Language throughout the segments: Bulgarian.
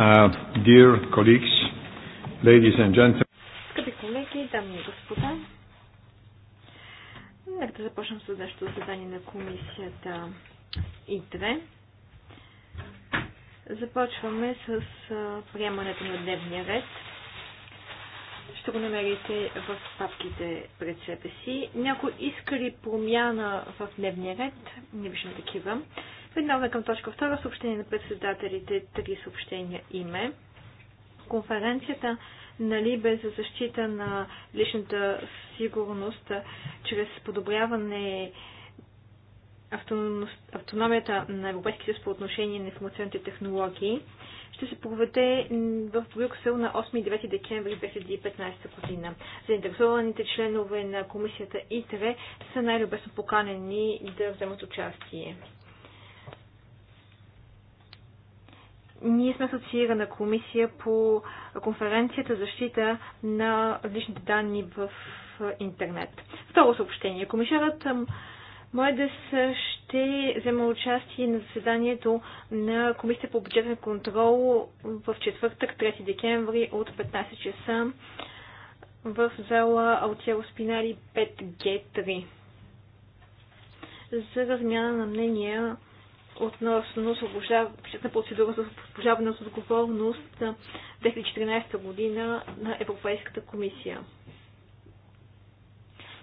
Uh, dear colleagues, ladies and gentlemen. Скъпи колеги, дами и господа, нека да започнем с днешното заседание на комисията И2. Започваме с приемането на дневния ред. Ще го намерите в папките пред себе си. Някой иска ли промяна в дневния ред? Не виждам такива. Да Веднага към точка втора съобщение на председателите, три съобщения име. Конференцията на Либе за защита на личната сигурност чрез подобряване автономията на Европейския съюз по отношение на информационните технологии ще се проведе в Брюксел на 8 и 9 декември 2015 година. Заинтересованите членове на комисията ИТРЕ са най-любесно поканени да вземат участие. Ние сме асоциирана комисия по конференцията защита на личните данни в интернет. Второ съобщение. Комисарът Моедес ще взема участие на заседанието на Комисията по бюджетен контрол в четвъртък, 3 декември от 15 часа в зала Аутиаро Спинари 5G3 за размяна на мнения относно бюджетна процедура за освобождаване от отговорност 2014 година на Европейската комисия.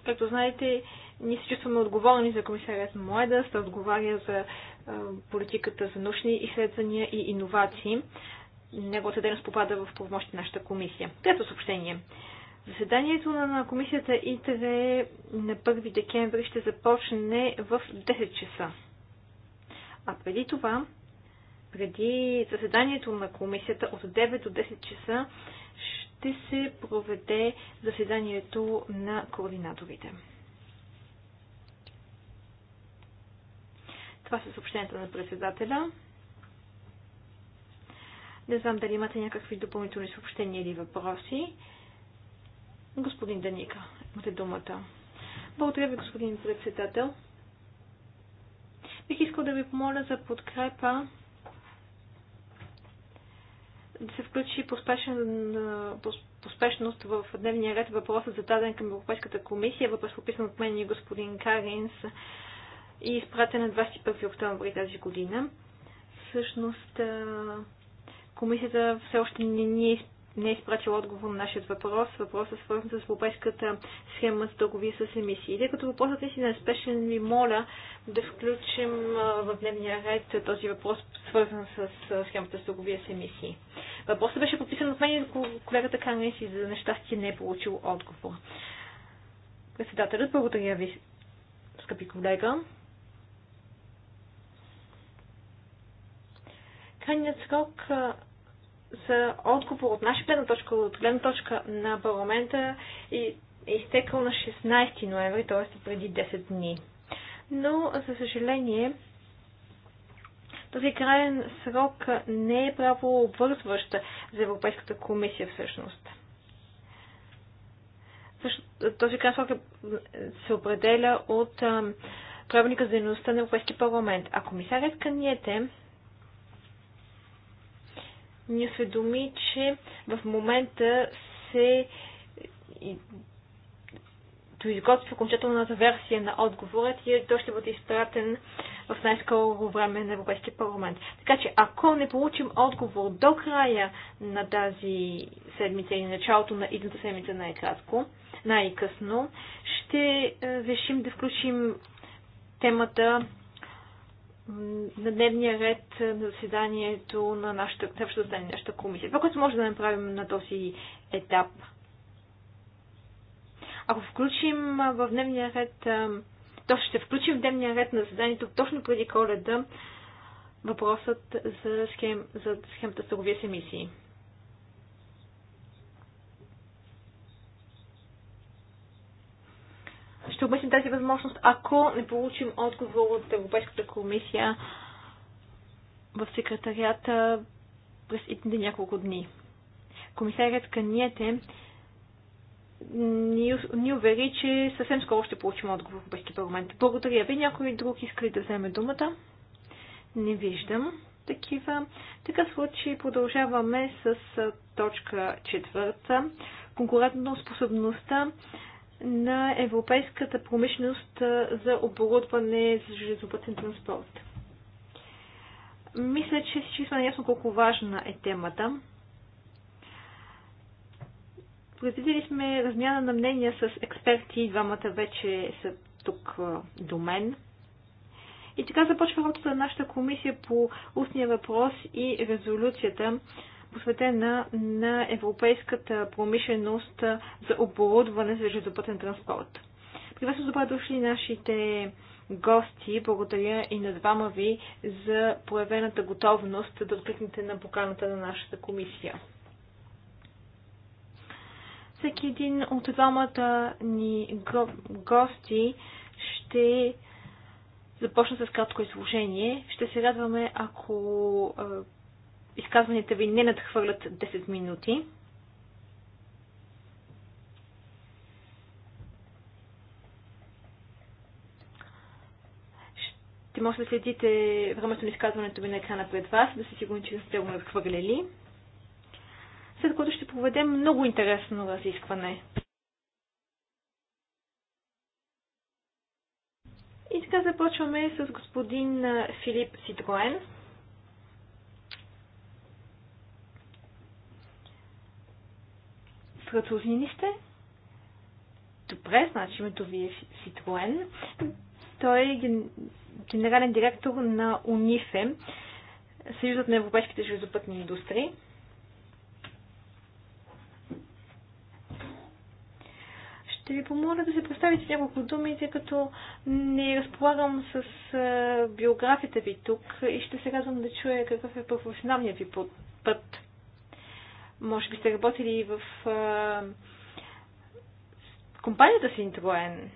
Както знаете, ние се чувстваме отговорни за комисарят Моеда, да отговаря за политиката за научни изследвания и иновации. Неговата дейност попада в помощ на нашата комисия. Трето съобщение. Заседанието на комисията ИТВ на 1 декември ще започне в 10 часа. А преди това, преди заседанието на комисията от 9 до 10 часа, ще се проведе заседанието на координаторите. Това са съобщенията на председателя. Не знам дали имате някакви допълнителни съобщения или въпроси. Господин Даника, имате думата. Благодаря ви, господин председател. Бих искал да ви помоля за подкрепа да се включи поспешен, поспешност в дневния ред въпросът зададен към Европейската комисия, въпрос описан от мен и господин Каринс и изпратен на 21 октомври тази година. Всъщност, комисията все още не ни е не е изпратил отговор на нашия въпрос, въпросът е свързан с европейската схема с дългови с емисии. Тъй като въпросът си не е спешен, ви моля да включим в дневния ред този въпрос, свързан с схемата с дългови с емисии. Въпросът беше подписан от мен и колегата Канес и за нещастие не е получил отговор. Председателят, благодаря ви, скъпи колега. Крайният срок за отговор от наша гледна точка, от гледна точка на парламента и е изтекал на 16 ноември, т.е. преди 10 дни. Но, за съжаление, този крайен срок не е право обвързващ за Европейската комисия всъщност. Този крайен срок е- се определя от правилника за дейността на Европейския парламент. А комисарят Каниете ни осведоми, че в момента се доизготвя изготвя окончателната версия на отговорът и той ще бъде изпратен в най-скоро време на Европейския парламент. Така че, ако не получим отговор до края на тази седмица и началото на идната седмица най-кратко, най-късно, ще е, решим да включим темата на дневния ред на заседанието на нашата, на нашата комисия. Това, което може да направим на този етап. Ако включим в дневния ред, то ще включим в дневния ред на заседанието точно преди коледа въпросът за, схем, за схемата с търговия с емисии. ще обмислим тази възможност, ако не получим отговор от Европейската комисия в секретарията през едните няколко дни. Комисарят Каниете ни, ни увери, че съвсем скоро ще получим отговор в Европейския парламент. Благодаря ви. Някой друг иска ли да вземе думата? Не виждам такива. Така случай продължаваме с точка четвърта. Конкурентно способността на европейската промишленост за оборудване за железопътен транспорт. Мисля, че всички сме наясно колко важна е темата. Предвидели сме размяна на мнения с експерти, двамата вече са тук до мен. И така започва работата на нашата комисия по устния въпрос и резолюцията посветена на европейската промишленост за оборудване за железопътен транспорт. При вас добре дошли нашите гости. Благодаря и на двама ви за проявената готовност да откликнете на поканата на нашата комисия. Всеки един от двамата ни гости ще започна с кратко изложение. Ще се радваме, ако изказванията ви не надхвърлят 10 минути. Ще може да следите времето на изказването ви на екрана пред вас, да се сигурни, че не сте го надхвърлили. След което ще проведем много интересно разискване. И така започваме с господин Филип Ситроен. Французини сте? Добре, значи името ви е Ситроен. Той е генерален директор на УНИФЕ, Съюзът на европейските железопътни индустрии. ще ви помоля да се представите няколко думи, тъй като не разполагам с биографията ви тук и ще се радвам да чуя какъв е професионалният ви път може би сте работили и в а, компанията Синтроен.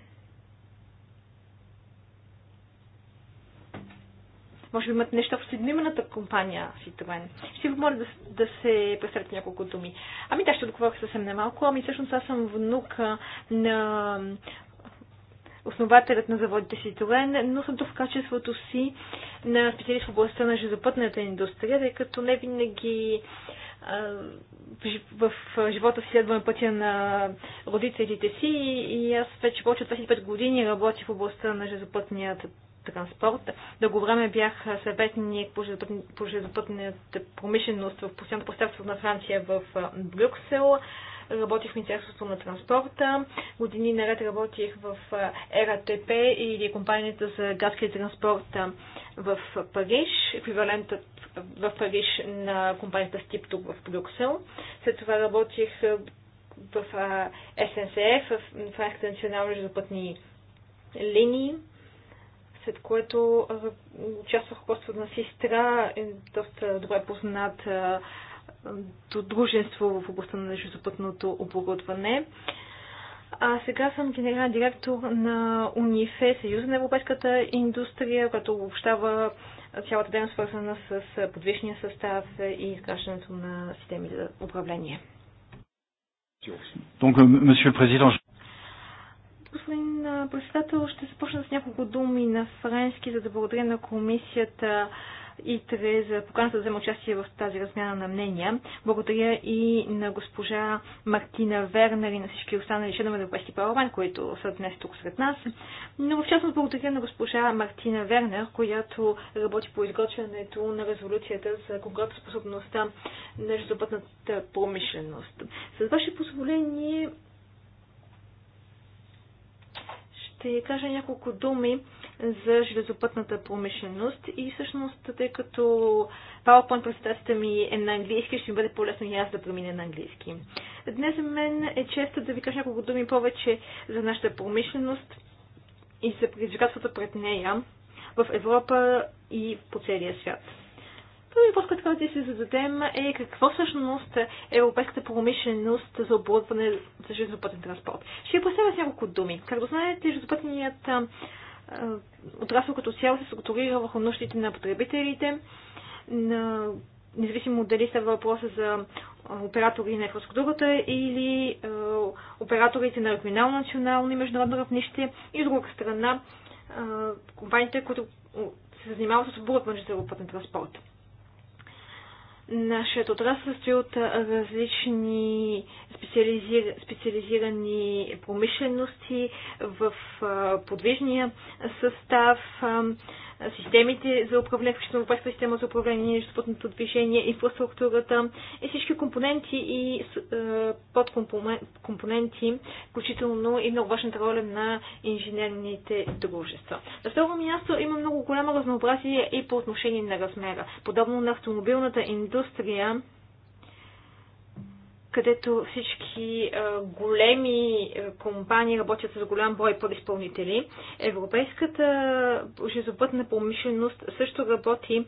Може би имате нещо в седмимената компания Citroen. Ще ви моля да, да се пресред няколко думи. Ами да, ще отговорих съвсем немалко. Ами всъщност аз съм внук на основателят на заводите Citroen, но съм тук в качеството си на специалист в областта на железопътната индустрия, тъй като не винаги в, живота си следваме пътя на родителите си и аз вече повече от 25 години работя в областта на железопътния транспорт. Дълго време бях съветник по, железопътни, по железопътната промишленост в постоянно представство на Франция в Брюксел. Работих в Министерството на транспорта. Години наред работих в РАТП или компанията за градския транспорт в Париж. Еквивалентът в Париж на компанията Стип тук в Брюксел. След това работих в СНСФ, в Франската национална железопътни линии, след което участвах в просто на сестра, е, доста добре познат дружество в областта на железопътното оборудване. А сега съм генерален директор на УНИФЕ, Съюза на европейската индустрия, която обобщава цялата дейност, свързана с подвижния състав и изграждането на системи за управление. Donc, euh, Господин председател, ще започна с няколко думи на френски, за да благодаря на комисията и Тре за поканата да взема участие в тази размяна на мнения. Благодаря и на госпожа Мартина Вернер и на всички останали членове на Европейски парламент, които са днес тук сред нас. Но в частност благодаря на госпожа Мартина Вернер, която работи по изготвянето на резолюцията за способността на железопътната промишленост. С ваше позволение ще кажа няколко думи за железопътната промишленост и всъщност, тъй като PowerPoint презентацията ми е на английски, ще ми бъде по-лесно и аз да премина на английски. Днес за мен е чест да ви кажа няколко думи повече за нашата промишленост и за предизвикателствата пред нея в Европа и по целия свят. Първият въпрос, който трябва да си зададем е какво всъщност е европейската промишленост за оборудване за железопътен транспорт. Ще я представя с няколко думи. Както знаете, железопътният е, отрасъл като цяло се структурира върху нуждите на потребителите, на, независимо дали са въпроса за е, оператори на инфраструктурата или е, операторите на регионално, национално и международно равнище. И с друга страна, е, компаниите, които се занимават с оборудване за пътен транспорт. Нашият отрасъл състои от различни специализир... специализирани промишлености в подвижния състав, системите за управление, включително Европейската система за управление на животното движение, инфраструктурата и всички компоненти и е, подкомпоненти, включително и много важната роля на инженерните дружества. На второ място има много голямо разнообразие и по отношение на размера. Подобно на автомобилната индустрия, където всички големи компании работят с голям брой подизпълнители. Европейската железопътна промишленост също работи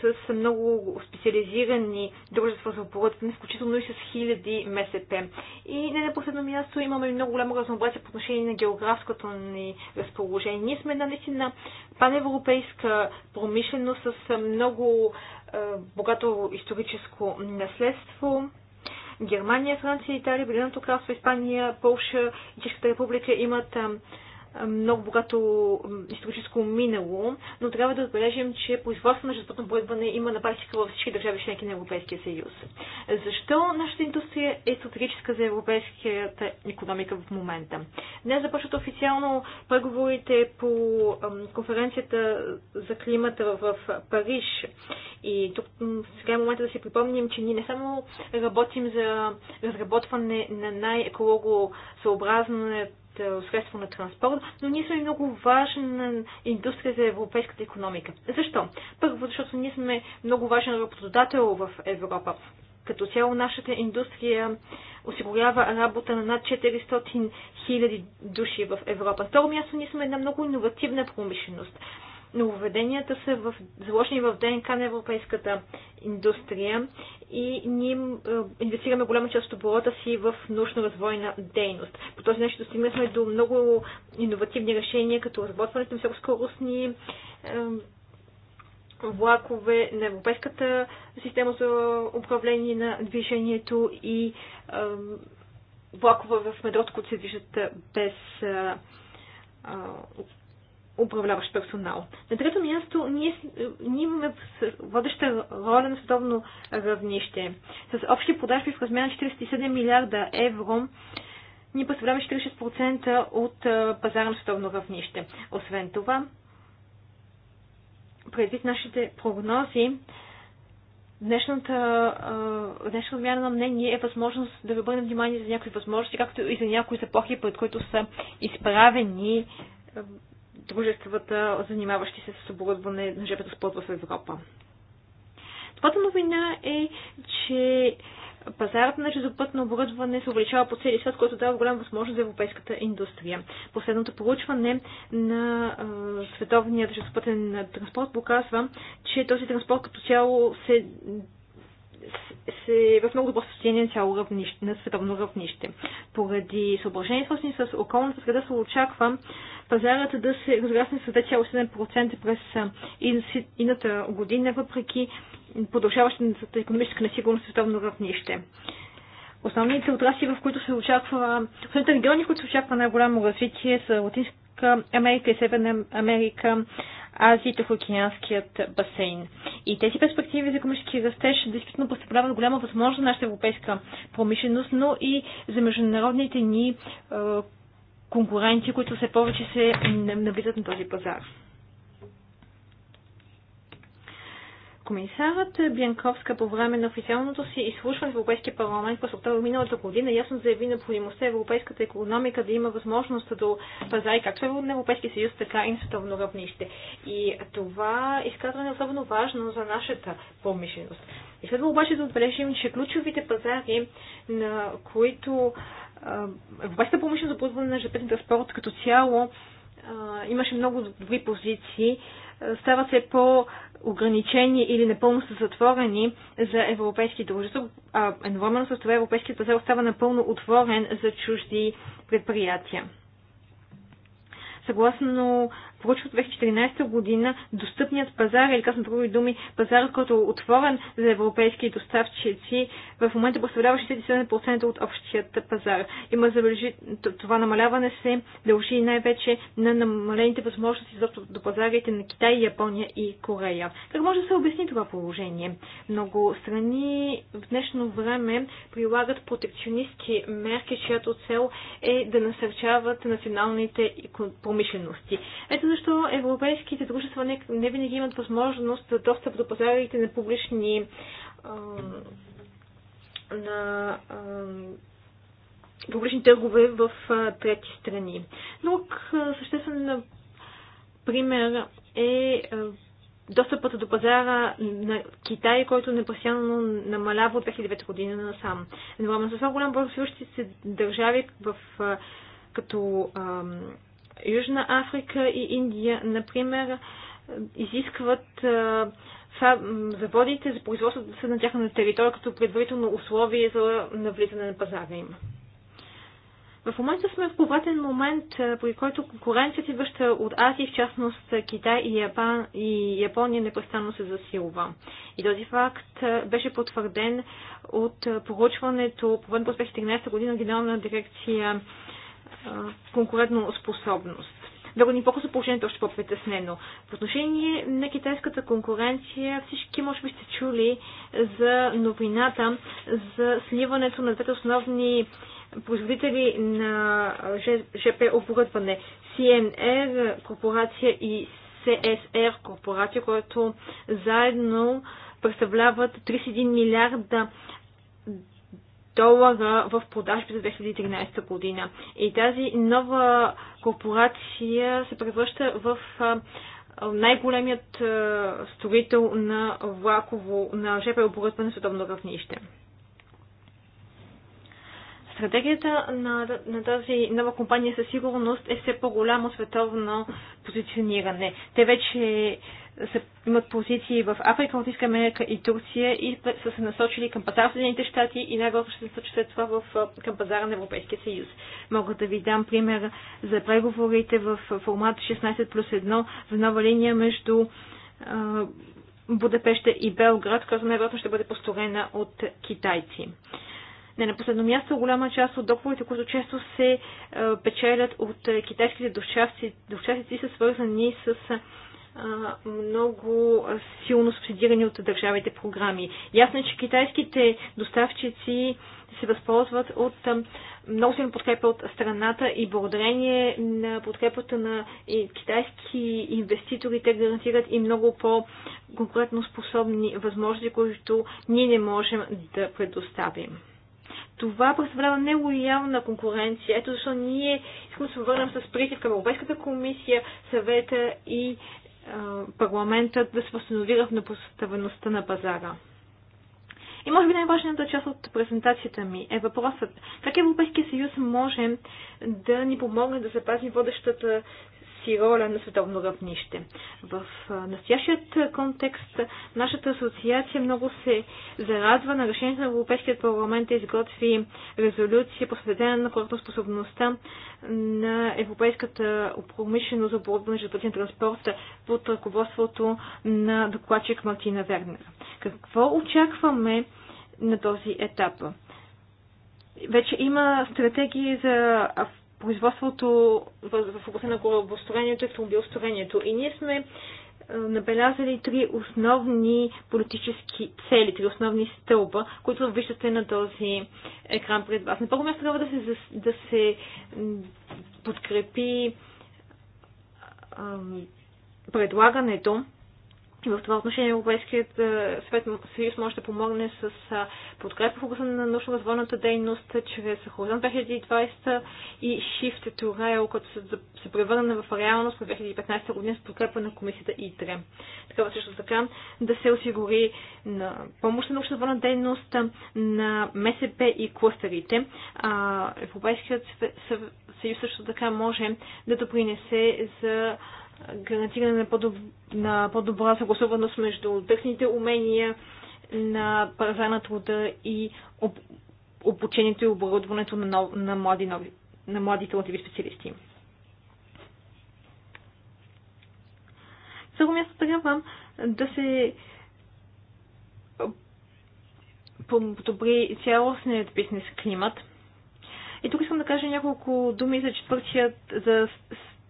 с много специализирани дружества за оборудване, включително и с хиляди МСП. И не на последно място имаме много голямо разнообразие по отношение на географското ни разположение. Ние сме една наистина паневропейска промишленост с много богато историческо наследство Германия, Франция, Италия, Обединеното кралство, Испания, Полша и Чешката република имат много богато историческо минало, но трябва да отбележим, че производство на жестоко бойване има на практика във всички държави членки на Европейския съюз. Защо нашата индустрия е стратегическа за европейската економика в момента? Днес започват официално преговорите по конференцията за климата в Париж. И тук сега е момента да си припомним, че ние не само работим за разработване на най екологосъобразната е, средство на транспорт, но ние сме много важна индустрия за европейската економика. Защо? Първо, защото ние сме много важен работодател в Европа. Като цяло нашата индустрия осигурява работа на над 400 000 души в Европа. Второ място, ние сме една много иновативна промишленост нововведенията са в, заложени в ДНК на европейската индустрия и ние е, инвестираме голяма част от оборота си в научно-развойна дейност. По този начин достигнахме до много иновативни решения, като разработването на високоскоростни е, влакове, на европейската система за управление на движението и е, влакове в метрото, които се движат без управляващ персонал. На трето място, ние, ние имаме водеща роля на световно равнище. С общи продажби в размер на 47 милиарда евро, ние представляваме 46% от пазара на световно равнище. Освен това, предвид нашите прогнози, днешната, днешната отмяна на мнение е възможност да ви обърнем внимание за някои възможности, както и за някои заплахи, пред които са изправени дружествата, занимаващи се с оборудване на жп спорт в Европа. Твоята новина е, че пазарът на железопътно оборудване се увеличава по целия свят, което дава голяма възможност за европейската индустрия. Последното проучване на световния железопътен транспорт показва, че този транспорт като цяло се се в много добро състояние на цяло равнище, на световно равнище. Поради съображение, свързани с околната среда, се очаква пазарът да се разрасне с 2,7% през ината година, въпреки продължаващата економическа несигурност световно равнище. Основните отрасли, в които се очаква, основните региони, в които се очаква най-голямо развитие са Латинска Америка и Северна Америка, Азито-Океанският басейн. И тези перспективи за економически растеж действително представляват голяма възможност за нашата европейска промишленост, но и за международните ни конкуренти, които все повече се навлизат на този пазар. Комисарът Бянковска по време на официалното си изслушване в Европейския парламент през октомври миналата година ясно заяви необходимостта европейската економика да има възможност до пазари както на Европейския съюз, така и на световно равнище. И това изказване е особено важно за нашата промишленост. И следва обаче да отбележим, че ключовите пазари, на които европейската промишленост за на жп транспорт като цяло имаше много добри позиции, стават все по-ограничени или напълно са затворени за европейски дружества. А едновременно с това европейският пазар остава напълно отворен за чужди предприятия. Съгласно проучва от 2014 година достъпният пазар, или казвам други думи, пазарът, който е отворен за европейски доставчици, в момента представлява 67% от общият пазар. Има забележи... Това намаляване се дължи най-вече на намалените възможности за до пазарите на Китай, Япония и Корея. Как може да се обясни това положение? Много страни в днешно време прилагат протекционистки мерки, чиято цел е да насърчават националните промишлености. Ето защо европейските дружества не, не винаги имат възможност за достъп до пазарите на публични а, на а, публични търгове в а, трети страни. Друг съществен пример е а, достъпът до пазара на Китай, който непосилно намалява от 2009 година насам. Едновременно с това голям брой се държави в, а, като а, Южна Африка и Индия, например, изискват заводите за производство да са на тяхната територия като предварително условие за навлизане на пазара им. В момента сме в повратен момент, при който конкуренцията връща от Азия, в частност Китай и, Япан и Япония, непрестанно се засилва. И този факт беше потвърден от поручването по вънпроспех 13 година Генерална дирекция конкурентно способност. го ни по-късно положението още по-притеснено. По отношение на китайската конкуренция, всички може би сте чули за новината за сливането на двете основни производители на ЖП оборудване CNR корпорация и CSR корпорация, които заедно представляват 31 милиарда долара в продажби за 2013 година. И тази нова корпорация се превръща в най-големият строител на влаково, на ЖП оборудване на световно равнище. Стратегията на, на тази нова компания със сигурност е все по-голямо световно позициониране. Те вече са, имат позиции в Африка, Латинска Америка и Турция и са се насочили към пазара в Съединените щати и най-горе ще се насочат след това в, към пазара на Европейския съюз. Мога да ви дам пример за преговорите в формат 16 плюс 1 за нова линия между Будапеща и Белград, която най-вероятно ще бъде построена от китайци. Не на последно място, голяма част от доходите, които често се е, печелят от е, китайските дощастици, са свързани с е, много силно субсидирани от държавите програми. Ясно е, че китайските доставчици се възползват от много силна подкрепа от страната и благодарение на подкрепата на китайски инвеститори те гарантират и много по-конкретно способни възможности, които ние не можем да предоставим. Това представлява нелоялна конкуренция. Ето защо ние искаме да се върнем с призив към Европейската комисия, съвета и парламента да се възстанови равнопоставеността на пазара. И може би най-важната част от презентацията ми е въпросът как Европейския съюз може да ни помогне да запази водещата си роля на световно равнище. В настоящият контекст нашата асоциация много се зарадва на решението на Европейският парламент да изготви резолюция, посветена на конкурентоспособността на европейската промишленост за оборудване пътен транспорт под ръководството на докладчик Мартина Вернер. Какво очакваме на този етап? вече има стратегии за производството в областта на корабостроението и автомобилостроението. И ние сме е, набелязали три основни политически цели, три основни стълба, които виждате на този екран пред вас. На първо място трябва да се, да се подкрепи предлагането в това отношение Европейският е, съвет, съюз може да помогне с е, подкрепа в областта на научно-развойната дейност е, чрез Хоризонт 2020 и Shift to Rail, като се, превърна в реалност в 2015 година с подкрепа на комисията ИТРЕ. Такава също така да се осигури на помощ на научно-развойна дейност на МСП и кластерите. Европейският съюз също така може да допринесе за гарантиране на, по-доб... на по-добра съгласуваност между техните умения на пазара на труда и об... обучението и оборудването на, нов... на, млади, нови... на млади талантливи специалисти. Първо място трябва да се подобри цялостният бизнес климат. И тук искам да кажа няколко думи за четвъртият, за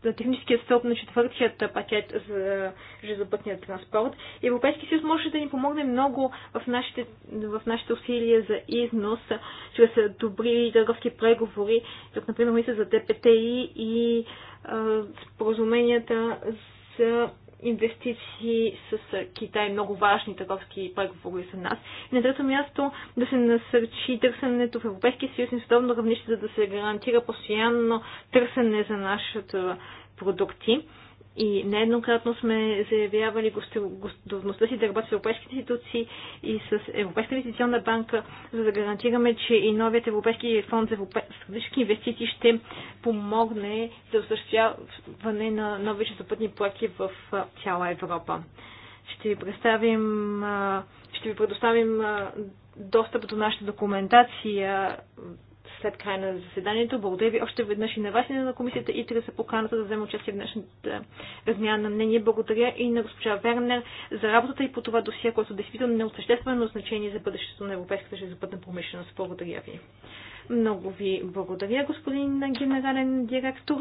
техническия стълб на четвъртият пакет за железопътния транспорт. Европейски съюз може да ни помогне много в нашите, в нашите усилия за износ, чрез добри търговски преговори, като например мисля за ТПТИ и а, споразуменията за инвестиции с Китай, много важни търговски преговори за нас. И на трето място да се насърчи търсенето в Европейския съюз и световно равнище, за да се гарантира постоянно търсене за нашите продукти. И нееднократно сме заявявали готовността си да работим с европейските институции и с Европейска инвестиционна банка, за да гарантираме, че и новият Европейски фонд за европейски инвестиции ще помогне за осъществяване на нови шестопътни проекти в цяла Европа. Ще ви представим, ще ви предоставим достъп до нашата документация след края на заседанието. Благодаря ви още веднъж и на вас и на комисията и за поканата да вземе участие в днешната размяна на мнение. Благодаря и на госпожа Вернер за работата и по това досия, което действително не осъществено значение за бъдещето на европейската железопътна промишленост. Благодаря ви. Много ви благодаря, господин генерален директор.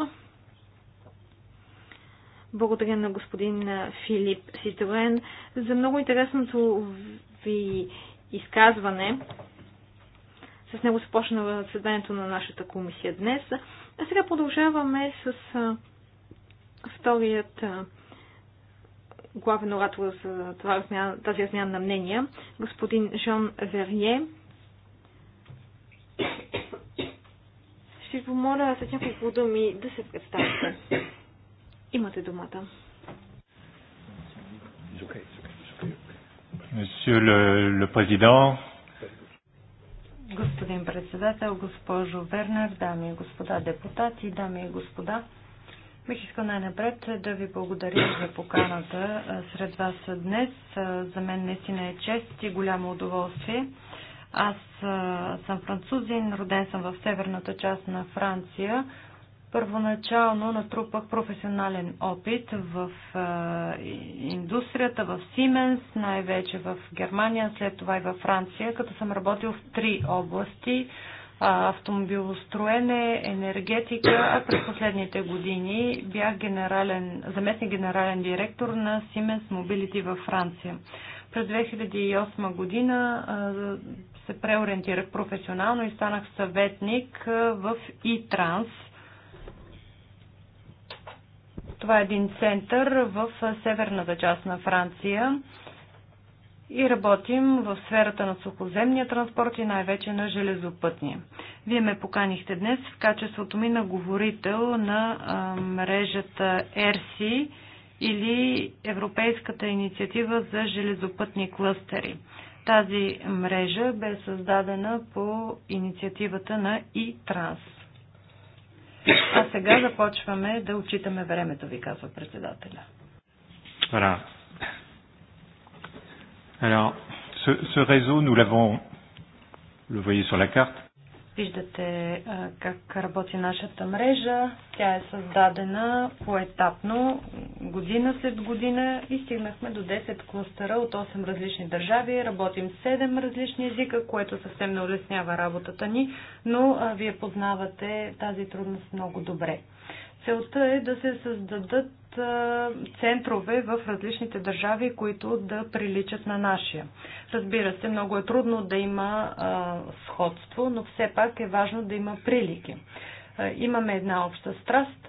Благодаря на господин Филип Ситроен за много интересното ви изказване. С него започна заседанието на нашата комисия днес. А сега продължаваме с вторият главен оратор за тази размяна на мнения, господин Жон Верние. Ще ви помоля след няколко думи да се представите. Имате думата. Monsieur le, le Président, Господин председател, госпожо Вернер, дами и господа депутати, дами и господа, бих искал най-напред да ви благодаря за поканата сред вас днес. За мен наистина е чест и голямо удоволствие. Аз съм французин, роден съм в северната част на Франция, Първоначално натрупах професионален опит в индустрията, в Сименс, най-вече в Германия, след това и във Франция, като съм работил в три области автомобилостроене, енергетика, а през последните години бях генерален, заместник генерален директор на Siemens Mobility във Франция. През 2008 година се преориентирах професионално и станах съветник в e-Trans – това е един център в северната част на Франция и работим в сферата на сухоземния транспорт и най-вече на железопътния. Вие ме поканихте днес в качеството ми на говорител на мрежата ЕРСИ или Европейската инициатива за железопътни клъстери. Тази мрежа бе създадена по инициативата на e-Trans. А сега започваме да отчитаме времето, ви казва председателя. Voilà. Alors, ce, ce réseau, nous l'avons, le voyez sur la carte, Виждате как работи нашата мрежа. Тя е създадена поетапно, година след година и стигнахме до 10 кластера от 8 различни държави. Работим 7 различни езика, което съвсем не улеснява работата ни, но вие познавате тази трудност много добре. Целта е да се създадат центрове в различните държави, които да приличат на нашия. Разбира се, много е трудно да има сходство, но все пак е важно да има прилики. Имаме една обща страст.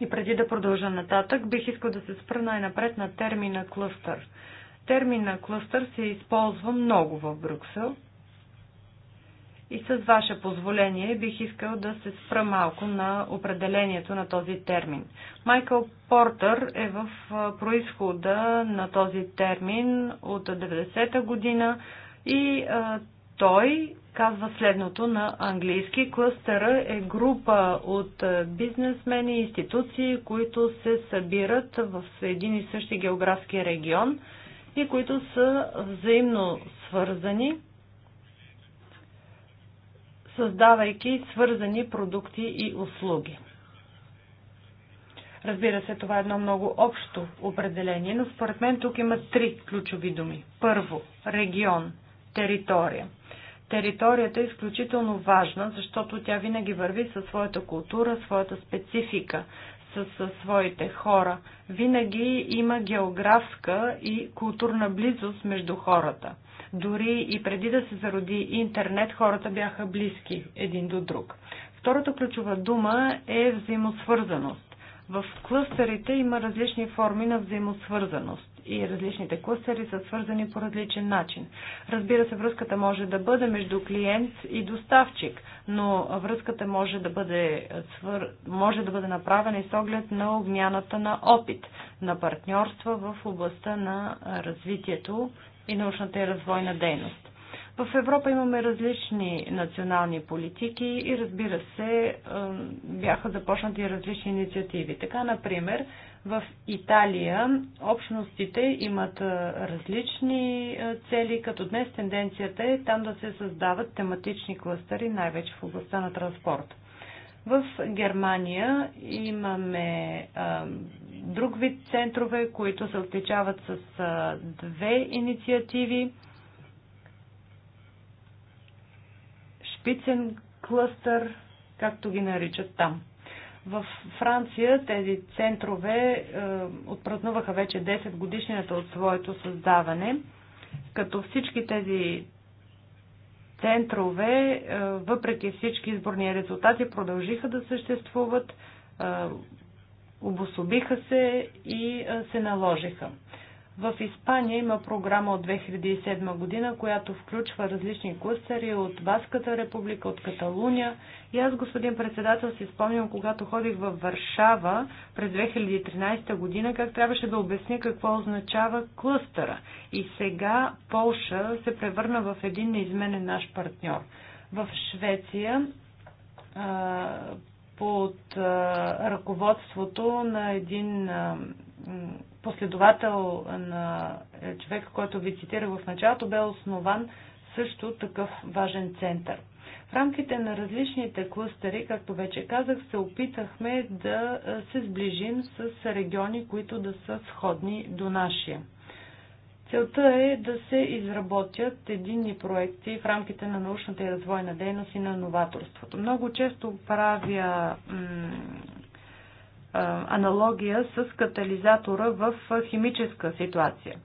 И преди да продължа нататък, бих искал да се спра най-напред на термина клъстър. Термина клъстър се използва много в Брюксел – и с ваше позволение бих искал да се спра малко на определението на този термин. Майкъл Портър е в происхода на този термин от 90-та година и а, той казва следното на английски. Клъстъра е група от бизнесмени и институции, които се събират в един и същи географски регион и които са взаимно свързани – създавайки свързани продукти и услуги. Разбира се, това е едно много общо определение, но според мен тук има три ключови думи. Първо, регион, територия. Територията е изключително важна, защото тя винаги върви със своята култура, своята специфика, със, със своите хора. Винаги има географска и културна близост между хората. Дори и преди да се зароди интернет, хората бяха близки един до друг. Втората ключова дума е взаимосвързаност. В клъстерите има различни форми на взаимосвързаност и различните клъстери са свързани по различен начин. Разбира се, връзката може да бъде между клиент и доставчик, но връзката може да бъде, свър... може да бъде направена и с оглед на обмяната на опит, на партньорства в областта на развитието и научната и развойна дейност. В Европа имаме различни национални политики и разбира се, бяха започнати различни инициативи. Така, например, в Италия общностите имат различни цели, като днес тенденцията е там да се създават тематични кластъри, най-вече в областта на транспорта. В Германия имаме а, друг вид центрове, които се отличават с а, две инициативи. Шпицен клъстър, както ги наричат там. В Франция тези центрове е, отпразнуваха вече 10 годишнината от своето създаване, като всички тези центрове, е, въпреки всички изборни резултати, продължиха да съществуват, е, обособиха се и е, се наложиха. В Испания има програма от 2007 година, която включва различни клъстери от Баската република, от Каталуния. И аз, господин председател, си спомням, когато ходих във Варшава през 2013 година, как трябваше да обясня какво означава клъстера. И сега Полша се превърна в един неизменен наш партньор. В Швеция под ръководството на един последовател на е, човека, който ви цитирах в началото, бе основан също такъв важен център. В рамките на различните клъстери, както вече казах, се опитахме да е, се сближим с региони, които да са сходни до нашия. Целта е да се изработят единни проекти в рамките на научната и развойна дейност и на новаторството. Много често правя аналогия с катализатора в химическа ситуация.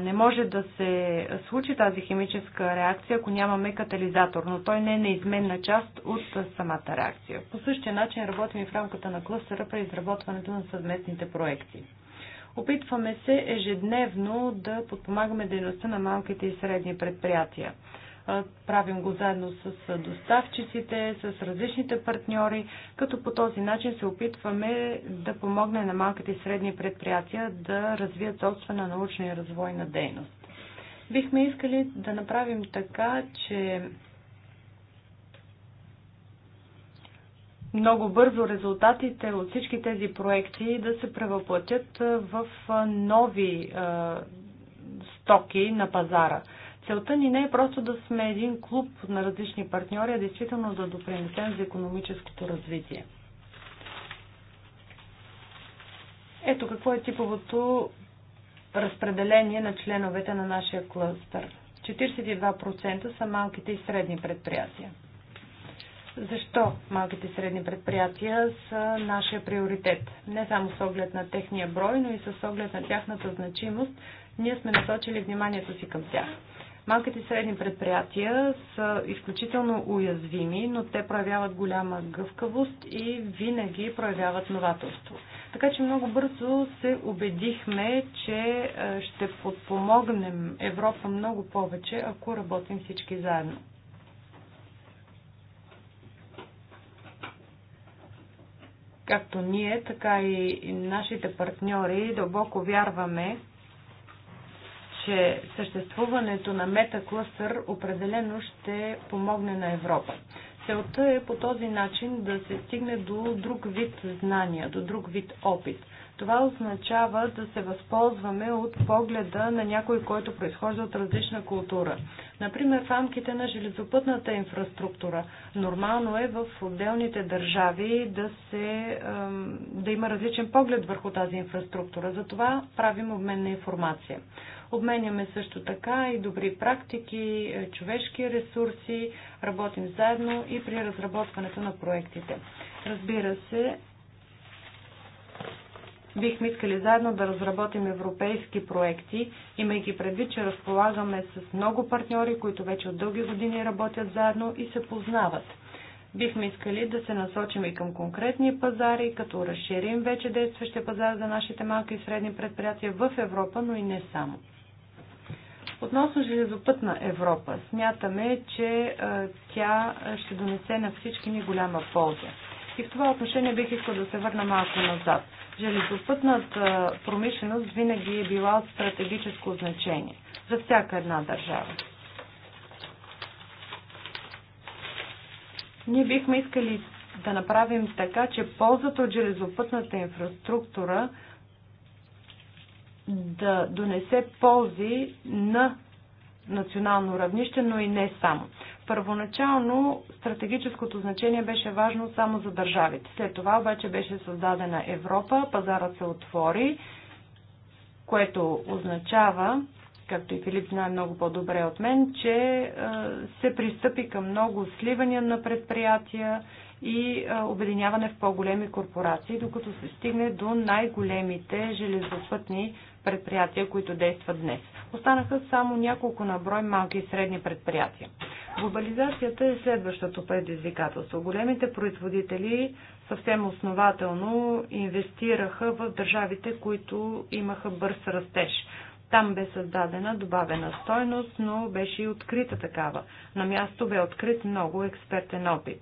Не може да се случи тази химическа реакция, ако нямаме катализатор, но той не е неизменна част от самата реакция. По същия начин работим и в рамката на клъстера при изработването на съвместните проекти. Опитваме се ежедневно да подпомагаме дейността на малките и средни предприятия. Правим го заедно с доставчиците, с различните партньори, като по този начин се опитваме да помогне на малките и средни предприятия да развият собствена научна и развойна дейност. Бихме искали да направим така, че много бързо резултатите от всички тези проекти да се превъплатят в нови стоки на пазара. Целта ни не е просто да сме един клуб на различни партньори, а действително да допринесем за економическото развитие. Ето какво е типовото разпределение на членовете на нашия клъстър. 42% са малките и средни предприятия. Защо малките и средни предприятия са нашия приоритет? Не само с оглед на техния брой, но и с оглед на тяхната значимост, ние сме насочили вниманието си към тях. Малките и средни предприятия са изключително уязвими, но те проявяват голяма гъвкавост и винаги проявяват новаторство. Така че много бързо се убедихме, че е, ще подпомогнем Европа много повече, ако работим всички заедно. Както ние, така и нашите партньори дълбоко вярваме, че съществуването на метаклъстър определено ще помогне на Европа. Целта е по този начин да се стигне до друг вид знания, до друг вид опит. Това означава да се възползваме от погледа на някой, който произхожда от различна култура. Например, в рамките на железопътната инфраструктура. Нормално е в отделните държави да, се, да има различен поглед върху тази инфраструктура. Затова правим обмен на информация. Обменяме също така и добри практики, е, човешки ресурси, работим заедно и при разработването на проектите. Разбира се, бихме искали заедно да разработим европейски проекти, имайки предвид, че разполагаме с много партньори, които вече от дълги години работят заедно и се познават. Бихме искали да се насочим и към конкретни пазари, като разширим вече действащия пазар за нашите малки и средни предприятия в Европа, но и не само. Относно железопътна Европа, смятаме, че тя ще донесе на всички ни голяма полза. И в това отношение бих искал да се върна малко назад. Железопътната промишленост винаги е била от стратегическо значение за всяка една държава. Ние бихме искали да направим така, че ползата от железопътната инфраструктура да донесе ползи на национално равнище, но и не само. Първоначално стратегическото значение беше важно само за държавите. След това обаче беше създадена Европа, пазарът се отвори, което означава, както и Филип знае много по-добре от мен, че е, се пристъпи към много сливания на предприятия и е, обединяване в по-големи корпорации, докато се стигне до най-големите железопътни предприятия, които действат днес. Останаха само няколко наброй малки и средни предприятия. Глобализацията е следващото предизвикателство. Големите производители съвсем основателно инвестираха в държавите, които имаха бърз растеж. Там бе създадена добавена стойност, но беше и открита такава. На място бе открит много експертен опит.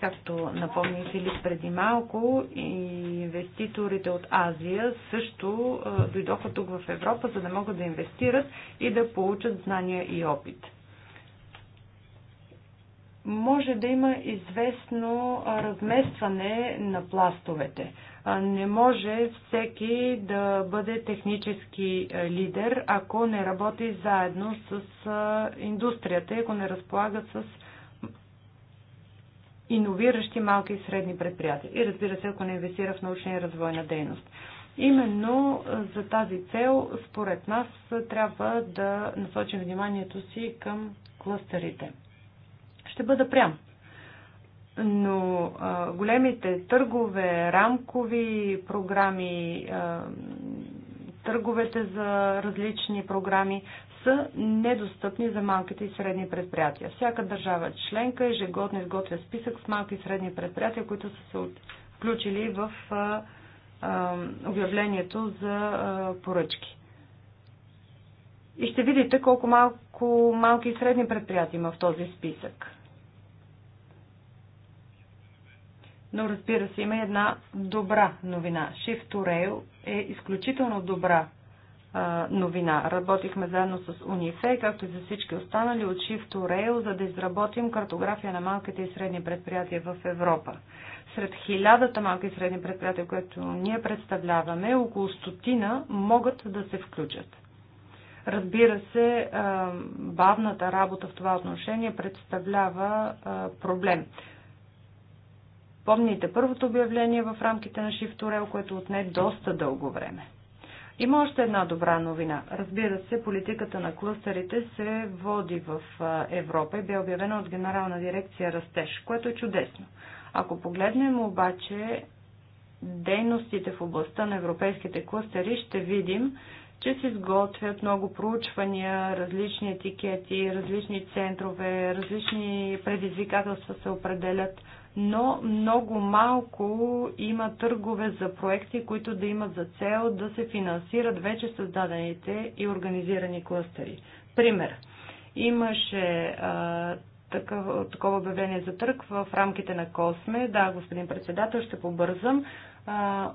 Както напомни Филип преди малко, инвеститорите от Азия също дойдоха тук в Европа, за да могат да инвестират и да получат знания и опит може да има известно разместване на пластовете. Не може всеки да бъде технически лидер, ако не работи заедно с индустрията, ако не разполага с иновиращи малки и средни предприятия. И разбира се, ако не инвестира в научна и развойна дейност. Именно за тази цел, според нас, трябва да насочим вниманието си към клъстерите. Ще бъда прям. Но а, големите търгове, рамкови програми, а, търговете за различни програми, са недостъпни за малките и средни предприятия. Всяка държава членка ежегодно изготвя списък с малки и средни предприятия, които са се включили в обявлението за поръчки. И ще видите колко малко, малки и средни предприятия има в този списък. Но разбира се, има една добра новина. Shift to Rail е изключително добра новина. Работихме заедно с Унифей, както и за всички останали от Shift to Rail, за да изработим картография на малките и средни предприятия в Европа. Сред хилядата малки и средни предприятия, които ние представляваме, около стотина могат да се включат. Разбира се, бавната работа в това отношение представлява проблем. Помните първото обявление в рамките на Shift to Rail, което отне доста дълго време. Има още една добра новина. Разбира се, политиката на клъстерите се води в Европа и бе обявена от Генерална дирекция Растеж, което е чудесно. Ако погледнем обаче дейностите в областта на европейските клъстери, ще видим, че се изготвят много проучвания, различни етикети, различни центрове, различни предизвикателства се определят – но много малко има търгове за проекти, които да имат за цел да се финансират вече създадените и организирани клъстери. Пример. Имаше а, такъв, такова обявление за търг в рамките на Косме. Да, господин председател, ще побързам. А,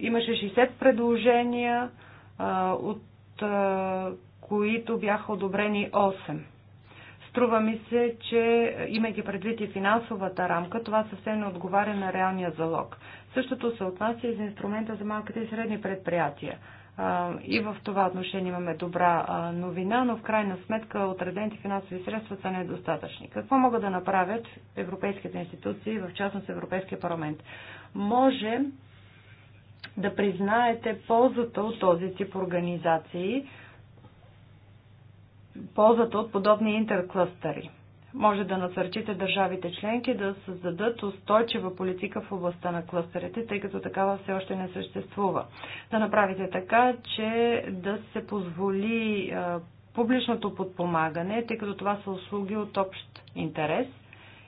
имаше 60 предложения, а, от а, които бяха одобрени 8. Струва ми се, че имайки предвид и финансовата рамка, това съвсем не отговаря на реалния залог. Същото се отнася и за инструмента за малките и средни предприятия. И в това отношение имаме добра новина, но в крайна сметка отредените финансови средства са недостатъчни. Какво могат да направят европейските институции, в частност Европейския парламент? Може да признаете ползата от този тип организации, ползата от подобни интерклъстъри. Може да насърчите държавите членки да създадат устойчива политика в областта на клъстерите, тъй като такава все още не съществува. Да направите така, че да се позволи публичното подпомагане, тъй като това са услуги от общ интерес.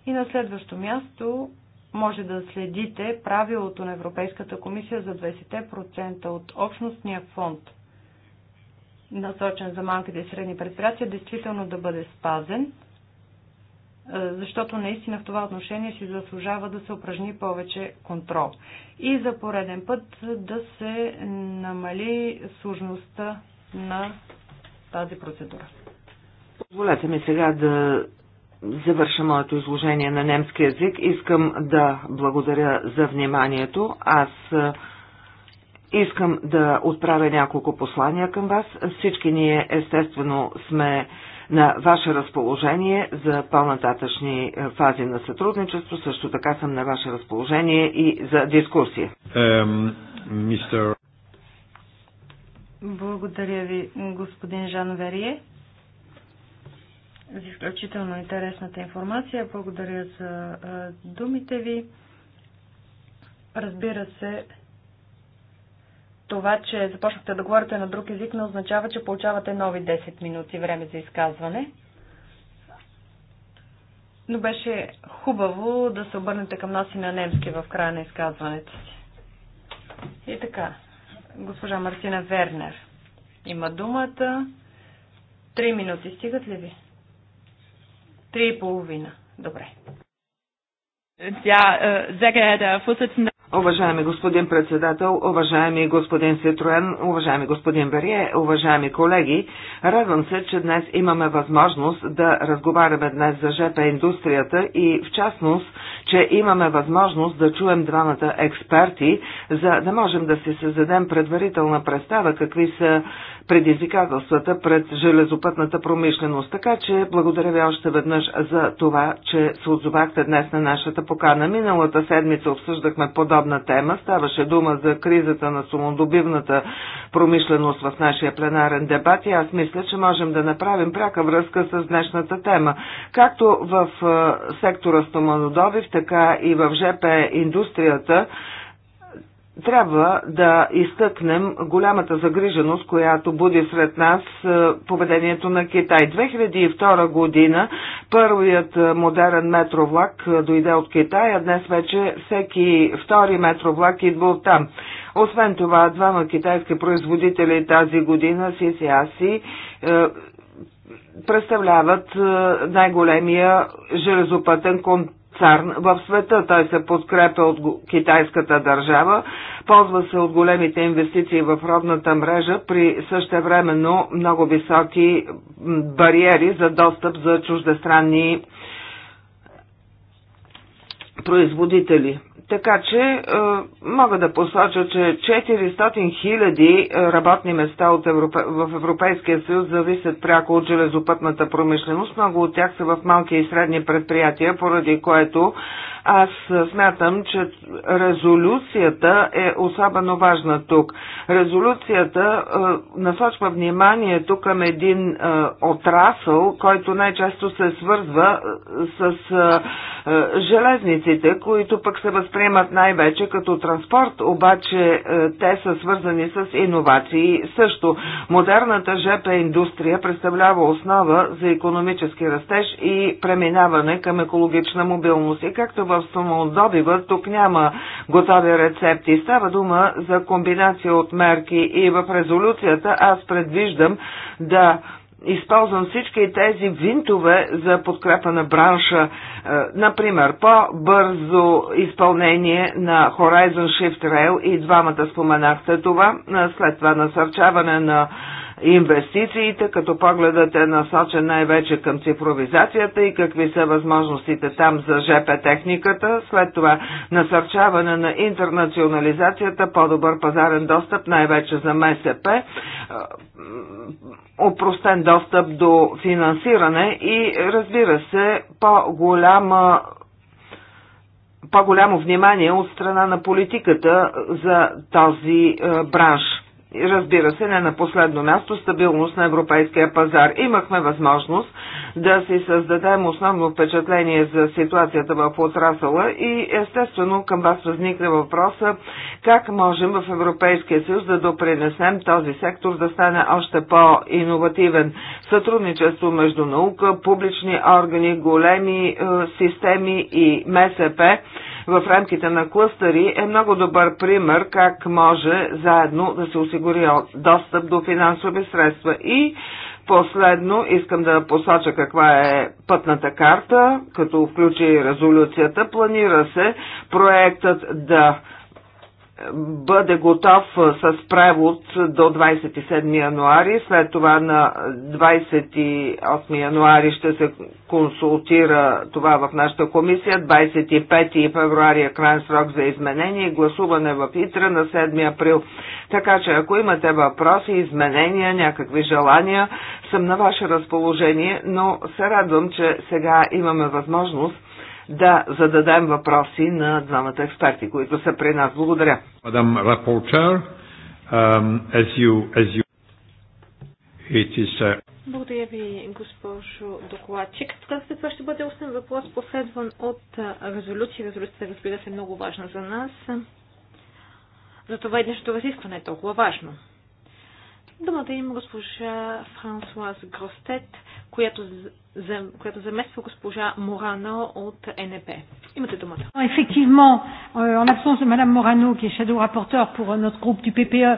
И на следващо място може да следите правилото на Европейската комисия за 20% от общностния фонд – насочен за малките и средни предприятия, действително да бъде спазен, е, защото наистина в това отношение си заслужава да се упражни повече контрол. И за пореден път да се намали сложността на тази процедура. Позволете ми сега да завърша моето изложение на немски язик. Искам да благодаря за вниманието. Аз е, Искам да отправя няколко послания към вас. Всички ние естествено сме на ваше разположение за по-нататъчни е, фази на сътрудничество. Също така съм на ваше разположение и за дискусия. Um, мистер... Благодаря ви, господин Жан Верие, за изключително интересната информация. Благодаря за е, думите ви. Разбира се, това, че започнахте да говорите на друг език, не означава, че получавате нови 10 минути време за изказване. Но беше хубаво да се обърнете към нас и на немски в края на изказването си. И така, госпожа Мартина Вернер има думата. Три минути стигат ли ви? Три и половина. Добре. Ja, äh, sehr geehrter Herr Vorsitzender, Уважаеми господин председател, уважаеми господин Ситроен, уважаеми господин Берие, уважаеми колеги, радвам се, че днес имаме възможност да разговаряме днес за ЖП индустрията и в частност, че имаме възможност да чуем двамата експерти, за да можем да си създадем предварителна представа какви са предизвикателствата пред железопътната промишленост. Така че благодаря ви още веднъж за това, че се отзовахте днес на нашата покана. Миналата седмица обсъждахме подобна тема. Ставаше дума за кризата на сумодобивната промишленост в нашия пленарен дебат и аз мисля, че можем да направим пряка връзка с днешната тема. Както в е, сектора стоманодобив, така и в ЖП индустрията, трябва да изтъкнем голямата загриженост, която буди сред нас е, поведението на Китай. 2002 година първият е, модерен метровлак е, дойде от Китай, а днес вече всеки втори метровлак идва от там. Освен това, двама китайски производители тази година, CCAC, представляват най-големия железопътен контакт цар в света. Той се подкрепя от китайската държава, ползва се от големите инвестиции в родната мрежа при същевременно много високи бариери за достъп за чуждестранни производители. Така че е, мога да посоча, че 400 000 е, работни места от Европе... в Европейския съюз зависят пряко от железопътната промишленост. Много от тях са в малки и средни предприятия, поради което аз смятам, че резолюцията е особено важна тук. Резолюцията е, насочва вниманието към един е, отрасъл, който най-често се свързва е, с е, е, железниците, които пък се възприемат най-вече като транспорт, обаче е, те са свързани с иновации. Също модерната ЖП индустрия представлява основа за економически растеж и преминаване към екологична мобилност. И както в стомодобива. Тук няма готови рецепти. Става дума за комбинация от мерки и в резолюцията аз предвиждам да използвам всички тези винтове за подкрепа на бранша. Е, например, по-бързо изпълнение на Horizon Shift Rail и двамата споменахте това, е, след това насърчаване на инвестициите, като погледът е насочен най-вече към цифровизацията и какви са възможностите там за ЖП техниката, след това насърчаване на интернационализацията, по-добър пазарен достъп, най-вече за МСП, опростен е, достъп до финансиране и разбира се по-голяма по-голямо внимание от страна на политиката за този е, бранш разбира се, не на последно място, стабилност на европейския пазар. Имахме възможност да си създадем основно впечатление за ситуацията в отрасъла и естествено към вас възникне въпроса как можем в Европейския съюз да допринесем този сектор да стане още по-инновативен. Сътрудничество между наука, публични органи, големи е, системи и МСП в рамките на кластъри е много добър пример как може заедно да се осигури достъп до финансови средства. И последно искам да посоча каква е пътната карта, като включи резолюцията. Планира се проектът да бъде готов с превод до 27 януари. След това на 28 януари ще се консултира това в нашата комисия. 25 февруари е крайен срок за изменение и гласуване в ИТРА на 7 април. Така че ако имате въпроси, изменения, някакви желания, съм на ваше разположение, но се радвам, че сега имаме възможност да зададем въпроси на двамата експерти, които са при нас. Благодаря. Мадам Рапортер, Благодаря ви, госпожо докладчик. Казахте, това ще бъде устен въпрос, последван от резолюция. Резолюцията, разбира се, е много важна за нас. Затова и днешното разискване е толкова важно. Думата има госпожа Франсуаз Гростет, която за, която замества госпожа Морано от НП. Имате думата. Effectivement, euh, en l'absence de madame Morano, qui est shadow rapporteur pour euh, notre groupe du PPE,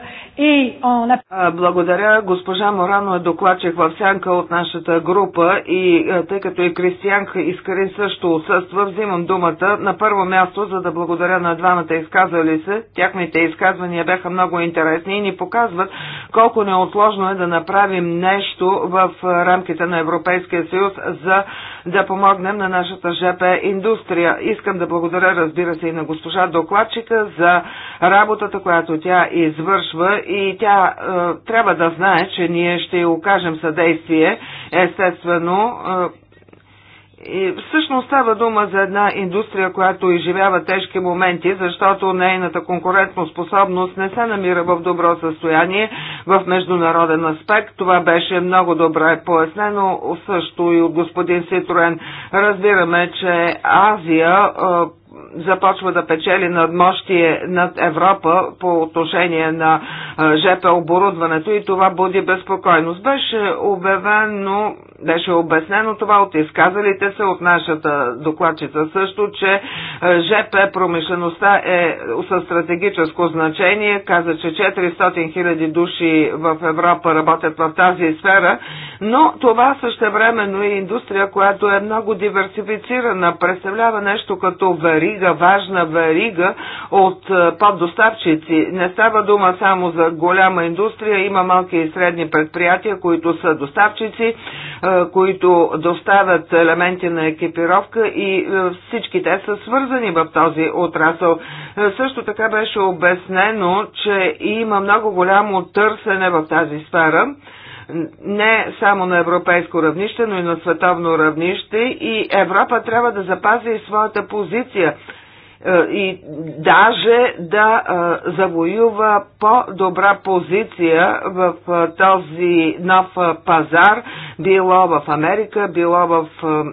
et en euh, Благодаря. Госпожа Морано е докладчик в сянка от нашата група и е, тъй като и Кристиянка Искари също отсъства, взимам думата на първо място, за да благодаря на двамата изказали се. Тяхните изказвания бяха много интересни и ни показват колко неотложно е да направим нещо в е, рамките на Европейския съюз съюз, за да помогнем на нашата ЖП индустрия. Искам да благодаря, разбира се, и на госпожа докладчика за работата, която тя извършва и тя е, трябва да знае, че ние ще окажем съдействие, естествено, е, и всъщност става дума за една индустрия, която изживява тежки моменти, защото нейната конкурентно способност не се намира в добро състояние в международен аспект. Това беше много добре пояснено също и от господин Ситроен. Разбираме, че Азия е, започва да печели надмощие над Европа по отношение на е, ЖП оборудването и това буди безпокойност. Беше обявено беше обяснено това от изказалите се от нашата докладчица също, че е, ЖП промишлеността е със стратегическо значение. Каза, че 400 хиляди души в Европа работят в тази сфера, но това също времено е индустрия, която е много диверсифицирана, представлява нещо като варига, важна варига от е, поддоставчици. Не става дума само за голяма индустрия, има малки и средни предприятия, които са доставчици, е, които доставят елементи на екипировка и всички те са свързани в този отрасъл. Също така беше обяснено, че има много голямо търсене в тази сфера не само на европейско равнище, но и на световно равнище и Европа трябва да запази своята позиция е, и даже да е, завоюва по-добра позиция в е, този нов пазар, било в Америка, било в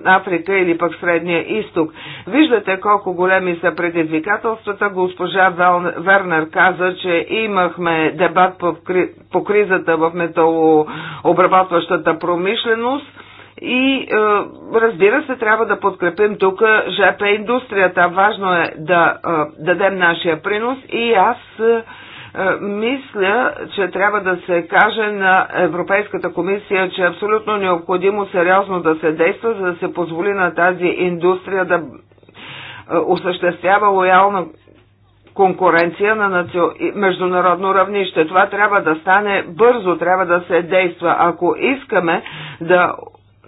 Африка или пък Средния изток. Виждате колко големи са предизвикателствата. Госпожа Вернер каза, че имахме дебат по кризата в металообработващата промишленост и е, разбира се, трябва да подкрепим тук ЖП индустрията. Важно е да е, дадем нашия принос и аз е, е, мисля, че трябва да се каже на Европейската комисия, че е абсолютно необходимо сериозно да се действа, за да се позволи на тази индустрия да е, осъществява лоялна конкуренция на наци... международно равнище. Това трябва да стане бързо, трябва да се действа. Ако искаме да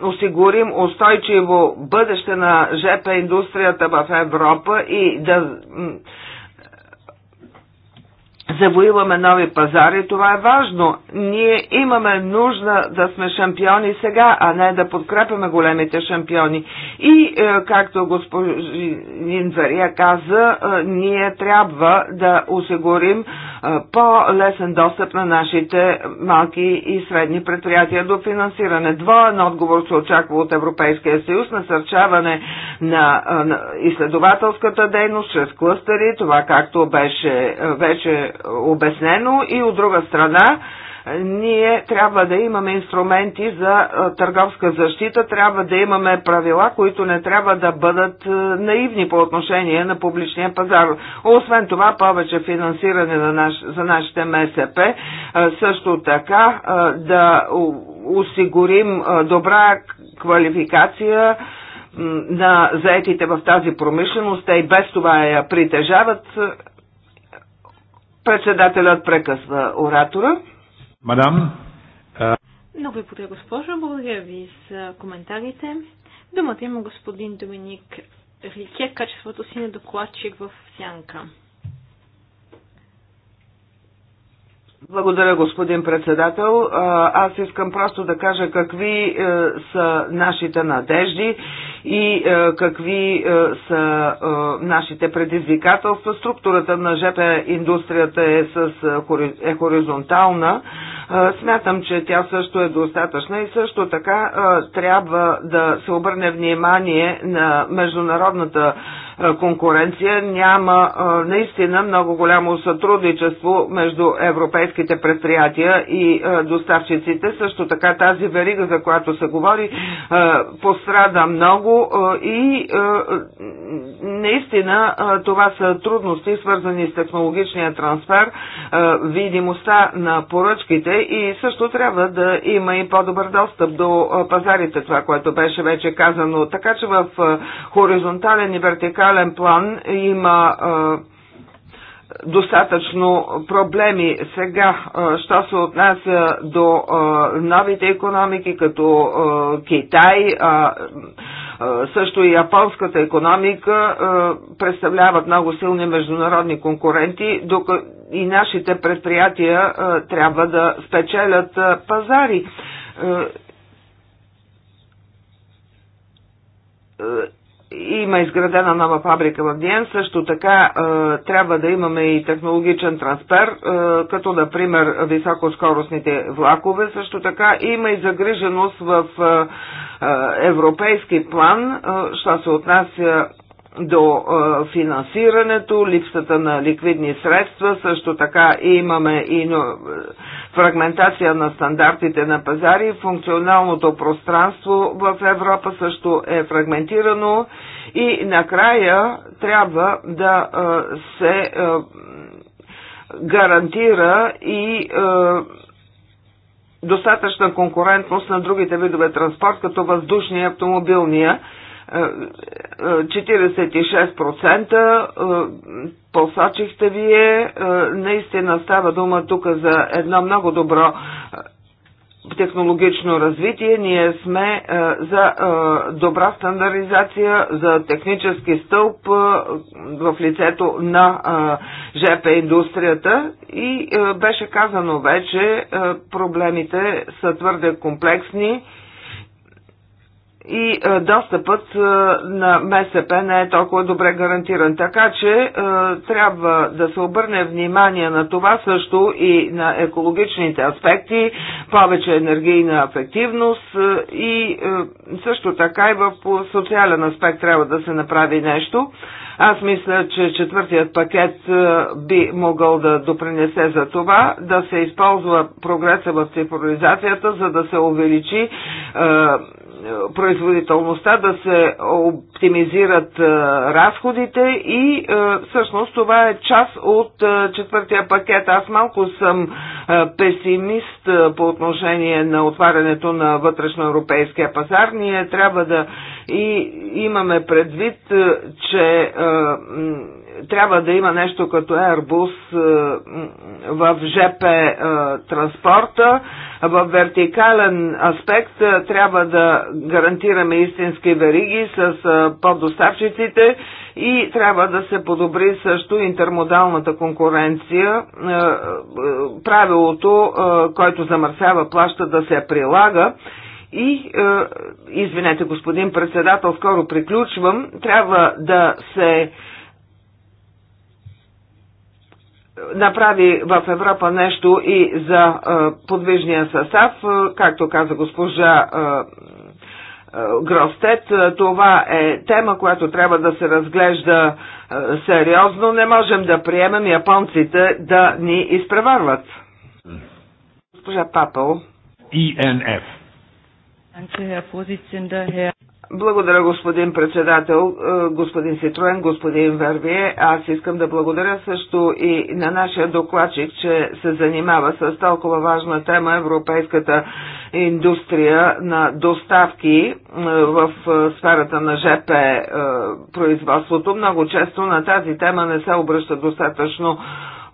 осигурим устойчиво бъдеще на ЖП индустрията в Европа и да завоюваме нови пазари, това е важно. Ние имаме нужда да сме шампиони сега, а не да подкрепяме големите шампиони. И, е, както господин Зария каза, е, ние трябва да осигурим по-лесен достъп на нашите малки и средни предприятия до финансиране. Двоен отговор се очаква от Европейския съюз, насърчаване на, на изследователската дейност чрез клъстери, това както беше вече обяснено и от друга страна ние трябва да имаме инструменти за е, търговска защита, трябва да имаме правила, които не трябва да бъдат е, наивни по отношение на публичния пазар. Освен това, повече финансиране на наш, за нашите МСП, е, също така да осигурим добра квалификация на заетите в тази промишленост, те и без това я притежават. Председателят прекъсва оратора. Мадам. Много ви благодаря, госпожо. Благодаря ви за коментарите. Думата има господин Доминик Рике, качеството си на докладчик в Сянка. Благодаря, господин председател. Аз искам просто да кажа какви е, са нашите надежди и е, какви е, са нашите предизвикателства. Структурата на ЖП индустрията е, с, е хоризонтална. Смятам, че тя също е достатъчна и също така трябва да се обърне внимание на международната е, конкуренция, няма е, наистина много голямо сътрудничество между европейските предприятия и е, доставчиците. Също така тази верига, за която се говори, пострада много и наистина това са трудности, свързани с технологичния трансфер, видимостта на поръчките и също трябва да има и по-добър достъп до пазарите, това, което беше вече казано. Така че в хоризонтален и вертикален хоризонтален план има достатъчно проблеми. Сега, що се отнася до новите економики, като Китай, също и японската економика, представляват много силни международни конкуренти, докато и нашите предприятия трябва да спечелят пазари има изградена нова фабрика в Диен, също така е, трябва да имаме и технологичен трансфер, е, като например високоскоростните влакове, също така има и загриженост в е, е европейски план, е, що се отнася до е, финансирането, липсата на ликвидни средства, също така имаме и е, фрагментация на стандартите на пазари, функционалното пространство в Европа също е фрагментирано и накрая трябва да е, се гарантира и достатъчна конкурентност на другите видове транспорт, като въздушния и автомобилния 46% е, посочихте вие. Е, наистина става дума тук за едно много добро е, технологично развитие, ние сме за добра стандаризация за технически стълб в лицето на ЖП индустрията и беше казано вече, проблемите са твърде комплексни и е, достъпът е, на МСП не е толкова добре гарантиран. Така че е, трябва да се обърне внимание на това също и на екологичните аспекти, повече енергийна ефективност и също така и в социален аспект трябва да се направи нещо. Аз мисля, че четвъртият пакет би могъл да допринесе за това, да се използва прогреса в цифровизацията, за да се увеличи производителността, да се оптимизират разходите и всъщност това е част от четвъртия пакет. Аз малко съм песимист по отношение на отварянето на вътрешноевропейския пазар. Ние трябва да и имаме предвид, че трябва да има нещо като Airbus е, в ЖП е, транспорта. В вертикален аспект е, трябва да гарантираме истински вериги с поддоставчиците и трябва да се подобри също интермодалната конкуренция. Правилото, който замърсява плаща да се прилага. И, извинете господин председател, скоро приключвам, трябва да се направи в Европа нещо и за е, подвижния състав, е, както каза госпожа е, Гростет. Това е тема, която трябва да се разглежда сериозно. Не можем да приемем японците да ни изпреварват. Госпожа Папел. ИНФ. Благодаря, господин председател, е, господин Ситроен, господин Вервие. Аз искам да благодаря също и на нашия докладчик, че се занимава с толкова важна тема европейската индустрия на доставки е, в е, сферата на ЖП производството. Много често на тази тема не се обръща достатъчно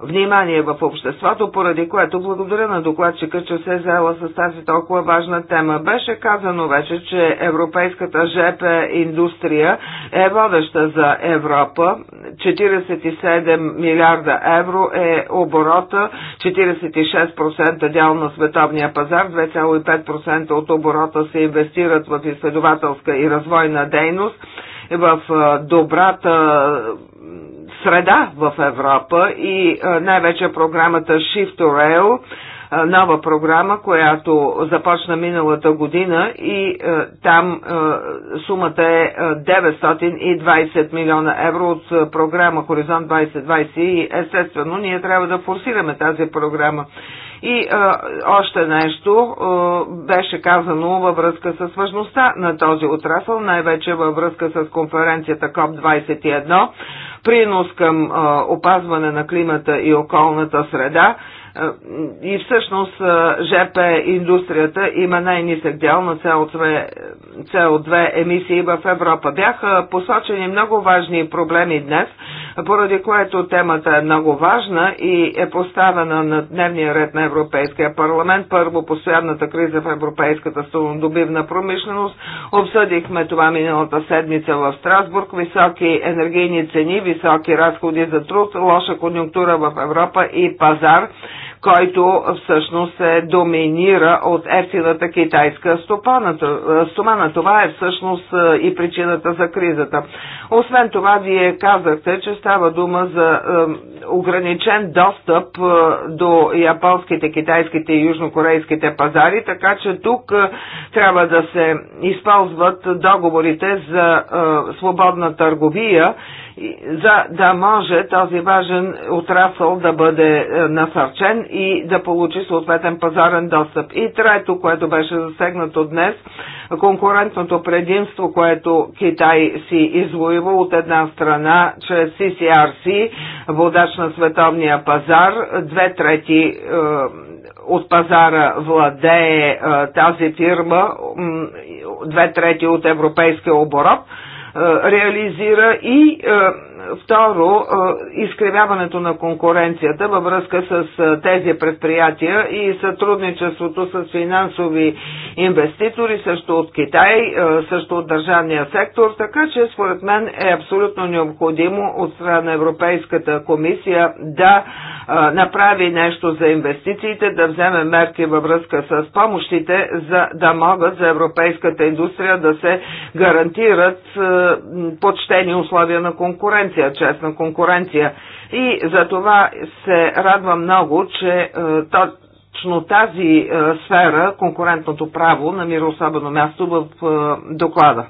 внимание в обществото, поради което благодаря на докладчика, че се е заела с тази толкова важна тема. Беше казано вече, че европейската ЖП индустрия е водеща за Европа. 47 милиарда евро е оборота, 46% дял на световния пазар, 2,5% от оборота се инвестират в изследователска и развойна дейност в добрата среда в Европа и най-вече програмата Shift to Rail, нова програма, която започна миналата година и там сумата е 920 милиона евро от програма Хоризонт 2020 и естествено ние трябва да форсираме тази програма. И а, още нещо а, беше казано във връзка с важността на този отрасъл, най-вече във връзка с конференцията КОП-21 принос към а, опазване на климата и околната среда. А, и всъщност ЖП индустрията има най-нисък дял на CO2, CO2 емисии в Европа. Бяха посочени много важни проблеми днес – поради което темата е много важна и е поставена на дневния ред на Европейския парламент. Първо, постоянната криза в европейската сумодобивна промишленост. Обсъдихме това миналата седмица в Страсбург. Високи енергийни цени, високи разходи за труд, лоша конъюнктура в Европа и пазар който всъщност се доминира от ефтината китайска стомана. Това е всъщност и причината за кризата. Освен това, вие казахте, че става дума за ограничен достъп до японските, китайските и южнокорейските пазари, така че тук трябва да се използват договорите за свободна търговия за да може този важен отрасъл да бъде е, насърчен и да получи съответен пазарен достъп. И трето, което беше засегнато днес, конкурентното предимство, което Китай си извоива от една страна чрез CCRC, водач на световния пазар, две трети е, от пазара владее е, тази фирма, две трети от европейския оборот – е, реализира и е, Второ, е, изкривяването на конкуренцията във връзка с е, тези предприятия и сътрудничеството с финансови инвеститори, също от Китай, е, също от държавния сектор, така че според мен е абсолютно необходимо от страна на Европейската комисия да направи нещо за инвестициите, да вземе мерки във връзка с помощите, за да могат за европейската индустрия да се гарантират почтени условия на конкуренция конкуренция, честна конкуренция. И за това се радва много, че е, точно тази е, сфера, конкурентното право, намира особено място в е, доклада.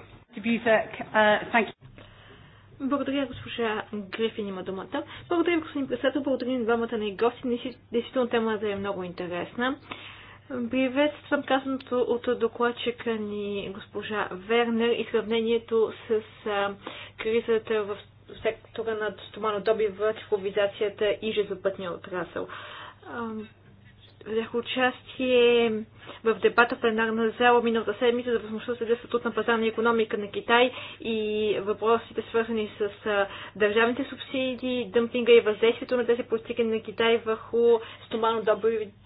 Благодаря, госпожа Грифин има думата. Благодаря, господин председател, благодаря на двамата ни гости. Действително темата е много интересна. Приветствам казаното от докладчика ни госпожа Вернер и сравнението с кризата в сектора на стоманодобива, цифровизацията и железопътния отрасъл. Взех участие в дебата в пленарна зала миналата седмица за възможността за статут на пазарна економика на Китай и въпросите свързани с държавните субсидии, дъмпинга и въздействието на тези политики на Китай върху стомано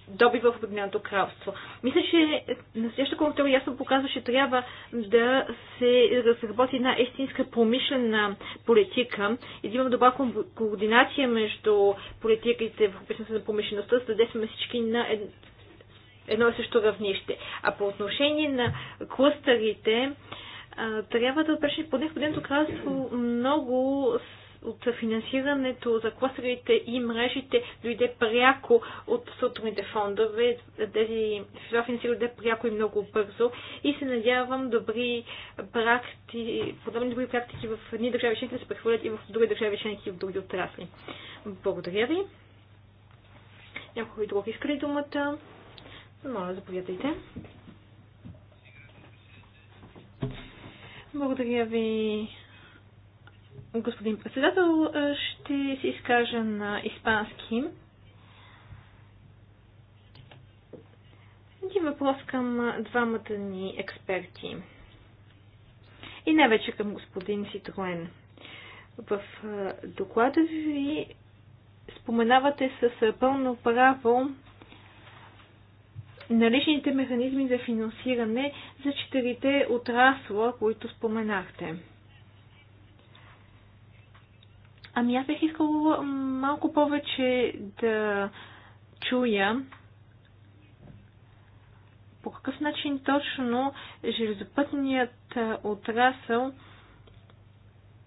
доби в Обединеното кралство. Мисля, че настоящата конъюнктура ясно показва, че трябва да се разработи една истинска промишлена политика и да има добра координация между политиките в обществеността на промишлеността, за да действаме всички на едно и също равнище. А по отношение на клъстерите, трябва да отбележим поне в Поденто кралство много от финансирането за кластерите и мрежите дойде пряко от структурните фондове. Тези, това финансира дойде пряко и много бързо и се надявам добри практи, подобни добри практики в едни държави членки да се прехвърлят и в други държави членки и в други отрасли. Благодаря ви. Някои друг искали думата? Моля, заповядайте. Благодаря ви, господин председател. Е, ще се изкажа на испански. Един въпрос към двамата ни експерти. И най-вече към господин Ситроен. В е, доклада ви споменавате с е, пълно право наличните механизми за финансиране за четирите отрасла, които споменахте. Ами аз бих искала малко повече да чуя по какъв начин точно железопътният отрасъл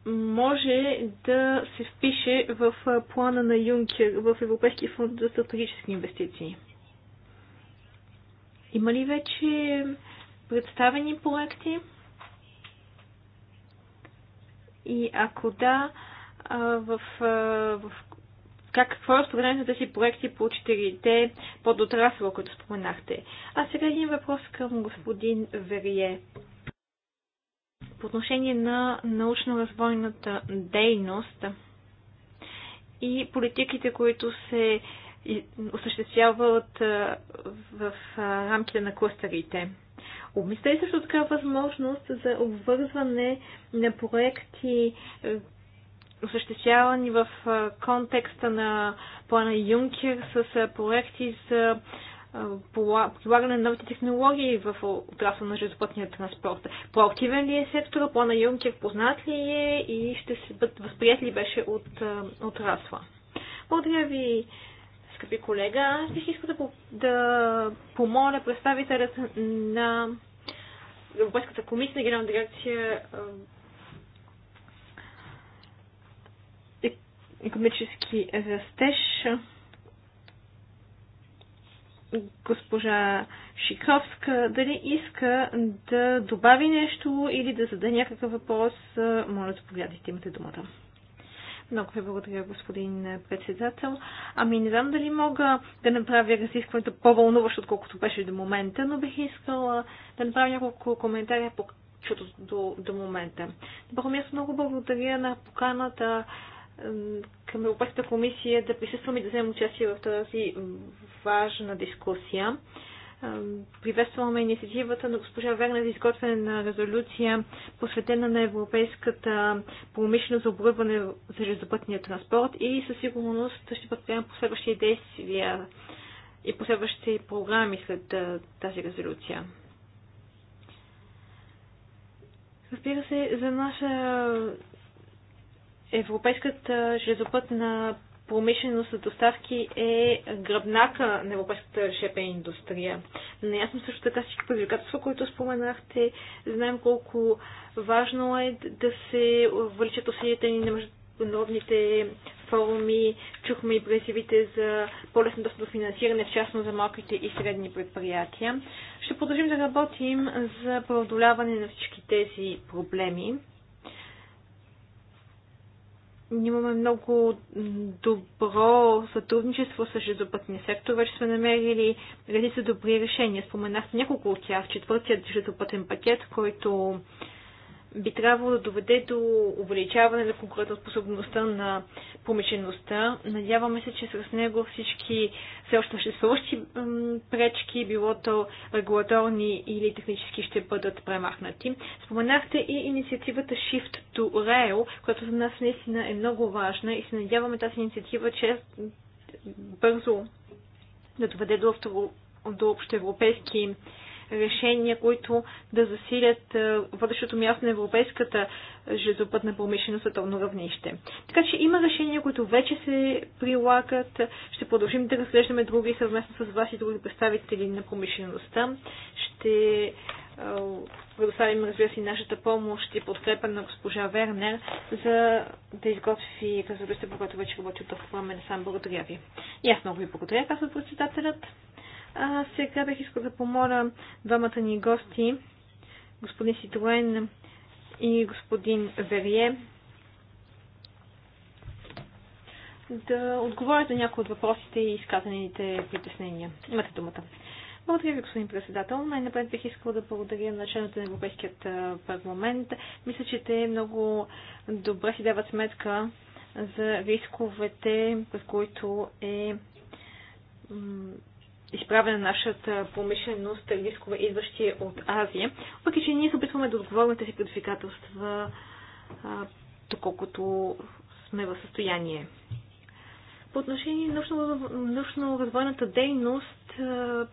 може да се впише в плана на Юнкер в Европейския фонд за стратегически инвестиции. Има ли вече представени проекти? И ако да, в, в как, какво е разпределението на тези проекти по четирите подотрасла, които споменахте? А сега един въпрос към господин Верие. По отношение на научно-развойната дейност и политиките, които се осъществяват в рамките на кластерите. Обмисля и също така възможност за обвързване на проекти, е, осъществявани в контекста на плана Юнкер с проекти за прилагане на новите технологии в отрасъл на железопътния транспорт. Проактивен ли е сектора, плана Юнкер познат ли е и ще се бъд, възприят ли беше от отрасла? Благодаря ви, Скъпи колега, аз бих искал да, да помоля представителят на Европейската комисия на генерална дирекция е- економически растеж госпожа Шиковска дали иска да добави нещо или да зададе някакъв въпрос. Е, моля, погледнете, имате думата. Много ви благодаря, господин председател. Ами не знам дали мога да направя разискването по-вълнуващо, отколкото беше до момента, но бих искала да направя няколко коментария по чуто до, до момента. На първо място много благодаря на поканата към Европейската комисия да присъствам и да вземем участие в тази важна дискусия. Приветстваме инициативата на госпожа Верна за изготвяне на резолюция, посветена на европейската промишлено за оборудване за железопътния транспорт и със сигурност ще предприемем последващи действия и последващи програми след тази резолюция. Разбира се, за наша европейската железопътна промишленост за доставки е гръбнака на европейската ЖП индустрия. Наясно също така всички предизвикателства, които споменахте, знаем колко важно е да се увеличат усилията ни на международните форуми, чухме и призивите за по-лесно достъп финансиране, в частност за малките и средни предприятия. Ще продължим да работим за преодоляване на всички тези проблеми имаме много добро сътрудничество с железопътния сектор. Вече сме намерили редица добри решения. Споменах няколко от тях. Четвъртият железопътен пакет, който би трябвало да доведе до увеличаване на конкурентоспособността на промишлеността. Надяваме се, че с него всички все още съществуващи пречки, било то регулаторни или технически, ще бъдат премахнати. Споменахте и инициативата Shift to Rail, която за нас наистина е много важна и се надяваме тази инициатива, че бързо да доведе до, до общоевропейски европейски решения, които да засилят е, вътрешното място на европейската железопътна промишленост световно равнище. Така че има решения, които вече се прилагат. Ще продължим да разглеждаме други съвместно с вас и други представители на промишлеността. Ще е, предоставим, разбира се, нашата помощ и подкрепа на госпожа Вернер, за да изготви разработката, по която вече работи от това време. Сам благодаря ви. И аз много ви благодаря, казва председателят. А сега бих искал да помоля двамата ни гости, господин Ситуен и господин Верие, да отговорят на някои от въпросите и изказаните притеснения. Имате думата. Благодаря ви, господин председател. Най-напред бих искал да благодаря на членовете на Европейският парламент. Мисля, че те много добре си дават сметка за рисковете, пред които е изправена нашата промишленост рискове, идващи от Азия, въпреки че ние се опитваме да отговорим тези предизвикателства, доколкото сме в състояние. По отношение на научно-развойната дейност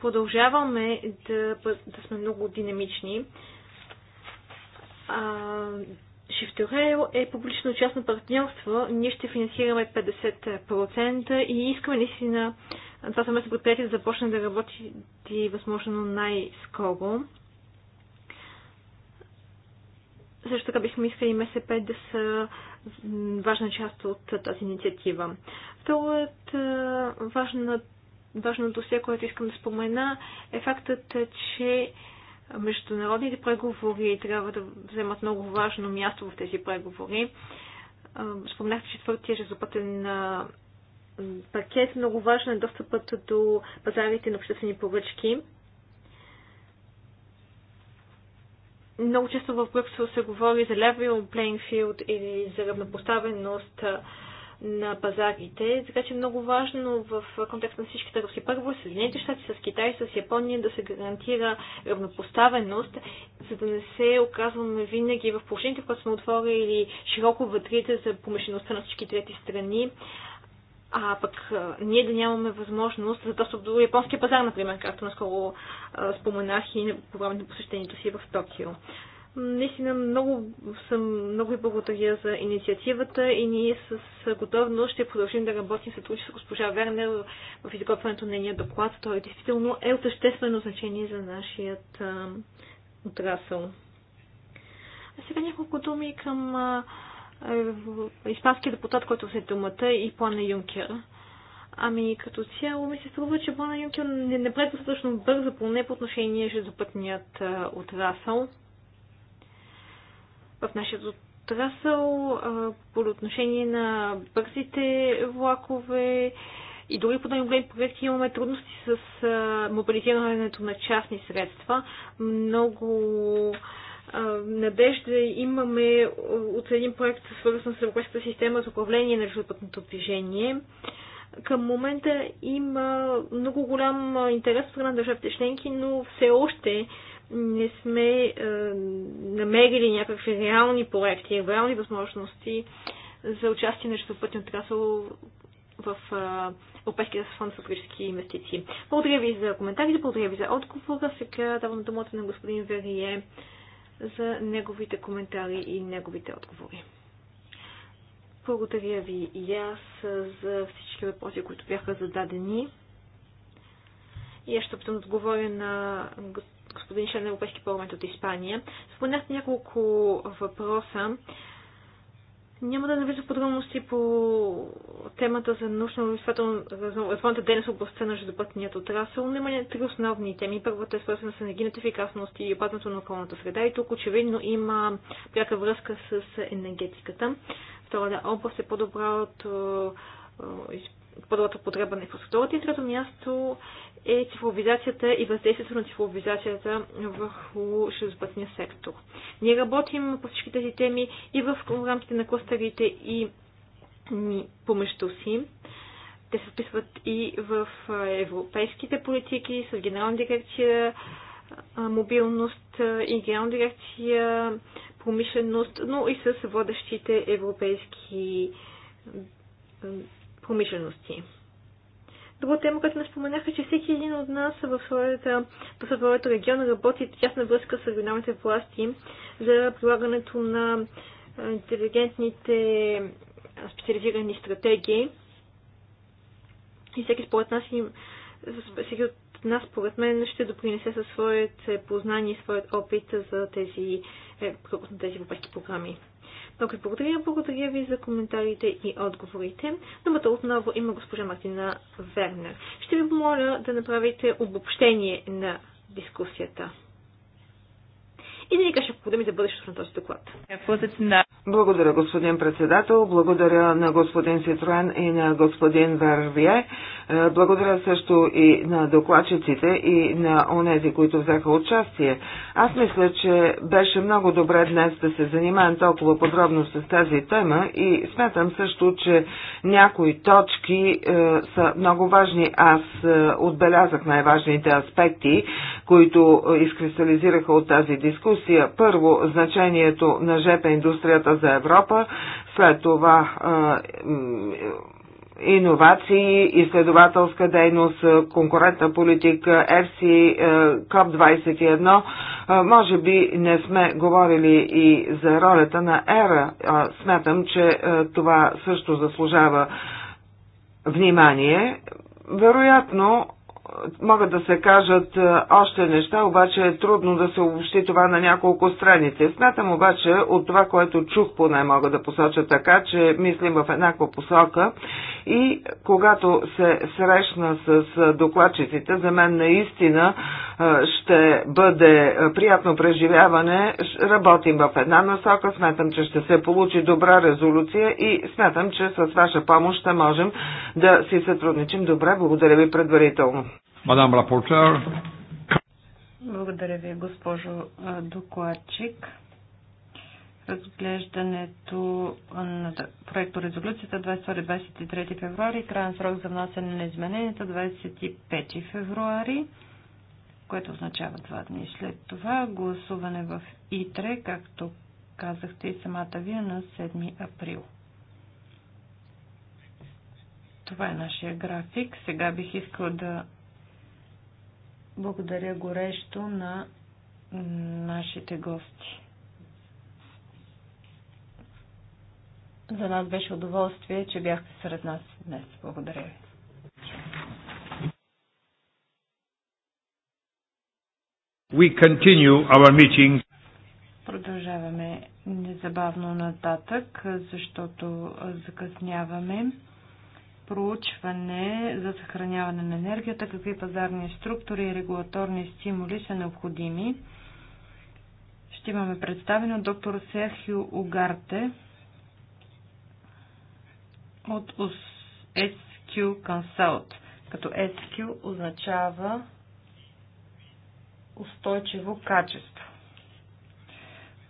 продължаваме да, да сме много динамични. Шифтерел е публично-частно партньорство. Ние ще финансираме 50% и искаме наистина да това съвместно предприятие да започне да работи възможно най-скоро. Също така бихме искали МСП да са важна част от тази инициатива. Вторият важна, важно досие, което искам да спомена, е фактът, че международните преговори трябва да вземат много важно място в тези преговори. че четвъртия резултатен е пакет. Много важен е достъпът до пазарите на обществени поръчки. Много често в Брюксел се говори за level playing field или за равнопоставеност на пазарите. Така че е много важно в контекста на всички търговски първо с Съединените щати, с Китай, с Япония да се гарантира равнопоставеност, за да не се оказваме винаги в положението, в което сме отворили широко вътрите за помешеността на всички трети страни, а пък ние да нямаме възможност за достъп до японския пазар, например, както наскоро споменах и по време на посещението си в Токио. Наистина много съм, много ви благодаря за инициативата и ние с готовност ще продължим да работим сътрудничи с госпожа Вернер в изготвянето на нейния доклад. Той действително е от съществено значение за нашият а, отрасъл. А сега няколко думи към а, е, испанския депутат, който взе думата и плана Юнкер. Ами като цяло ми се струва, че плана Юнкер не прави достатъчно бързо, поне по отношение железопътният отрасъл. В нашия отрасъл по отношение на бързите влакове и дори по големи проекти имаме трудности с мобилизирането на частни средства. Много надежда имаме от един проект, свързан с Европейската система за управление на железопътното движение. Към момента има много голям интерес от страна на държавите членки, но все още не сме е, намерили някакви реални проекти, реални възможности за участие на железопътния отрасъл в Европейския фонд за политически инвестиции. Благодаря ви за коментарите, благодаря ви за отговора. Сега давам думата на господин Верие за неговите коментари и неговите отговори. Благодаря ви и аз за всички въпроси, които бяха зададени. И аз ще опитам да отговоря на господин член на Европейски парламент от Испания. Споменахте няколко въпроса няма да навлизам в подробности по темата за научно-развойната дейност в областта на железопътният отрасъл, но има три основни теми. Първата е свързана с енергийната ефикасност и опазването на околната среда и тук очевидно има пряка връзка с енергетиката. Втората област е по-добра от е, първата потреба на инфраструктурата. И трето място е цифровизацията и въздействието на цифровизацията върху железопътния сектор. Ние работим по всички тези теми и в рамките на кластерите и помежду си. Те се вписват и в европейските политики с генерална дирекция мобилност и генерална дирекция промишленост, но и с водещите европейски промишлености. Друга тема, която не споменаха, е, че всеки един от нас в своята, по своята регион работи в тясна връзка с регионалните власти за прилагането на интелигентните специализирани стратегии. И всеки според нас им, всеки от нас, според мен, ще допринесе със своят познание и своят опит за тези, е, тези европейски програми. Много ви благодаря. Благодаря ви за коментарите и отговорите. Думата отново има госпожа Мартина Вернер. Ще ви помоля да направите обобщение на дискусията. И да ни кажа да ми за бъдещето на този доклад. Благодаря, господин председател. Благодаря на господин Ситроен и на господин Вервие е, благодаря също и на докладчиците и на онези, които взеха участие. Аз мисля, че беше много добре днес да се занимаем толкова подробно с тази тема и смятам също, че някои точки е, са много важни. Аз е, отбелязах най-важните аспекти, които е, изкристализираха от тази дискусия. Първо, значението на ЖП индустрията за Европа, след това е, е, иновации, изследователска дейност, конкурентна политика, FC е, КОП-21. Е, може би не сме говорили и за ролята на ЕРА. Смятам, че е, това също заслужава внимание. Вероятно, могат да се кажат още неща, обаче е трудно да се обобщи това на няколко страници. Смятам обаче от това, което чух поне мога да посоча така, че мислим в еднаква посока и когато се срещна с докладчиците, за мен наистина ще бъде приятно преживяване. Работим в една насока, смятам, че ще се получи добра резолюция и смятам, че с ваша помощ ще можем да си сътрудничим добре. Благодаря ви предварително. Мадам рапортер. Благодаря ви, госпожо докладчик разглеждането на проекто резолюцията 22-23 февруари, крайен срок за внасяне на измененията 25 февруари, което означава два дни след това, гласуване в ИТРЕ, както казахте и самата вие, на 7 април. Това е нашия график. Сега бих искал да благодаря горещо на нашите гости. За нас беше удоволствие, че бяхте сред нас днес. Благодаря ви. We continue our meeting. Продължаваме незабавно нататък, защото закъсняваме. Проучване за съхраняване на енергията, какви пазарни структури и регулаторни стимули са необходими. Ще имаме представено доктор Серхио Угарте, от SQ Consult, като SQ означава устойчиво качество.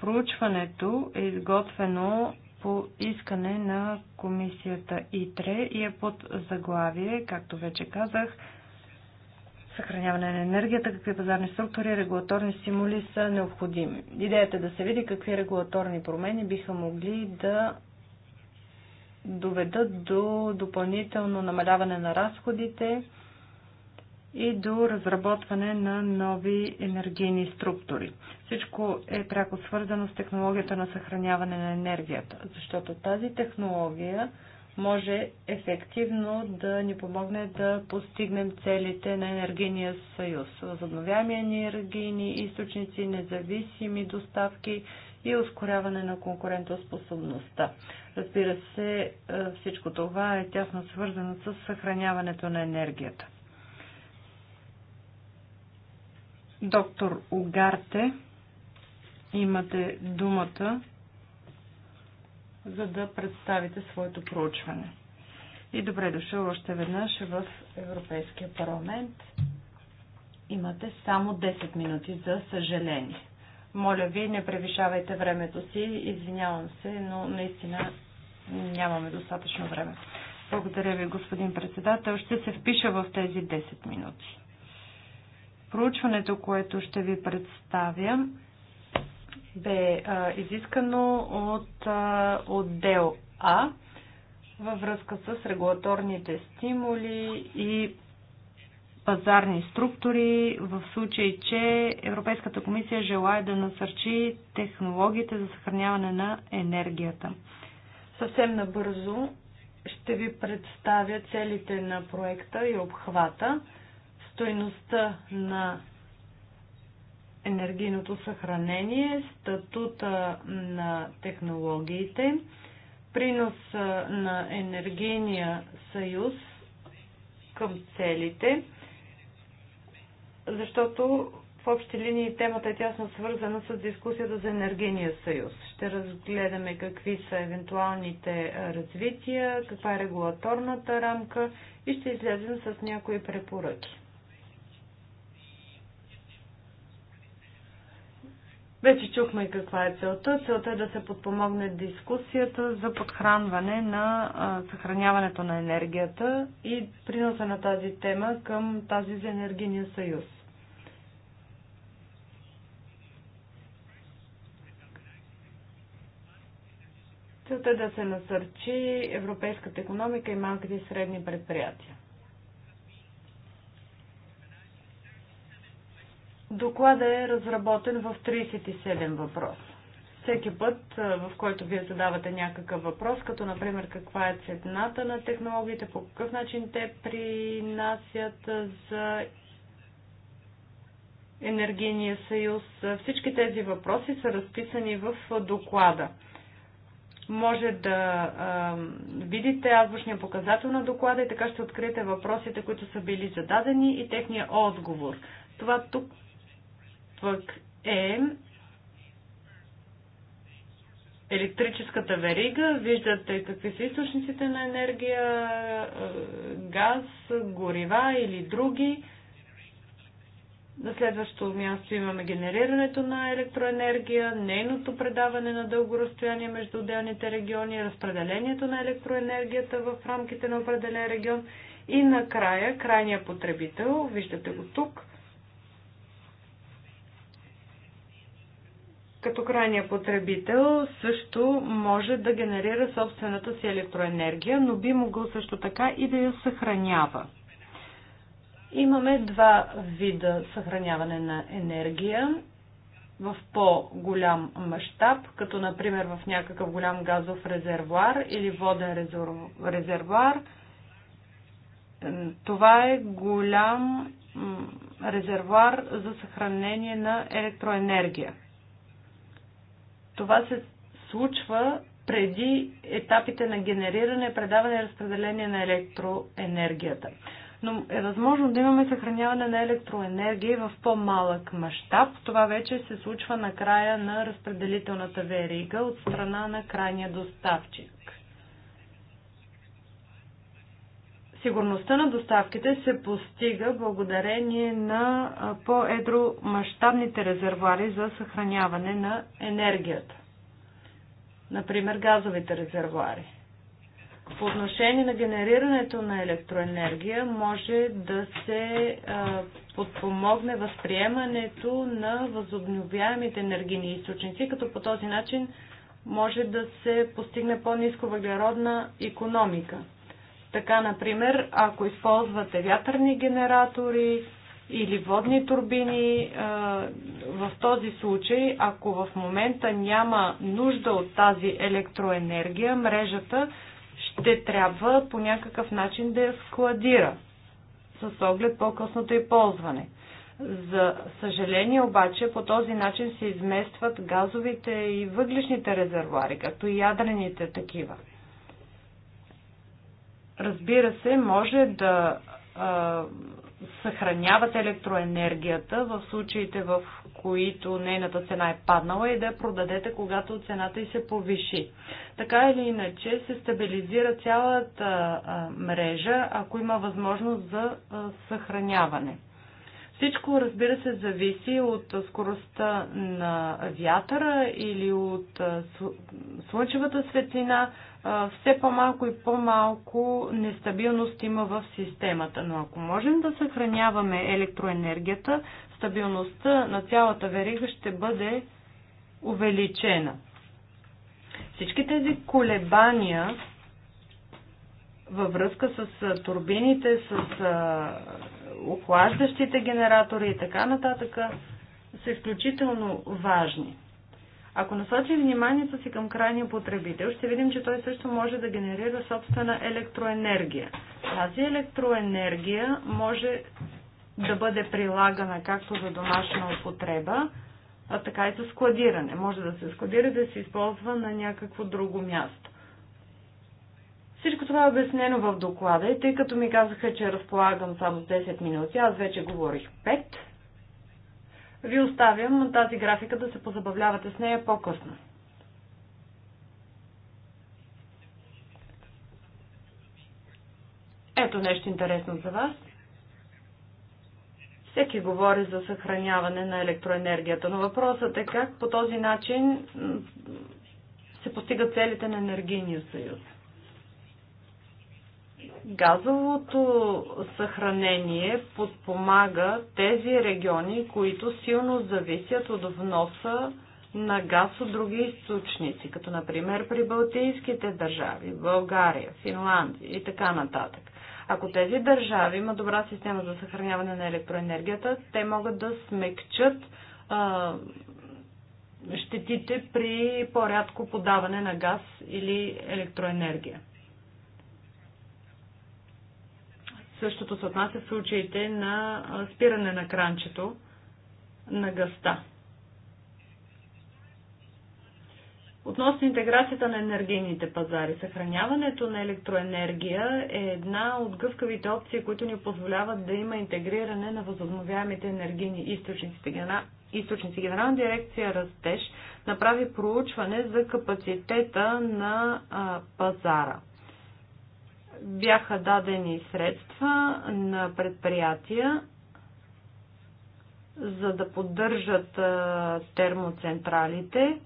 Проучването е изготвено по искане на комисията ИТРЕ и е под заглавие, както вече казах, съхраняване на енергията, какви пазарни структури и регулаторни стимули са необходими. Идеята е да се види какви регулаторни промени биха могли да доведат до допълнително намаляване на разходите и до разработване на нови енергийни структури. Всичко е пряко свързано с технологията на съхраняване на енергията, защото тази технология може ефективно да ни помогне да постигнем целите на енергийния съюз. Възобновяеми енергийни източници, независими доставки, и ускоряване на конкурентоспособността. Разбира се, е, всичко това е тясно свързано с съхраняването на енергията. Доктор Угарте, имате думата, за да представите своето проучване. И добре дошъл още веднъж в Европейския парламент. Имате само 10 минути за съжаление. Моля ви, не превишавайте времето си. Извинявам се, но наистина нямаме достатъчно време. Благодаря ви, господин председател. Ще се впиша в тези 10 минути. Проучването, което ще ви представя, бе а, изискано от а, отдел А във връзка с регулаторните стимули и пазарни структури, в случай, че Европейската комисия желая да насърчи технологиите за съхраняване на енергията. Съвсем набързо ще ви представя целите на проекта и обхвата, стойността на енергийното съхранение, статута на технологиите, принос на енергийния съюз към целите – защото в общи линии темата е тясно свързана с дискусията за енергийния съюз. Ще разгледаме какви са евентуалните развития, каква е регулаторната рамка и ще излезем с някои препоръки. Вече чухме каква е целта. Целта е да се подпомогне дискусията за подхранване на а, съхраняването на енергията и приноса на тази тема към тази за енергийния съюз. Целта е да се насърчи европейската економика и малките и средни предприятия. Докладът е разработен в 37 въпроса. Всеки път, в който вие задавате някакъв въпрос, като например каква е цената на технологиите, по какъв начин те принасят за енергийния съюз, всички тези въпроси са разписани в доклада може да а, видите азбучния показател на доклада и така ще откриете въпросите, които са били зададени и техния отговор. Това тук пък е електрическата верига. Виждате какви са източниците на енергия, газ, горива или други. На следващото място имаме генерирането на електроенергия, нейното предаване на дълго разстояние между отделните региони, разпределението на електроенергията в рамките на определен регион и накрая крайния потребител, виждате го тук, като крайния потребител също може да генерира собствената си електроенергия, но би могъл също така и да я съхранява. Имаме два вида съхраняване на енергия в по-голям мащаб, като например в някакъв голям газов резервуар или воден резервуар. Това е голям резервуар за съхранение на електроенергия. Това се случва преди етапите на генериране, предаване и разпределение на електроенергията но е възможно да имаме съхраняване на електроенергия в по-малък мащаб. Това вече се случва на края на разпределителната верига от страна на крайния доставчик. Сигурността на доставките се постига благодарение на по-едро мащабните резервуари за съхраняване на енергията. Например, газовите резервуари. По отношение на генерирането на електроенергия може да се подпомогне възприемането на възобновяемите енергийни източници, като по този начин може да се постигне по-низко въглеродна економика. Така, например, ако използвате вятърни генератори или водни турбини, в този случай, ако в момента няма нужда от тази електроенергия, мрежата ще трябва по някакъв начин да я складира с оглед по-късното и ползване. За съжаление обаче по този начин се изместват газовите и въглишните резервуари, както и ядрените такива. Разбира се, може да съхраняват електроенергията в случаите, в които нейната цена е паднала и да я продадете, когато цената й се повиши. Така или иначе се стабилизира цялата мрежа, ако има възможност за съхраняване. Всичко, разбира се, зависи от скоростта на вятъра или от слънчевата светлина, все по-малко и по-малко нестабилност има в системата. Но ако можем да съхраняваме електроенергията, стабилността на цялата верига ще бъде увеличена. Всички тези колебания във връзка с турбините, с охлаждащите генератори и така нататък са изключително важни. Ако насочим вниманието си към крайния потребител, ще видим, че той също може да генерира собствена електроенергия. Тази електроенергия може да бъде прилагана както за домашна употреба, а така и за складиране. Може да се складира и да се използва на някакво друго място. Всичко това е обяснено в доклада и тъй като ми казаха, че разполагам само 10 минути, аз вече говорих 5, ви оставям тази графика да се позабавлявате с нея по-късно. Ето нещо интересно за вас. Всеки говори за съхраняване на електроенергията, но въпросът е как по този начин се постигат целите на енергийния съюз. Газовото съхранение подпомага тези региони, които силно зависят от вноса на газ от други източници, като например при Балтийските държави, България, Финландия и така нататък. Ако тези държави имат добра система за съхраняване на електроенергията, те могат да смекчат а, щетите при по-рядко подаване на газ или електроенергия. Същото се отнася в случаите на спиране на кранчето на гъста. Относно интеграцията на енергийните пазари, съхраняването на електроенергия е една от гъвкавите опции, които ни позволяват да има интегриране на възобновяемите енергийни източници. Генерална дирекция Растеж направи проучване за капацитета на пазара бяха дадени средства на предприятия, за да поддържат термоцентралите,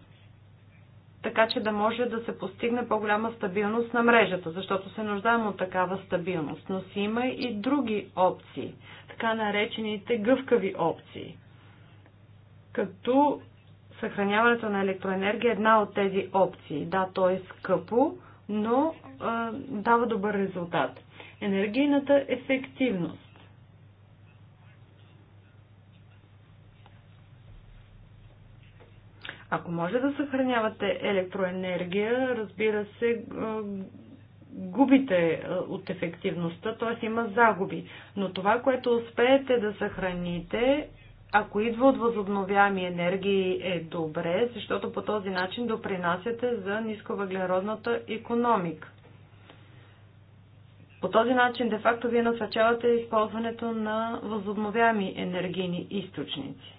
така че да може да се постигне по-голяма стабилност на мрежата, защото се нуждаем от такава стабилност. Но си има и други опции, така наречените гъвкави опции. Като съхраняването на електроенергия е една от тези опции. Да, то е скъпо, но а, дава добър резултат. Енергийната ефективност. Ако може да съхранявате електроенергия, разбира се, губите от ефективността, т.е. има загуби. Но това, което успеете да съхраните, ако идва от възобновяеми енергии е добре, защото по този начин допринасяте за нисковъглеродната економика. По този начин, де-факто, вие насъчавате използването на възобновяеми енергийни източници.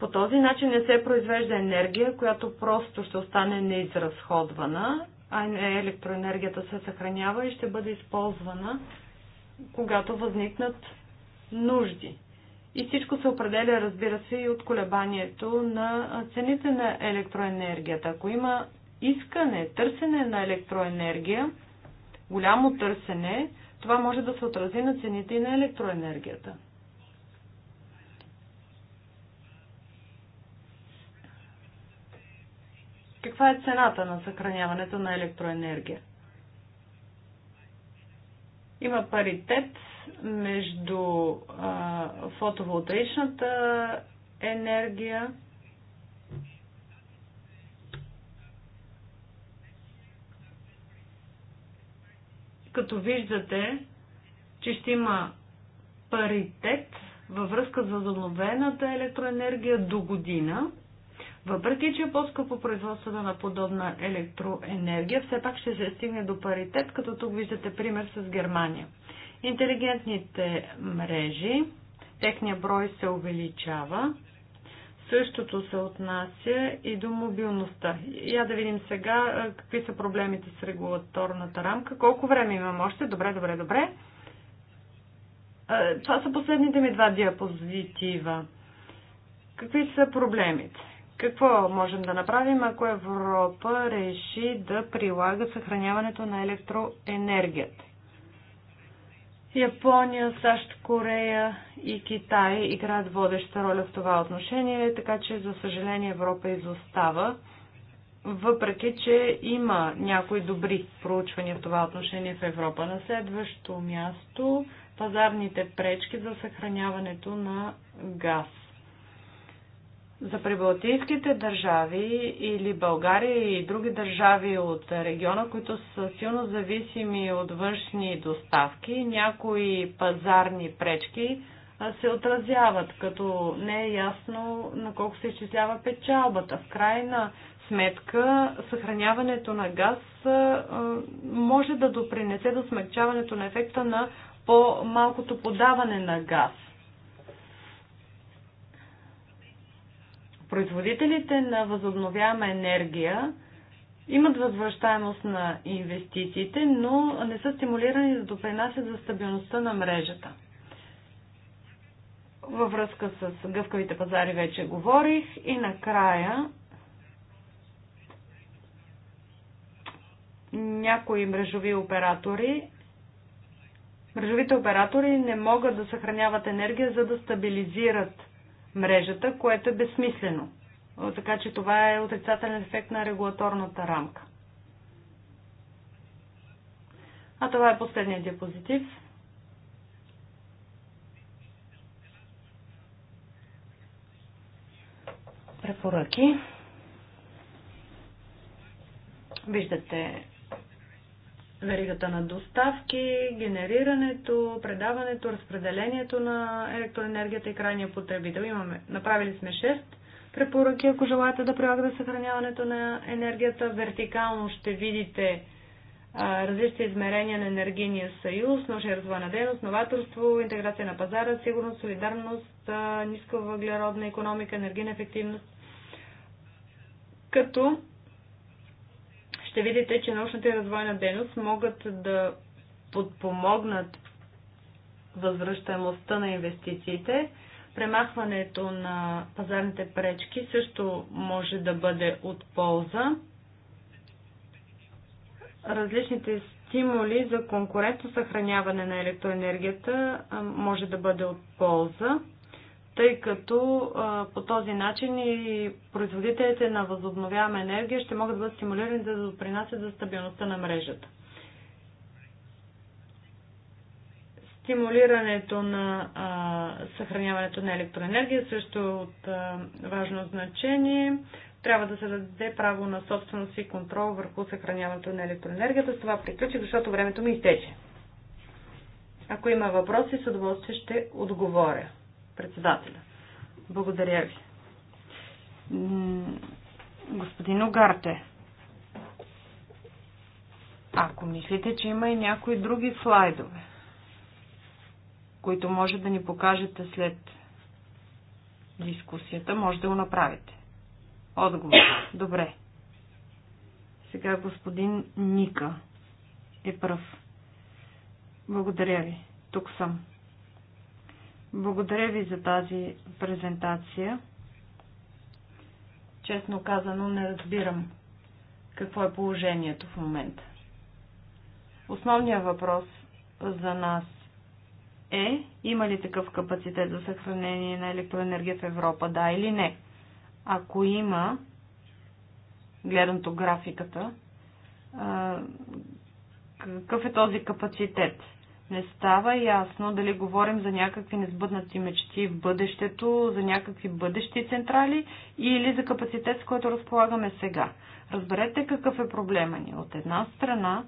По този начин не се произвежда енергия, която просто ще остане неизразходвана, а електроенергията се съхранява и ще бъде използвана когато възникнат нужди. И всичко се определя, разбира се, и от колебанието на цените на електроенергията. Ако има искане, търсене на електроенергия, голямо търсене, това може да се отрази на цените и на електроенергията. Каква е цената на съхраняването на електроенергия? Има паритет между а, фотоволтаичната енергия като виждате, че ще има паритет във връзка с възобновената електроенергия до година въпреки, че е по-скъпо производството на подобна електроенергия, все пак ще се стигне до паритет, като тук виждате пример с Германия. Интелигентните мрежи, техния брой се увеличава. Същото се отнася и до мобилността. Я да видим сега какви са проблемите с регулаторната рамка. Колко време имам още? Добре, добре, добре. Това са последните ми два диапозитива. Какви са проблемите? Какво можем да направим, ако Европа реши да прилага съхраняването на електроенергията? Япония, САЩ, Корея и Китай играят водеща роля в това отношение, така че за съжаление Европа изостава, въпреки че има някои добри проучвания в това отношение в Европа. На следващо място пазарните пречки за съхраняването на газ. За прибалтийските държави или България и други държави от региона, които са силно зависими от външни доставки, някои пазарни пречки се отразяват, като не е ясно на колко се изчислява печалбата. В крайна сметка, съхраняването на газ може да допринесе до смягчаването на ефекта на по-малкото подаване на газ Производителите на възобновяема енергия имат възвръщаемост на инвестициите, но не са стимулирани да допринасят за стабилността на мрежата. Във връзка с гъвкавите пазари вече говорих и накрая някои мрежови оператори мрежовите оператори не могат да съхраняват енергия, за да стабилизират мрежата, което е безсмислено. Така че това е отрицателен ефект на регулаторната рамка. А това е последният диапозитив. Препоръки. Виждате веригата на доставки, генерирането, предаването, разпределението на електроенергията и крайния потребител. Имаме, направили сме 6 препоръки, ако желаете да прилагате съхраняването на енергията. Вертикално ще видите а, различни измерения на енергийния съюз, научна развойна дейност, новаторство, интеграция на пазара, сигурност, солидарност, ниска въглеродна економика, енергийна ефективност. Като ще видите, че научната и развойна дейност могат да подпомогнат възвръщаемостта на инвестициите. Премахването на пазарните пречки също може да бъде от полза. Различните стимули за конкурентно съхраняване на електроенергията може да бъде от полза тъй като по този начин и производителите на възобновяема енергия ще могат да бъдат стимулирани да допринасят за стабилността на мрежата. Стимулирането на а, съхраняването на електроенергия също е от а, важно значение. Трябва да се даде право на собственост и контрол върху съхраняването на електроенергията. С това приключи, защото времето ми изтече. Ако има въпроси, с удоволствие ще отговоря. Председателя. Благодаря ви. Господин Огарте, ако мислите, че има и някои други слайдове, които може да ни покажете след дискусията, може да го направите. Отговор. Добре. Сега господин Ника е пръв. Благодаря ви. Тук съм. Благодаря ви за тази презентация. Честно казано, не разбирам какво е положението в момента. Основният въпрос за нас е има ли такъв капацитет за съхранение на електроенергия в Европа, да или не. Ако има, гледамто графиката, какъв е този капацитет? не става ясно дали говорим за някакви несбъднати мечти в бъдещето, за някакви бъдещи централи или за капацитет, с който разполагаме сега. Разберете какъв е проблема ни. От една страна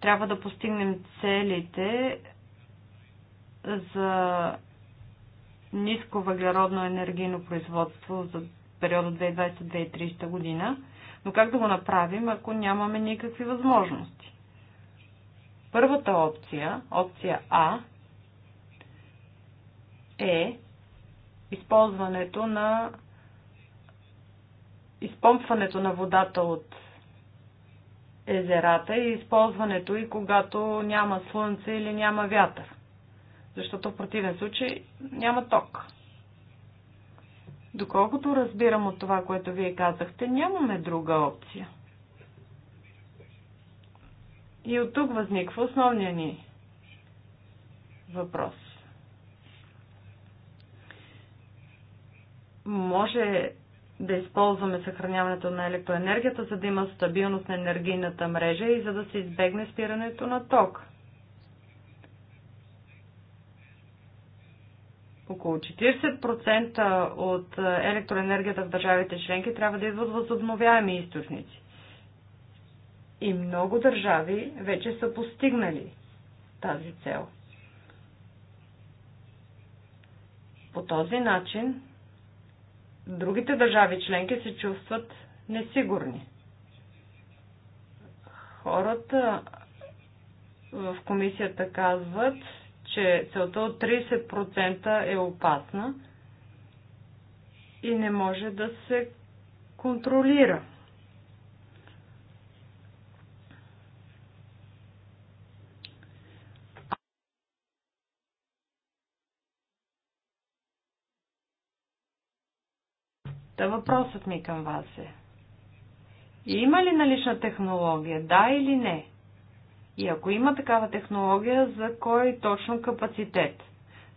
трябва да постигнем целите за ниско въглеродно енергийно производство за периода 2020-2030 година, но как да го направим, ако нямаме никакви възможности? Първата опция, опция А, е използването на изпомпването на водата от езерата и използването и когато няма слънце или няма вятър. Защото в противен случай няма ток. Доколкото разбирам от това, което вие казахте, нямаме друга опция. И от тук възниква основния ни въпрос. Може да използваме съхраняването на електроенергията, за да има стабилност на енергийната мрежа и за да се избегне спирането на ток. Около 40% от електроенергията в държавите членки трябва да идват възобновяеми източници. И много държави вече са постигнали тази цел. По този начин другите държави членки се чувстват несигурни. Хората в комисията казват, че целта от 30% е опасна и не може да се контролира. Та е, въпросът ми към вас е. Има ли налична технология, да или не? И ако има такава технология, за кой точно капацитет?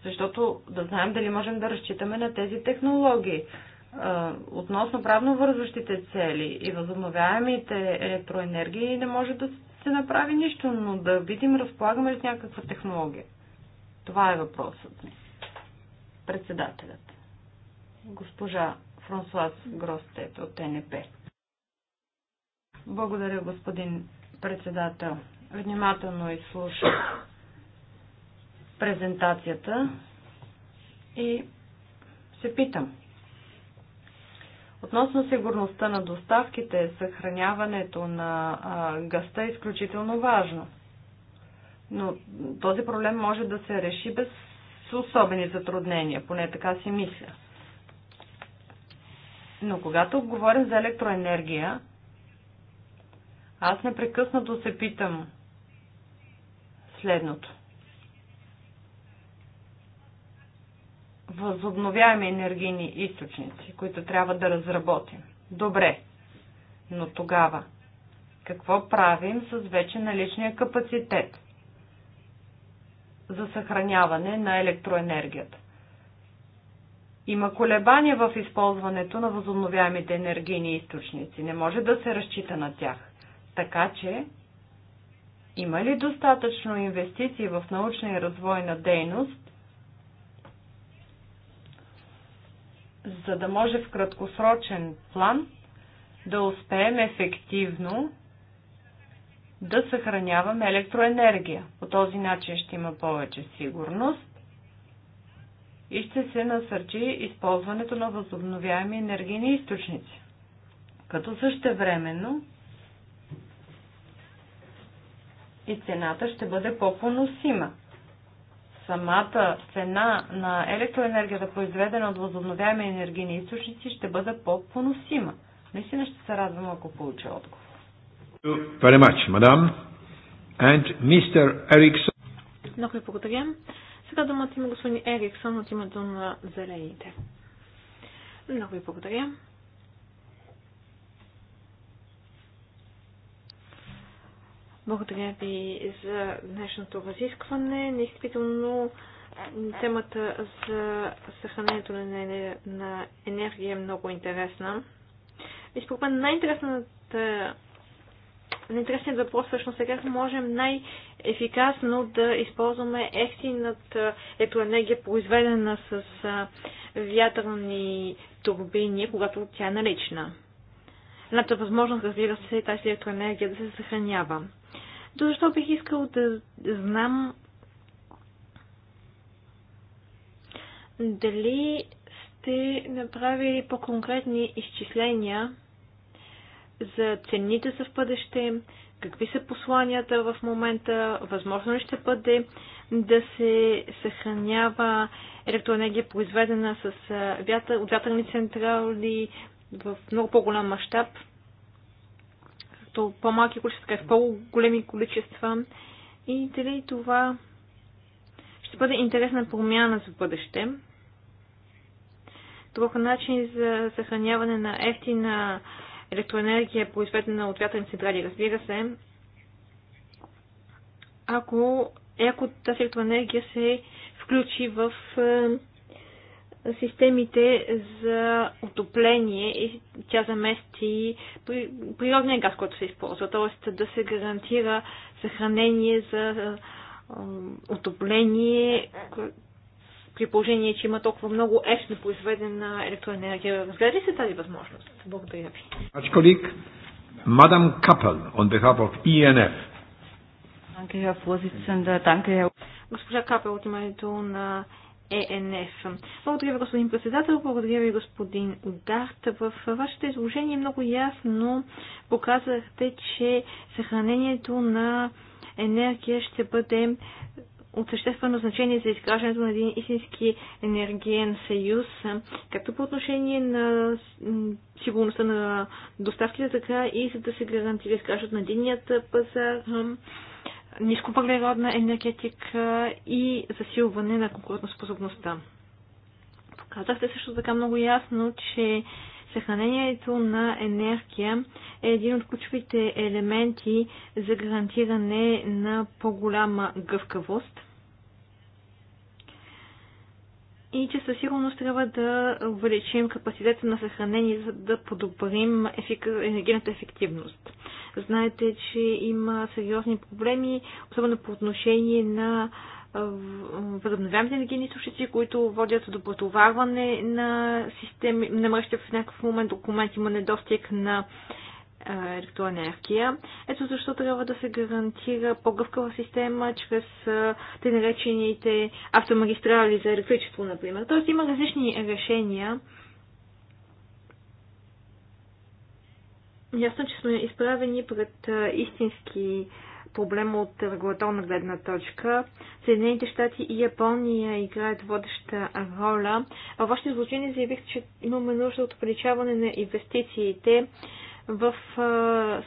Защото да знаем дали можем да разчитаме на тези технологии. Е, относно правно вързващите цели и възобновяемите електроенергии не може да се направи нищо, но да видим разполагаме ли с някаква технология. Това е въпросът ми. Председателят. Госпожа Франсуаз Гростет от НП. Благодаря, господин председател. Внимателно изслушах презентацията и се питам. Относно сигурността на доставките, съхраняването на а, гъста е изключително важно. Но този проблем може да се реши без особени затруднения, поне така си мисля. Но когато говорим за електроенергия, аз непрекъснато се питам следното. Възобновяеми енергийни източници, които трябва да разработим. Добре, но тогава какво правим с вече наличния капацитет за съхраняване на електроенергията? Има колебания в използването на възобновяемите енергийни източници. Не може да се разчита на тях. Така че, има ли достатъчно инвестиции в научна и развойна дейност, за да може в краткосрочен план да успеем ефективно да съхраняваме електроенергия. По този начин ще има повече сигурност и ще се насърчи използването на възобновяеми енергийни източници. Като същевременно и цената ще бъде по-поносима. Самата цена на електроенергията, произведена от възобновяеми енергийни източници, ще бъде по-поносима. Наистина ще се радвам, ако получа отговор. Благодаря, мадам. И мистер Ериксон. Много ви благодаря. Сега думата има господин Ериксон от името на Зелените. Много ви благодаря. Благодаря ви за днешното разискване. Действително темата за съхранението на енергия е много интересна. И според мен най-интересната Интересен въпрос всъщност е как можем най-ефикасно да използваме ефтината електроенергия, произведена с вятърни турбини, когато тя е налична. Едната възможност, разбира се, е тази електроенергия да се съхранява. До защо бих искал да знам дали сте направили по-конкретни изчисления за цените за в бъдеще, какви са посланията в момента, възможно ли ще бъде да се съхранява електроенергия, произведена с вятър, от вятърни централи в много по-голям мащаб, като по-малки количества, така и в по-големи количества. И дали това ще бъде интересна промяна за бъдеще. Друг начин за съхраняване на ефтина на електроенергия, е произведена от вятърни централи, разбира се, ако, е, ако тази електроенергия се включи в е, системите за отопление и тя замести природния газ, който се използва, т.е. да се гарантира съхранение за отопление, при положение, че има толкова много ефтно произведена електроенергия. Разгледа ли се тази възможност? Благодаря ви. Ачколик, мадам Капел, on behalf of e ENF. Госпожа Капел от името на ЕНФ. E благодаря ви, господин председател, благодаря ви, господин Гарт. В вашето изложение много ясно показахте, че съхранението на енергия ще бъде от съществено значение за изграждането на един истински енергиен съюз, както по отношение на сигурността на доставките, така и за да се гарантира изграждането на единният пазар, нисковъглеродна енергетика и засилване на конкурентоспособността. Показахте също така много ясно, че съхранението на енергия е един от ключовите елементи за гарантиране на по-голяма гъвкавост. и че със сигурност трябва да увеличим капацитета на съхранение, за да подобрим ефик... енергийната ефективност. Знаете, че има сериозни проблеми, особено по отношение на възобновяемите енергийни източници, които водят до претоварване на системи, намръщат в някакъв момент документ има недостиг на електроенергия. Ето защо трябва да се гарантира по-гъвкава система чрез те наречените автомагистрали за електричество, например. Тоест има различни решения. Ясно, че сме изправени пред истински проблем от регулаторна гледна точка. Съединените щати и Япония играят водеща роля. А вашето изложение заявих, че имаме нужда от увеличаване на инвестициите в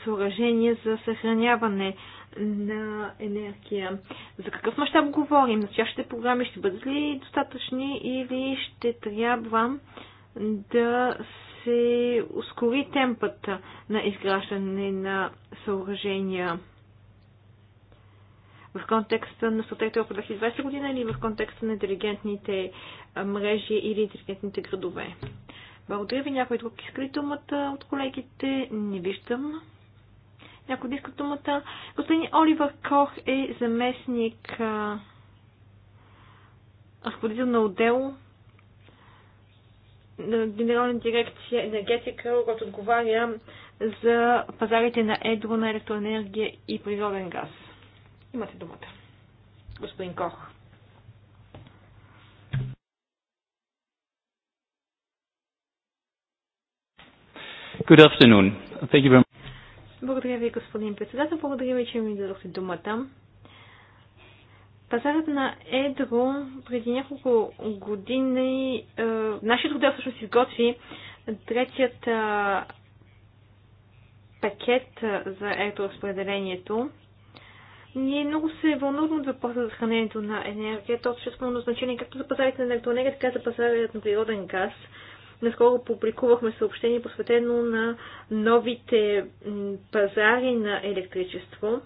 съоръжение за съхраняване на енергия. За какъв мащаб говорим? Настоящите програми ще бъдат ли достатъчни или ще трябва да се ускори темпът на изграждане на съоръжения? в контекста на стратегията по 2020 година или в контекста на интелигентните мрежи или интелигентните градове. Благодаря ви. Някой друг иска ли думата от колегите? Не виждам. Някой да иска думата. Господин Оливър Кох е заместник разходител на отдел на Генерална дирекция енергетика, който отговаря за пазарите на едро на електроенергия и природен газ. Имате думата. Господин Кох. Good afternoon. Thank you very much. Благодаря ви, господин председател. Благодаря ви, че ми дадохте думата. Пазарът на Едро преди няколко години, е, нашият отдел всъщност изготви третият е, пакет е, за разпределението. Ние много се вълнуваме от въпроса за хранението на енергия. То е съществено значение както за пазарите на електроенергия, така и за пазарите на природен газ. Наскоро публикувахме съобщение посветено на новите пазари на електричество.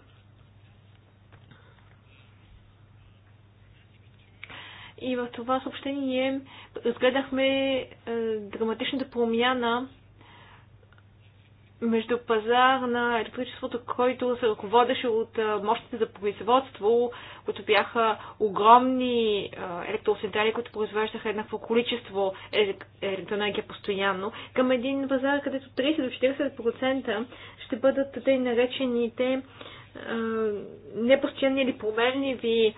И в това съобщение разгледахме е, драматичната промяна между пазар на електричеството, който се ръководеше от мощите за производство, които бяха огромни електроцентрали, които произвеждаха еднакво количество електроенергия постоянно, към един пазар, където 30 до 40% ще бъдат тъй наречените непостоянни или променливи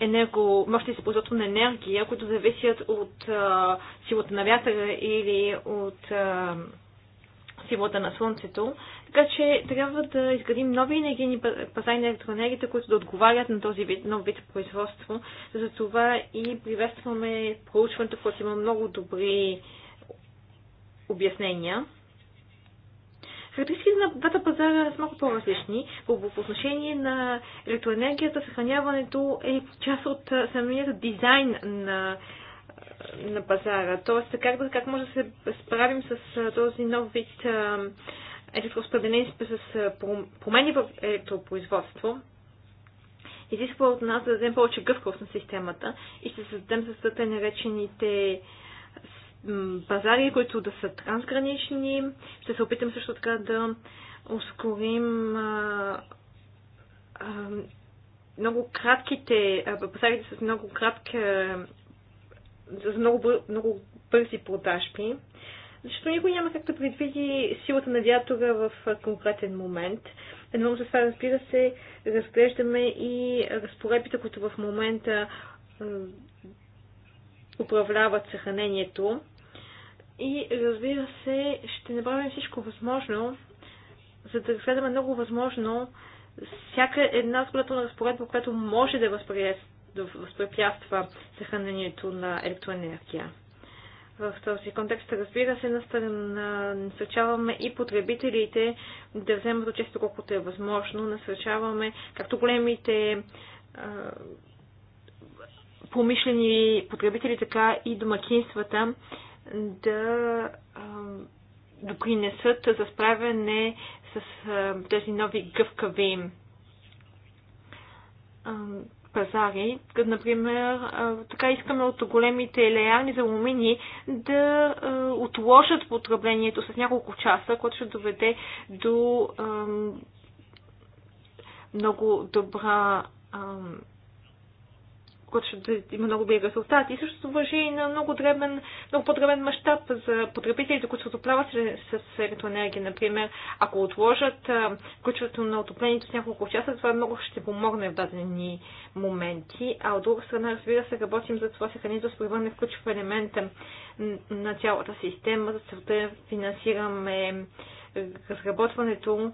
енерго, мощности за производство на енергия, които зависят от а, силата на вятъра или от а, силата на Слънцето. Така че трябва да изградим нови енергийни пазари на електроенергията, които да отговарят на този вид, нов вид производство. Затова и приветстваме проучването, което има много добри обяснения. Характеристиките на двата пазара са много по-различни. По отношение на електроенергията, съхраняването е част от самият дизайн на на пазара. Тоест, как, да, как може да се справим с този нов вид електроспределение с промени в електропроизводство, изисква от нас да дадем повече гъвкавост на системата и ще създадем с тъй наречените пазари, които да са трансгранични. Ще се опитам също така да ускорим а, а, много кратките, пазарите с много кратка за много, много бързи продажби, защото никой няма как да предвиди силата на вятъра в конкретен момент. Едно за това, разбира се, разглеждаме и разпоредбите, които в момента управляват съхранението. И разбира се, ще направим всичко възможно, за да разгледаме много възможно всяка една сгодателна разпоредба, която може да е да възпрепятства съхранението на електроенергия. В този контекст, разбира се, насърчаваме и потребителите да вземат често, колкото е възможно. Насърчаваме както големите промишлени потребители, така и домакинствата да допринесат за справяне с тези нови гъвкави пазари, като например така искаме от големите леални за алумини да отложат потреблението с няколко часа, което ще доведе до много добра което ще има много добри резултати. И също въжи и на много, дребен, много по-дребен мащаб за потребителите, които се отопляват с електроенергия. Например, ако отложат включването на отоплението с няколко часа, това много ще помогне в дадени моменти. А от друга страна, разбира се, работим за това съхранителство да превърне включва елемента на цялата система. За целта финансираме разработването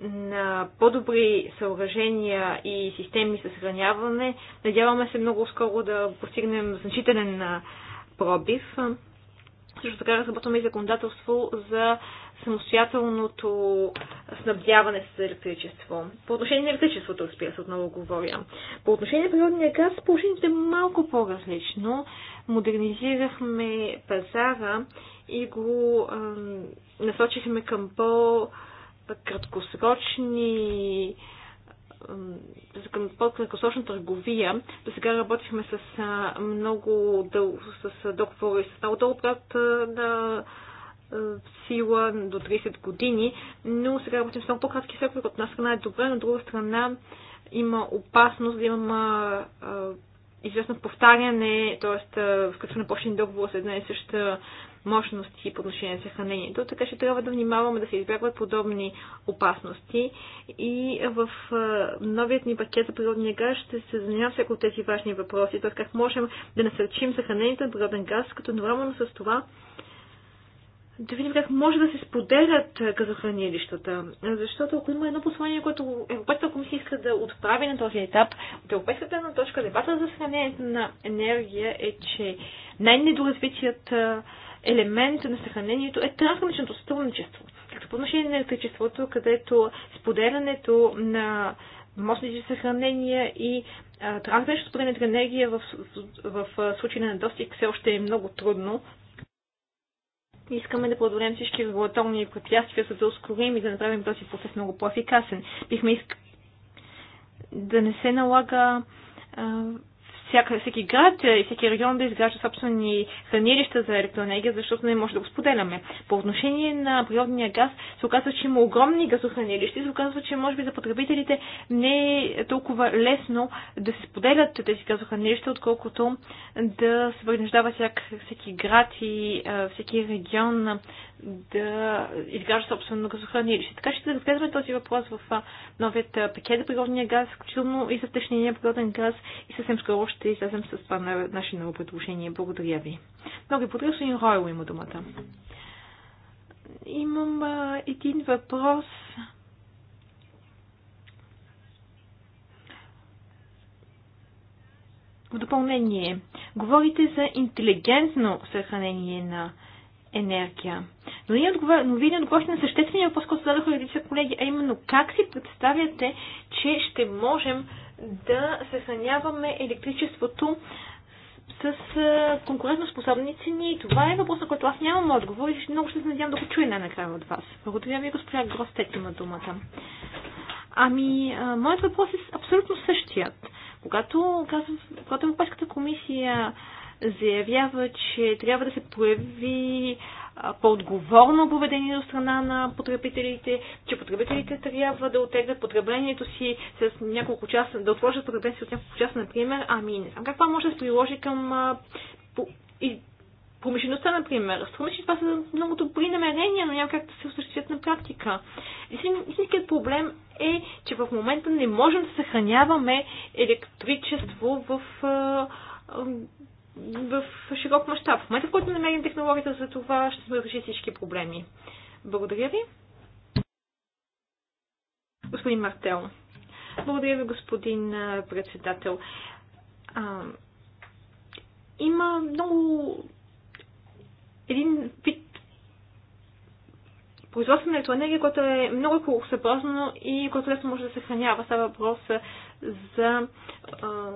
на по-добри съоръжения и системи за съхраняване. Надяваме се много скоро да постигнем значителен пробив. Също така разработваме и законодателство за самостоятелното снабдяване с електричество. По отношение на електричеството, разбира се, отново говоря. По отношение на природния газ, положението е малко по-различно. Модернизирахме пазара и го е, насочихме към по- за краткосрочни по-краткосрочна търговия. До сега работихме с много дъл... с договори с много дълго на сила до 30 години, но сега работим с много по-кратки срокове, от една страна е добре, но от друга страна има опасност да има известно повтаряне, т.е. в на почни договор с една и съща мощности по отношение на съхранението, така че трябва да внимаваме да се избягват подобни опасности и в новият ни пакет за природния газ ще се занимава всяко от тези важни въпроси, т.е. как можем да насърчим съхранението на природен газ, като едновременно с това да видим как може да се споделят газохранилищата. Защото ако има едно послание, което Европейската комисия иска да отправи на този етап, от Европейската на точка дебата за съхранението на енергия е, че най-недоразвитият елемент на съхранението е трансграничното сътрудничество. Както по отношение на електричеството, където споделянето на мощните съхранения и трансграничното споделяне на енергия в, в, в случай на недостиг все още е много трудно. Искаме да преодолеем всички регулаторни препятствия, за да ускорим и да направим този процес много по-ефикасен. Бихме искали да не се налага всяка, всеки град и всеки регион да изгражда собствени хранилища за електроенергия, защото не може да го споделяме. По отношение на природния газ се оказва, че има огромни газохранилища и се оказва, че може би за потребителите не е толкова лесно да се споделят тези газохранилища, отколкото да се принуждава всеки град и всеки регион да изгражда собствено газохранилище. Така ще разгледаме този въпрос в новият пакет за природния газ, включително и за втечнения природен газ и съвсем скоро ще излезем с това на наше ново предложение. Благодаря ви. Много благодаря, господин Ройл има думата. Имам а, един въпрос. В допълнение, говорите за интелигентно съхранение на енергия. Но вие отговор... не отговорихте на съществения въпрос, който зададоха редица колеги, а именно как си представяте, че ще можем да съхраняваме електричеството с конкурентоспособни цени? Това е въпрос, на който аз нямам отговор и много ще се надявам да го чуя най-накрая от вас. Благодаря ви, госпожа Гростет има думата. Ами, а, моят въпрос е абсолютно същият. Когато, казвам, когато Европейската комисия заявява, че трябва да се прояви по-отговорно поведение от страна на потребителите, че потребителите трябва да отеглят потреблението си с няколко часа, да отложат потреблението си от няколко часа, например. Ами, не знам, какво може да се приложи към промишлеността, например. Струва че това са много добри намерения, но няма как да се осъществят на практика. Истинският проблем е, че в момента не можем да съхраняваме електричество в а, а, в широк мащаб. В момента, в който намерим технологията за това, ще сме реши всички проблеми. Благодаря ви. Господин Мартел. Благодаря ви, господин председател. А, има много един вид производство на електроенергия, което е много екологосъобразно и което лесно може да се съхранява. Става въпрос за а,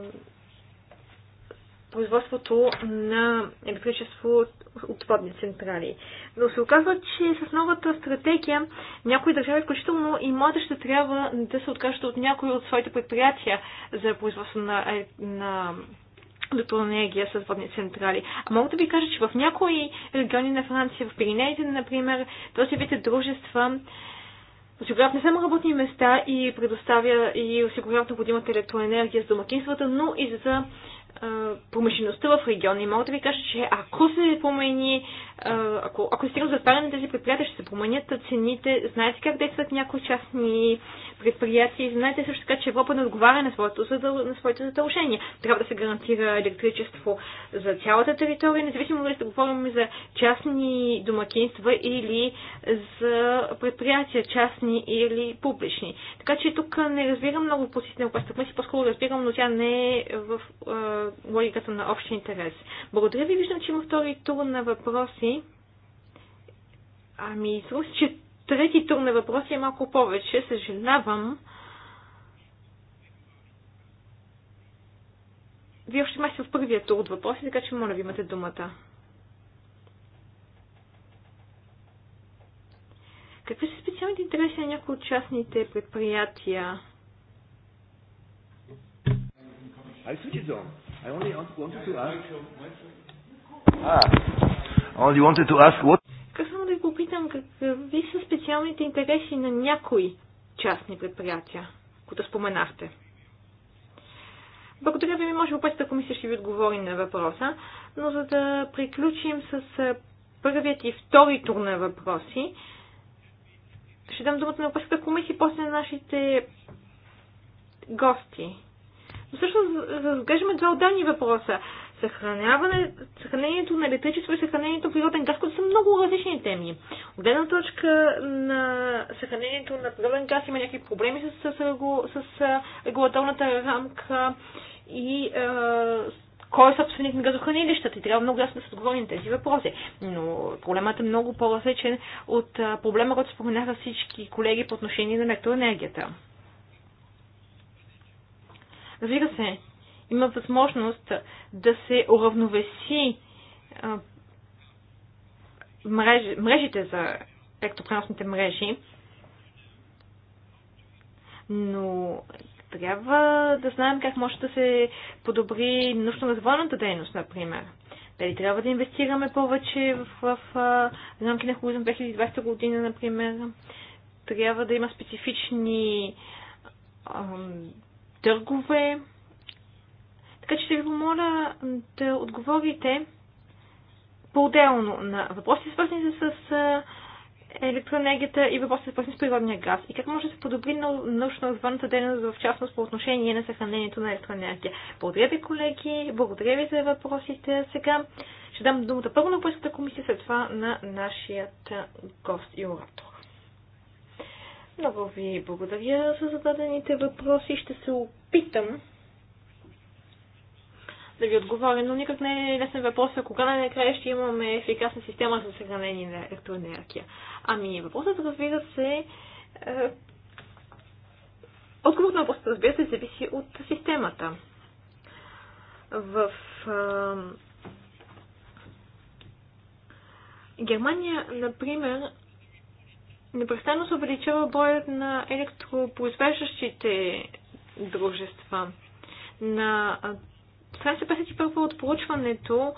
производството на електричество от водни централи. Но се оказва, че с новата стратегия някои държави, включително и моята, ще трябва да се откажат от някои от своите предприятия за производство на, е, на електроенергия с водни централи. А мога да ви кажа, че в някои региони на Франция, в Пиринеите, например, този вид дружества осигуряват не само работни места и предоставя и осигуряват необходимата електроенергия за домакинствата, но и за промишлеността в региона. И мога да ви кажа, че ако се промени, ако, ако е стигнат затваряне на тези предприятия, ще се променят цените. Знаете как действат някои частни предприятия и знаете също така, че Европа не отговаря на, своето, на своите задължения. Трябва да се гарантира електричество за цялата територия, независимо дали да говорим за частни домакинства или за предприятия, частни или публични. Така че тук не разбирам много по на Европейската по-скоро разбирам, но тя не е в логиката на общ интерес. Благодаря ви, виждам, че има втори тур на въпроси. Ами, струва че трети тур на въпроси е малко повече. Съжалявам. Вие още май в първия тур от въпроси, така че моля ви имате думата. Какви са специалните интереси на някои от частните предприятия? Ай, wird зона. I only wanted to ask... Ah, only wanted to ask what... да ви попитам какви са специалните интереси на някои частни предприятия, които споменахте. Благодаря ви, ми може ако мисля, ще ви отговори на въпроса, но за да приключим с първият и втори тур на въпроси, ще дам думата на ако комисия после на нашите гости. Също всъщност разглеждаме два отделни въпроса. Съхраняване, съхранението на електричество и съхранението на природен газ, които са много различни теми. От гледна точка на съхранението на природен газ има някакви проблеми с, с, с, с регулаторната рамка и е, кой е собственик на газохранилищата и трябва много ясно да се отговори на тези въпроси. Но проблемът е много по-различен от проблема, който споменаха всички колеги по отношение на електроенергията. Разбира се, има възможност да се уравновеси мрежите за електропреносните мрежи, но трябва да знаем как може да се подобри научно-развойната дейност, например. Дали трябва да инвестираме повече в, в, в рамки на Хоризонт 2020 година, например. Трябва да има специфични ам, търгове. Така че ще ви помоля да отговорите по-отделно на въпроси, свързани с е, електроенергията и въпроси, свързани с природния газ. И как може да се подобри на научно отвънната дейност, в частност по отношение на съхранението на електроенергия. Благодаря ви, колеги. Благодаря ви за въпросите. Сега ще дам думата първо на Българската комисия, след това на нашият гост и оратор. Много ви благодаря за зададените въпроси. Ще се опитам да ви отговоря, но никак не е лесен въпрос, а кога най-накрая ще имаме ефикасна система за съхранение на електроенергия. Ами, въпросът разбира се, е, отговор на въпросът разбира се зависи от системата. В е, Германия, например, непрестанно се увеличава броят на електропроизвеждащите дружества. На страница 51 е от проучването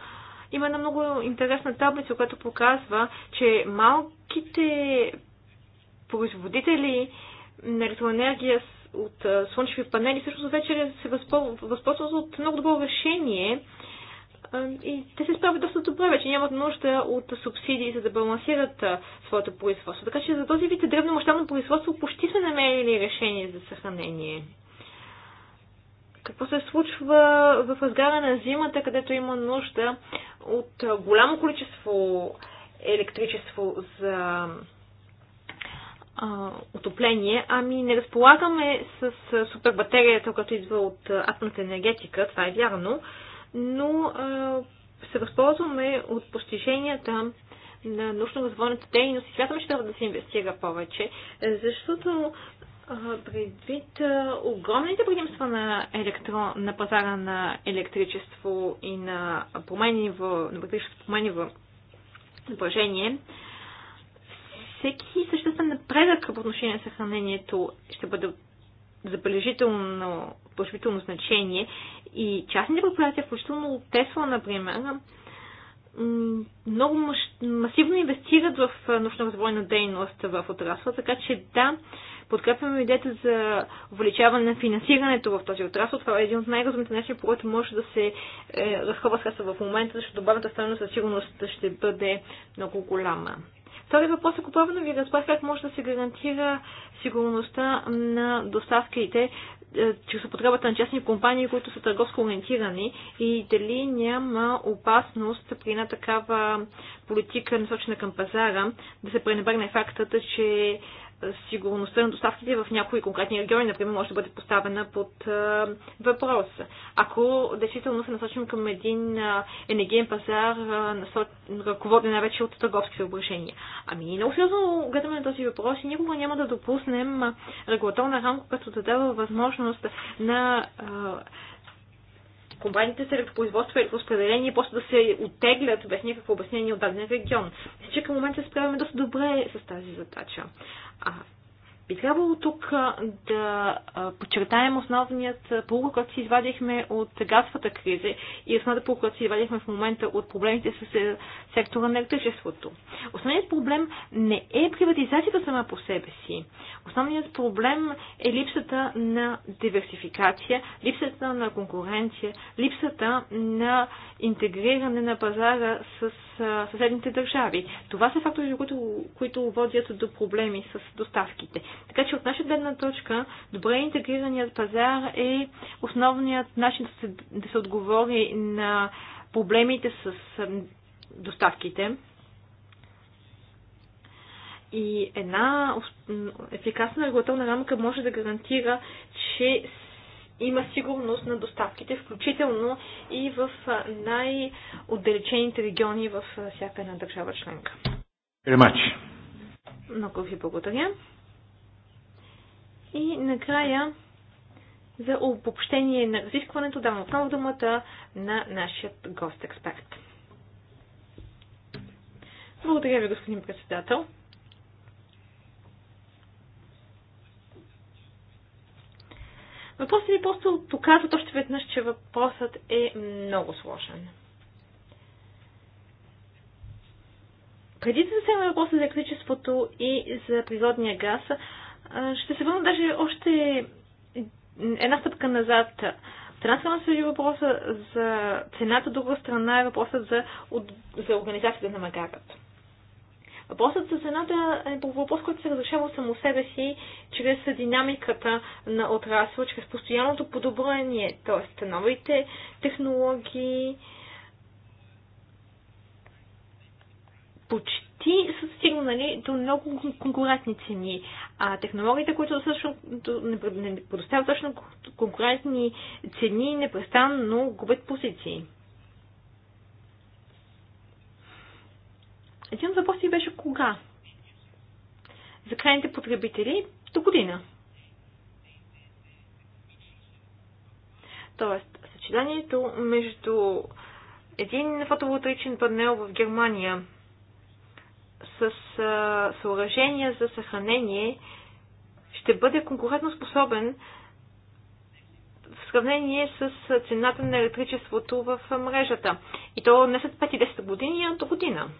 има една много интересна таблица, която показва, че малките производители на електроенергия от слънчеви панели всъщност вече се възползват от много добро решение и те се справят доста добре, вече нямат нужда от субсидии, за да балансират своето производство. Така че за този вид древно мащабно производство почти сме намерили решение за съхранение. Какво се случва в разгара на зимата, където има нужда от голямо количество електричество за отопление, ами не разполагаме с супербатерията, която идва от атомната енергетика, това е вярно, но се възползваме от постиженията на научно-развойната дейност и смятаме, че трябва да се инвестира повече, защото предвид огромните предимства на, електро, на пазара на електричество и на промени в, на промени в напрежение, всеки съществен напредък по отношение на съхранението ще бъде забележително, положително значение и частните предприятия, включително Тесла, например, много масивно инвестират в научно-развойна дейност в отрасъл, така че да, подкрепяме идеята за увеличаване на финансирането в този отрасъл. Това е един от най-разумните начини, по който може да се е, разхова средства в момента, защото добавната стоеност със сигурност ще бъде много голяма. Втори въпрос, ако правилно ви разбрах, как може да се гарантира сигурността на доставките е, чрез употребата на частни компании, които са търговско ориентирани и дали няма опасност при една такава политика, насочена към пазара, да се пренебрегне фактата, че е, сигурността на доставките в някои конкретни региони, например, може да бъде поставена под въпрос. Ако действително се насочим към един енергиен пазар, ръководен най-вече от търговски съображения. Ами, много сериозно гледаме на този въпрос и никога няма да допуснем регулаторна рамка, която да дава възможност на компаниите са производство и разпределение просто да се оттеглят без никакво обяснение от даден регион. Мисля, че към момента справяме доста добре с тази задача. А би трябвало тук да подчертаем основният полук, който си извадихме от газовата криза и основната полук, който си извадихме в момента от проблемите с е, сектора на електричеството. Основният проблем не е приватизацията сама по себе си. Основният проблем е липсата на диверсификация, липсата на конкуренция, липсата на интегриране на пазара с съседните държави. Това са фактори, които, които водят до проблеми с доставките. Така че от наша гледна точка, добре интегрираният пазар е основният начин да се, да се отговори на проблемите с доставките. И една ефикасна регулаторна рамка може да гарантира, че има сигурност на доставките, включително и в най-отдалечените региони в всяка една държава членка. Ремач. Много ви благодаря. И накрая за обобщение на разискването давам отново думата на нашия гост-експерт. Благодаря ви, господин председател. Въпросът ви просто показват още веднъж, че въпросът е много сложен. Преди да засегна въпроса за електричеството и за природния газ, ще се върна даже още една стъпка назад. От една страна се въпроса за цената, друга страна е въпросът за, за организацията на магарата. Въпросът с цената е въпрос, който се разрешава само себе си, чрез динамиката на отрасъл, чрез постоянното подобрение, т.е. новите технологии, почти са стигнали до много конкурентни цени. А технологиите, които също не предоставят точно конкурентни цени, непрестанно губят позиции. Един от въпросите беше кога? За крайните потребители до година. Тоест, съчетанието между един фотоволтаичен панел в Германия с съоръжения за съхранение ще бъде конкурентно способен в сравнение с цената на електричеството в мрежата. И то не след 5 10 години, а до година.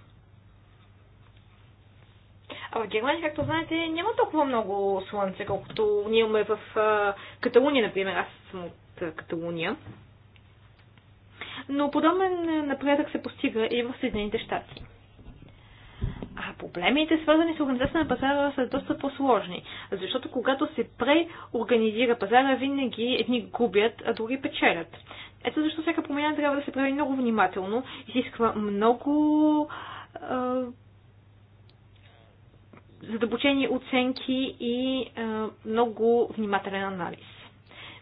А в Германия, както знаете, няма толкова много слънце, колкото ние имаме в Каталуния, например. Аз съм от Каталуния. Но подобен напредък се постига и в Съединените щати. А проблемите, свързани с организацията на пазара, са доста по-сложни, защото когато се преорганизира пазара, винаги едни губят, а други печелят. Ето защо всяка промяна трябва да се прави много внимателно, изисква много задълбочени оценки и много внимателен анализ.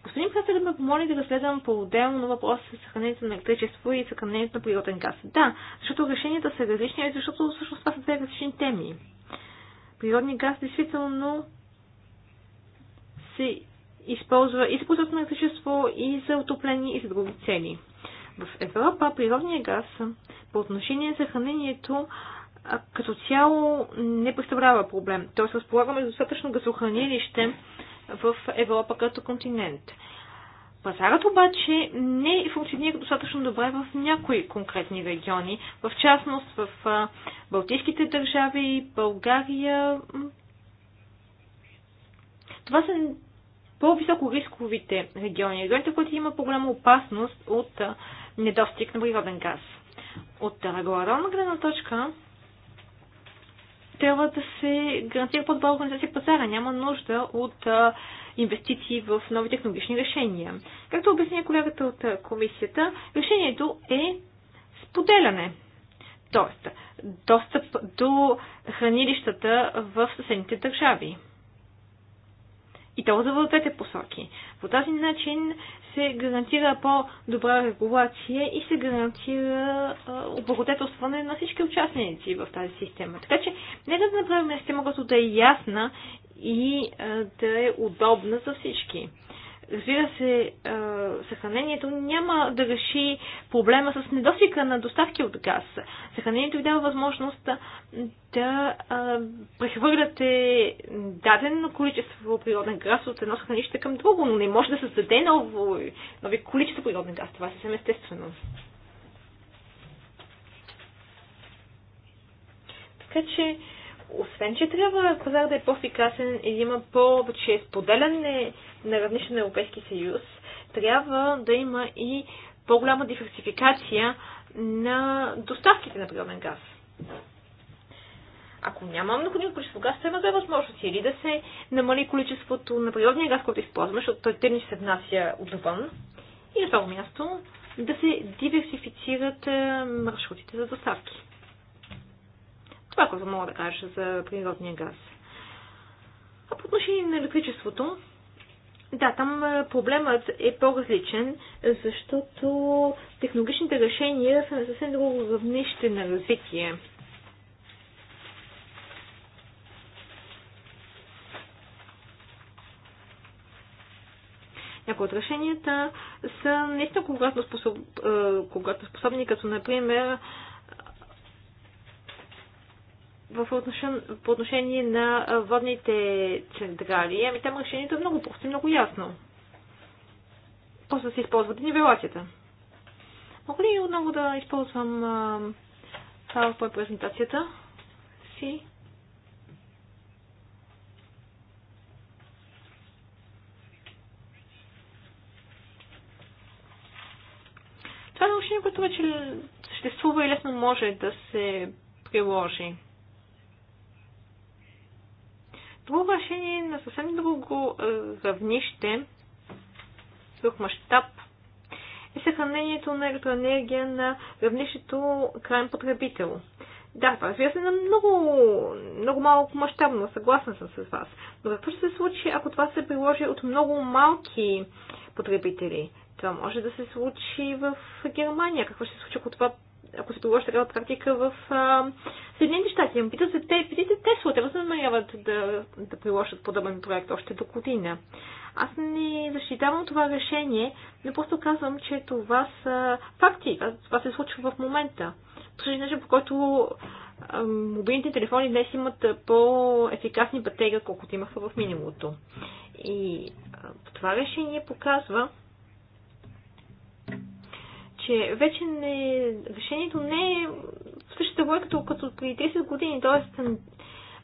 Господин да ме помоли да разгледам по-отделно въпроса с съхранението на електричество и съхранението на природен газ. Да, защото решенията са различни, защото всъщност това са две различни теми. Природният газ действително се използва и за на електричество, и за отопление, и за други цели. В Европа природният газ по отношение на съхранението като цяло не представлява проблем. Тоест разполагаме достатъчно газохранилище в Европа като континент. Пазарът обаче не функционира достатъчно добре в някои конкретни региони, в частност в Балтийските държави, България. Това са по-високо рисковите региони, регионите, в които има по-голяма опасност от недостиг на природен газ. От регулаторна гледна точка трябва да се гарантира по-добра организация пазара. Няма нужда от инвестиции в нови технологични решения. Както обясня колегата от комисията, решението е споделяне. Тоест, достъп до хранилищата в съседните държави. И то за двете посоки. По този начин се гарантира по-добра регулация и се гарантира облагодетелстване на всички участници в тази система. Така че, нека да направим система, която да е ясна и да е удобна за всички. Разбира се, съхранението няма да реши проблема с недостига на доставки от газ. Съхранението ви дава възможност да прехвърляте дадено количество природен газ от едно съхранище към друго, но не може да създаде ново, нови количества природен газ. Това е съвсем естествено. Така че освен, че трябва пазар да е по-ефикасен и да има повече споделяне на равнище на Европейски съюз, трябва да има и по-голяма диверсификация на доставките на природен газ. Ако няма необходимо количество газ, трябва да е възможност или да се намали количеството на природния газ, който използваме, защото той тъй се внася отвън. И на това място да се диверсифицират маршрутите за доставки. Това, което мога да кажа за природния газ. А по отношение на електричеството, да, там проблемът е по-различен, защото технологичните решения са на съвсем друго равнище на развитие. Някои от решенията са наистина когато способни, способни като например в отношен, по отношение на водните централи, ами там решението е много просто и много ясно. Просто се използват нивелацията. Мога ли отново да използвам а, PowerPoint презентацията си? Това е научение, което вече съществува и лесно може да се приложи. Това решение на съвсем друго е, равнище, друг мащаб, е съхранението на електроенергия на равнището крайен потребител. Да, това разбира се на много, много малко мащабно, съгласна съм с вас. Но какво ще се случи, ако това се приложи от много малки потребители? Това може да се случи в Германия. Какво ще се случи, ако това ако се приложи такава практика в а, Съединените щати. Ме питат за те, питайте Тесла, те възнамеряват да, да приложат подобен проект още до година. Аз не защитавам това решение, но просто казвам, че това са факти. Това се случва в момента. По същия начин, по който мобилните телефони днес имат по-ефикасни батерии, колкото имаха в миналото. И това решение показва, че вече не, решението не е същата логика, като преди 30 години. Тоест,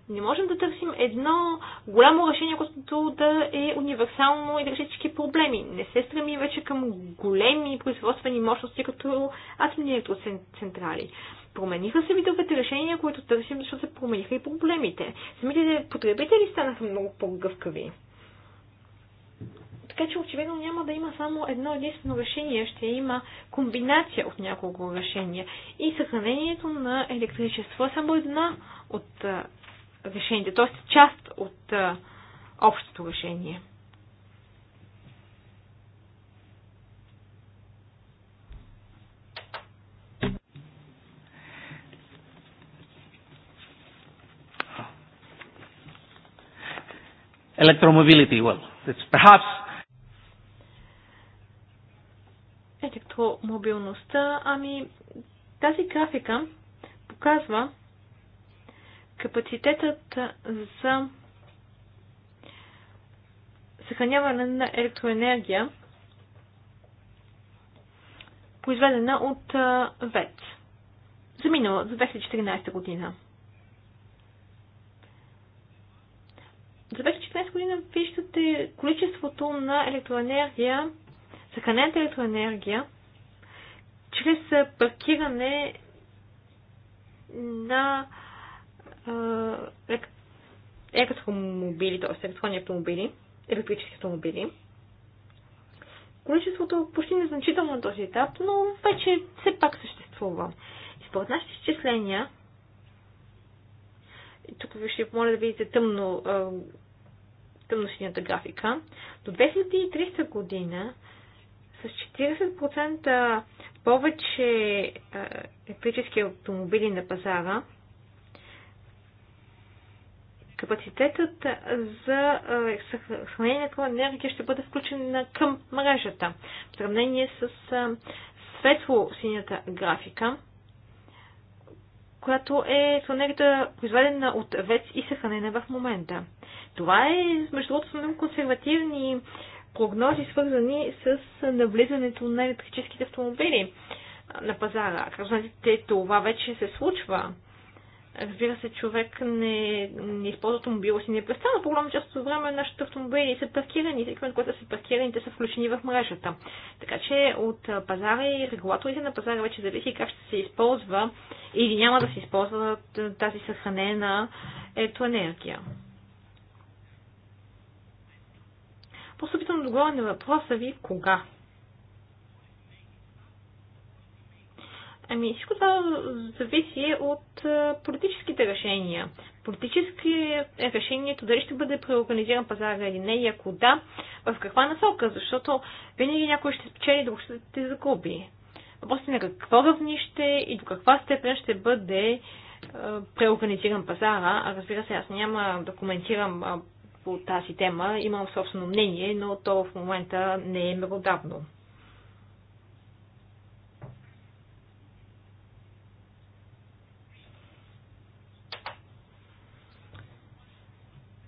не можем да търсим едно голямо решение, което да е универсално и да реши всички проблеми. Не се стреми вече към големи производствени мощности, като атомни електроцентрали. Промениха се видовете решения, които търсим, защото се промениха и проблемите. Самите потребители станаха много по-гъвкави. Така че очевидно няма да има само едно единствено решение, ще има комбинация от няколко решения. И съхранението на електричество е само една от решенията, т.е. част от общото решение. electromobility. Well, it's perhaps електромобилността. Ами, тази графика показва капацитетът за съхраняване на електроенергия, произведена от ВЕЦ за минала, за 2014 година. За 2014 година виждате количеството на електроенергия, съхранената електроенергия чрез паркиране на електромобили, т.е. електронни автомобили, електрически автомобили. Количеството почти незначително на този етап, но вече все пак съществува. И според нашите изчисления, тук ви ще помоля да видите тъмно, тъмно графика, до 2300 година с 40% повече електрически автомобили на пазара, капацитетът за съхранението на енергия ще бъде включен към мрежата. В сравнение с светло-синята графика, която е слонерията, произведена от вец и съхранена в момента. Това е, между другото, много консервативни прогнози, свързани с навлизането на електрическите автомобили на пазара. Как знаете, това вече се случва. Разбира се, човек не, не използва автомобила си непрестанно. Е По голяма част от време нашите автомобили са паркирани, всеки момент, когато са паркирани, те са включени в мрежата. Така че от пазара и регулаторите на пазара вече зависи как ще се използва или няма да се използва тази съхранена електроенергия. енергия. Просто питам да отговоря на въпроса ви кога. Ами всичко това зависи от политическите решения. Политически е решението дали ще бъде преорганизиран пазара или не и ако да, в каква насока, защото винаги някой ще спечели, друг ще те загуби. Въпросът е на какво равнище и до каква степен ще бъде преорганизиран пазара. Разбира се, аз няма да коментирам по тази тема. Имам собствено мнение, но то в момента не е меродавно.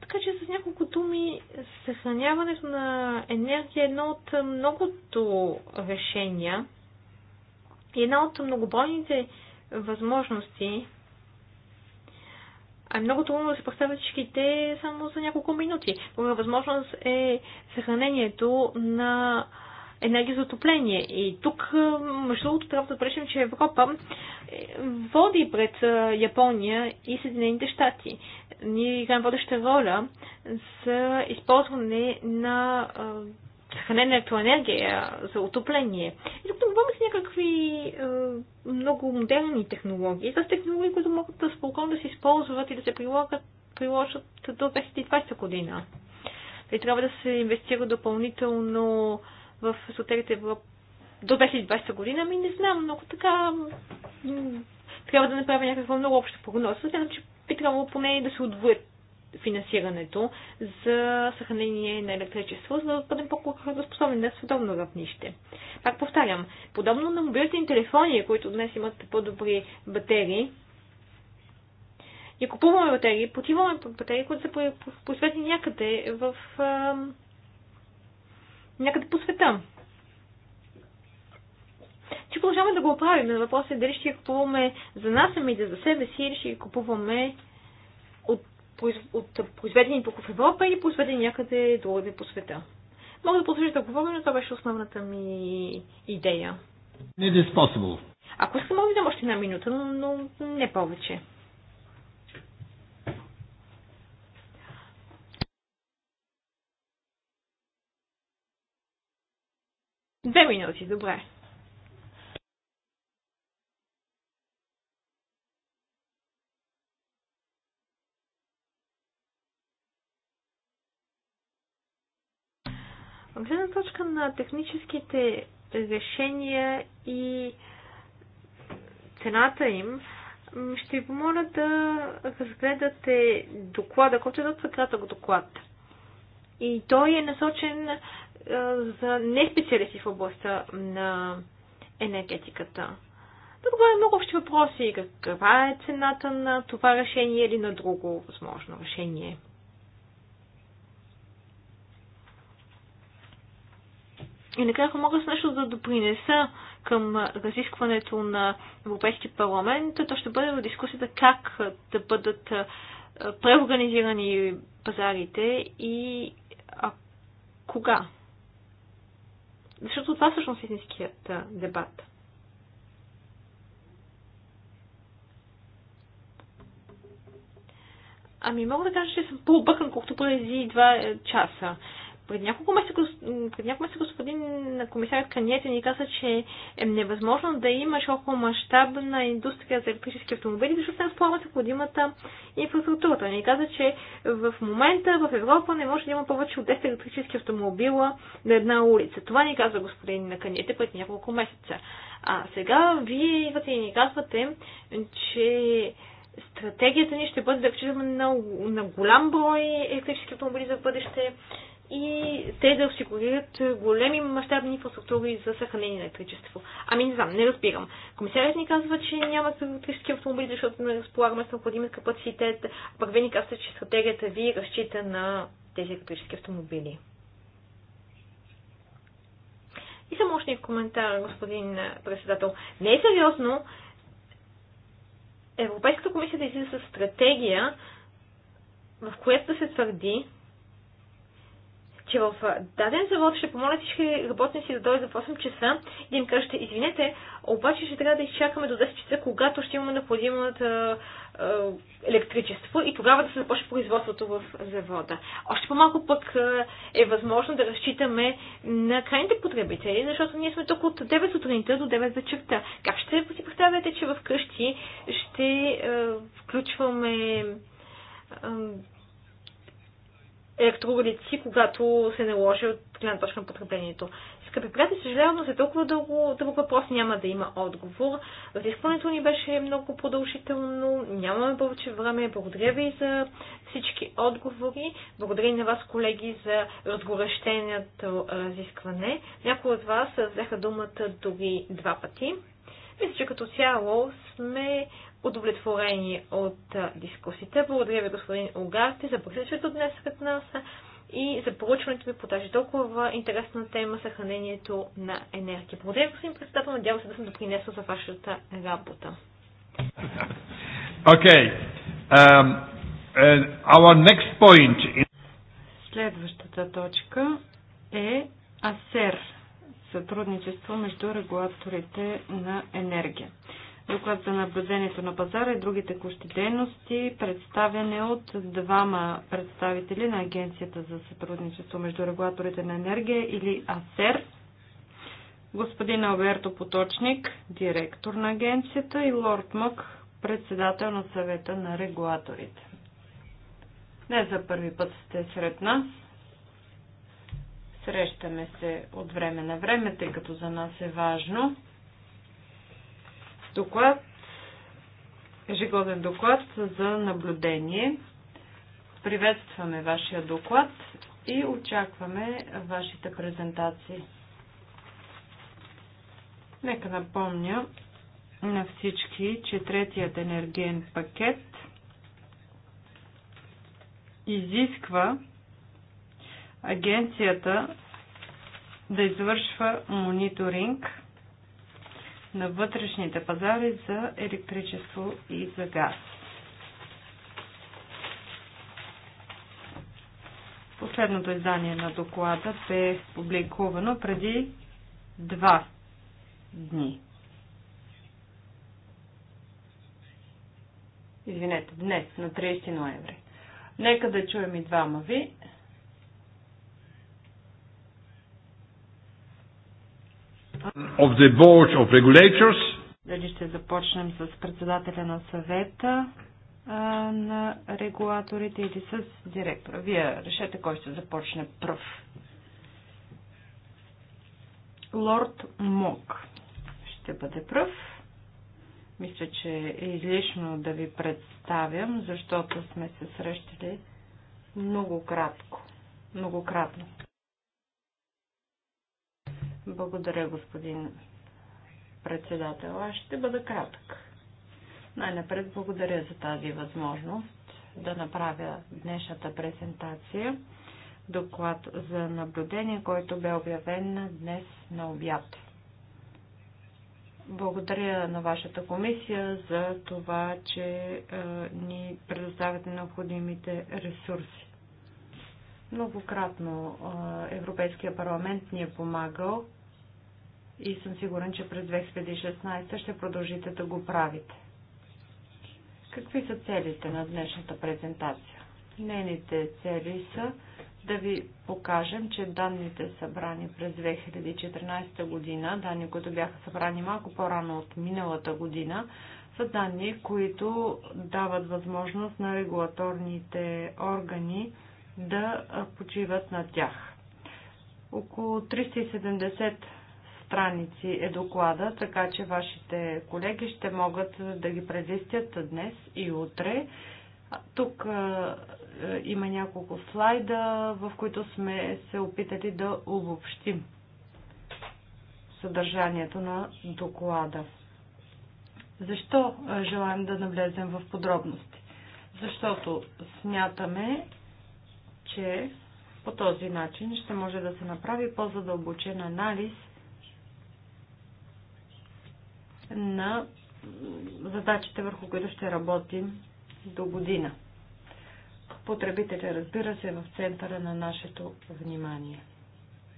Така че с няколко думи, съхраняването на енергия е едно от многото решения и една от многобройните възможности, е много трудно да се представят всичките само за няколко минути. Друга възможност е съхранението на енергия за отопление. И тук, между другото, трябва да отбележим, че Европа е, води пред Япония и Съединените щати. Ние играем водеща роля за използване на храненето енергия, за отопление. И тук говорим с някакви е, много модерни технологии. с технологии, които могат да спокойно да се използват и да се прилагат, приложат до 2020 година. И трябва да се инвестира допълнително в сутерите в... до 2020 година, ми не знам, много така трябва да направя някаква много обща прогноза. Смятам, че би трябвало поне да се удвоят финансирането за съхранение на електричество, за да бъдем по-конкурентоспособни на световно равнище. Пак повтарям, подобно на мобилните телефони, които днес имат по-добри батерии, и купуваме батерии, потиваме батерии, които са посветени някъде в... някъде по света. Че продължаваме да го оправим. Въпросът е дали ще я купуваме за нас самите, за себе си, или ще купуваме от произведени тук в Европа или произведени някъде другаде по света. Мога да продължа да говоря, но това беше основната ми идея. It is possible. Ако искам, мога да дам още една минута, но, но не повече. Две минути, добре. гледна точка на техническите решения и цената им, ще ви помоля да разгледате доклада, който е доста кратък доклад. И той е насочен за неспециалисти в областта на енергетиката. Тук е много общи въпроси. Каква е цената на това решение или на друго възможно решение? И накрая, ако мога с нещо да допринеса към разискването на Европейския парламент, то ще бъде в дискусията как да бъдат преорганизирани пазарите и а, кога. Защото това всъщност е истинският дебат. Ами мога да кажа, че съм по-объркан, колкото преди 2 е, часа. Пред няколко месеца, пред няколко месеца господин комисарят Каниете ни каза, че е невъзможно да има широкомащабна индустрия за електрически автомобили, защото не разполагаме необходимата инфраструктурата. Ни каза, че в момента в Европа не може да има повече от 10 електрически автомобила на една улица. Това ни каза господин Каниете пред няколко месеца. А сега вие идвате и ни казвате, че стратегията ни ще бъде да включваме на, на голям брой електрически автомобили за бъдеще, и те да осигурят големи мащабни инфраструктури за съхранение на електричество. Ами не знам, не разбирам. Комисарят ни казва, че няма електрически автомобили, защото не разполагаме с необходимия капацитет, пък ви ни казвате, че стратегията ви разчита на тези електрически автомобили. И само още коментар, господин председател. Не е сериозно Европейската комисия да излиза с стратегия, в която да се твърди, че в даден завод ще помоля всички работници да дойдат в 8 часа и да им кажете, извинете, обаче ще трябва да изчакаме до 10 часа, когато ще имаме необходимата електричество и тогава да се започне производството в завода. Още по-малко пък е възможно да разчитаме на крайните потребители, защото ние сме тук от 9 сутринта до 9 вечерта. Как ще си представяте, че в къщи ще включваме електроуредици, когато се наложи от гледна точка на потреблението. Скъпи приятели, съжалявам, но за толкова дълго, дълго въпрос няма да има отговор. Разискването ни беше много продължително, нямаме повече време. Благодаря ви за всички отговори. Благодаря и на вас, колеги, за разгорещението разискване. Някои от вас взеха думата дори два пъти. Мисля, че като цяло сме удовлетворени от дискусията. Благодаря ви, господин Огарти, за присъствието днес сред нас и за поручването ми по тази толкова интересна тема съхранението на енергия. Благодаря, господин председател. Надявам се да съм допринесъл за вашата работа. Okay. Um, uh, our next point in... Следващата точка е АСЕР сътрудничество между регулаторите на енергия доклад за наблюдението на пазара и други текущи дейности, представяне от двама представители на Агенцията за сътрудничество между регулаторите на енергия или АСЕР, господин Алберто Поточник, директор на агенцията и Лорд Мък, председател на съвета на регулаторите. Не за първи път сте сред нас. Срещаме се от време на време, тъй като за нас е важно доклад, ежегоден доклад за наблюдение. Приветстваме вашия доклад и очакваме вашите презентации. Нека напомня на всички, че третият енергиен пакет изисква агенцията да извършва мониторинг на вътрешните пазари за електричество и за газ. Последното издание на доклада бе публикувано преди два дни. Извинете, днес, на 30 ноември. Нека да чуем и двама ви. of the Board of Regulators. Дали ще започнем с председателя на съвета а, на регулаторите или с директора? Вие решете кой ще започне пръв. Лорд Мок ще бъде пръв. Мисля, че е излишно да ви представям, защото сме се срещали много кратко. много кратно. Благодаря, господин председател. Аз ще бъда кратък. Най-напред благодаря за тази възможност да направя днешната презентация. Доклад за наблюдение, който бе обявен днес на обяд. Благодаря на вашата комисия за това, че е, ни предоставяте необходимите ресурси. Многократно е, Европейския парламент ни е помагал и съм сигурен, че през 2016 ще продължите да го правите. Какви са целите на днешната презентация? Нейните цели са да ви покажем, че данните събрани през 2014 година, данни, които бяха събрани малко по-рано от миналата година, са данни, които дават възможност на регулаторните органи да почиват на тях. Около 370 страници е доклада, така че вашите колеги ще могат да ги прелистят днес и утре. Тук а, има няколко слайда, в които сме се опитали да обобщим съдържанието на доклада. Защо желаем да навлезем в подробности? Защото смятаме, че по този начин ще може да се направи по-задълбочен анализ – на задачите, върху които ще работим до година. Потребителя, разбира се, е в центъра на нашето внимание.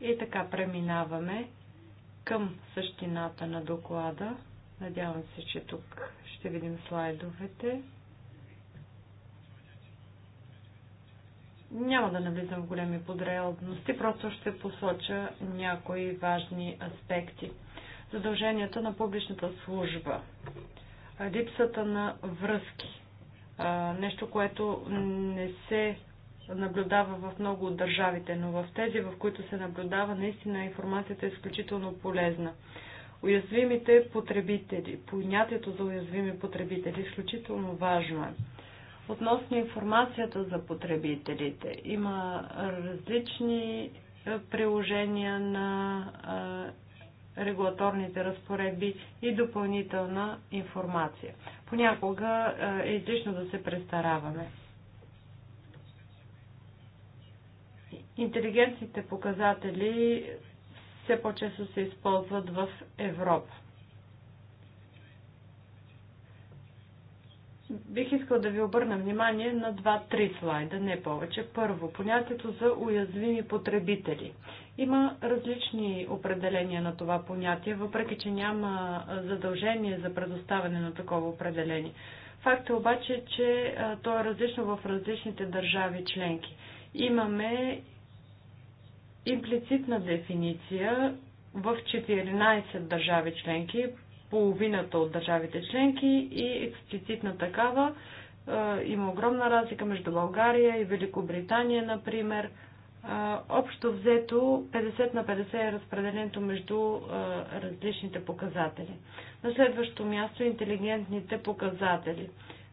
И така преминаваме към същината на доклада. Надявам се, че тук ще видим слайдовете. Няма да навлизам в големи подреалности, просто ще посоча някои важни аспекти – задълженията на публичната служба. Липсата на връзки. Нещо, което не се наблюдава в много от държавите, но в тези, в които се наблюдава, наистина информацията е изключително полезна. Уязвимите потребители. Понятието за уязвими потребители е изключително важно е. Относно информацията за потребителите, има различни приложения на регулаторните разпоредби и допълнителна информация. Понякога е, е излишно да се престараваме. Интелигентните показатели все по-често се използват в Европа. Бих искал да ви обърна внимание на два-три слайда, не повече. Първо, понятието за уязвими потребители. Има различни определения на това понятие, въпреки че няма задължение за предоставяне на такова определение. Факт е обаче, че то е различно в различните държави членки. Имаме имплицитна дефиниция в 14 държави членки, половината от държавите членки и експлицитна такава. Има огромна разлика между България и Великобритания, например – Общо взето 50 на 50 е разпределението между различните показатели. На следващо място интелигентните показатели.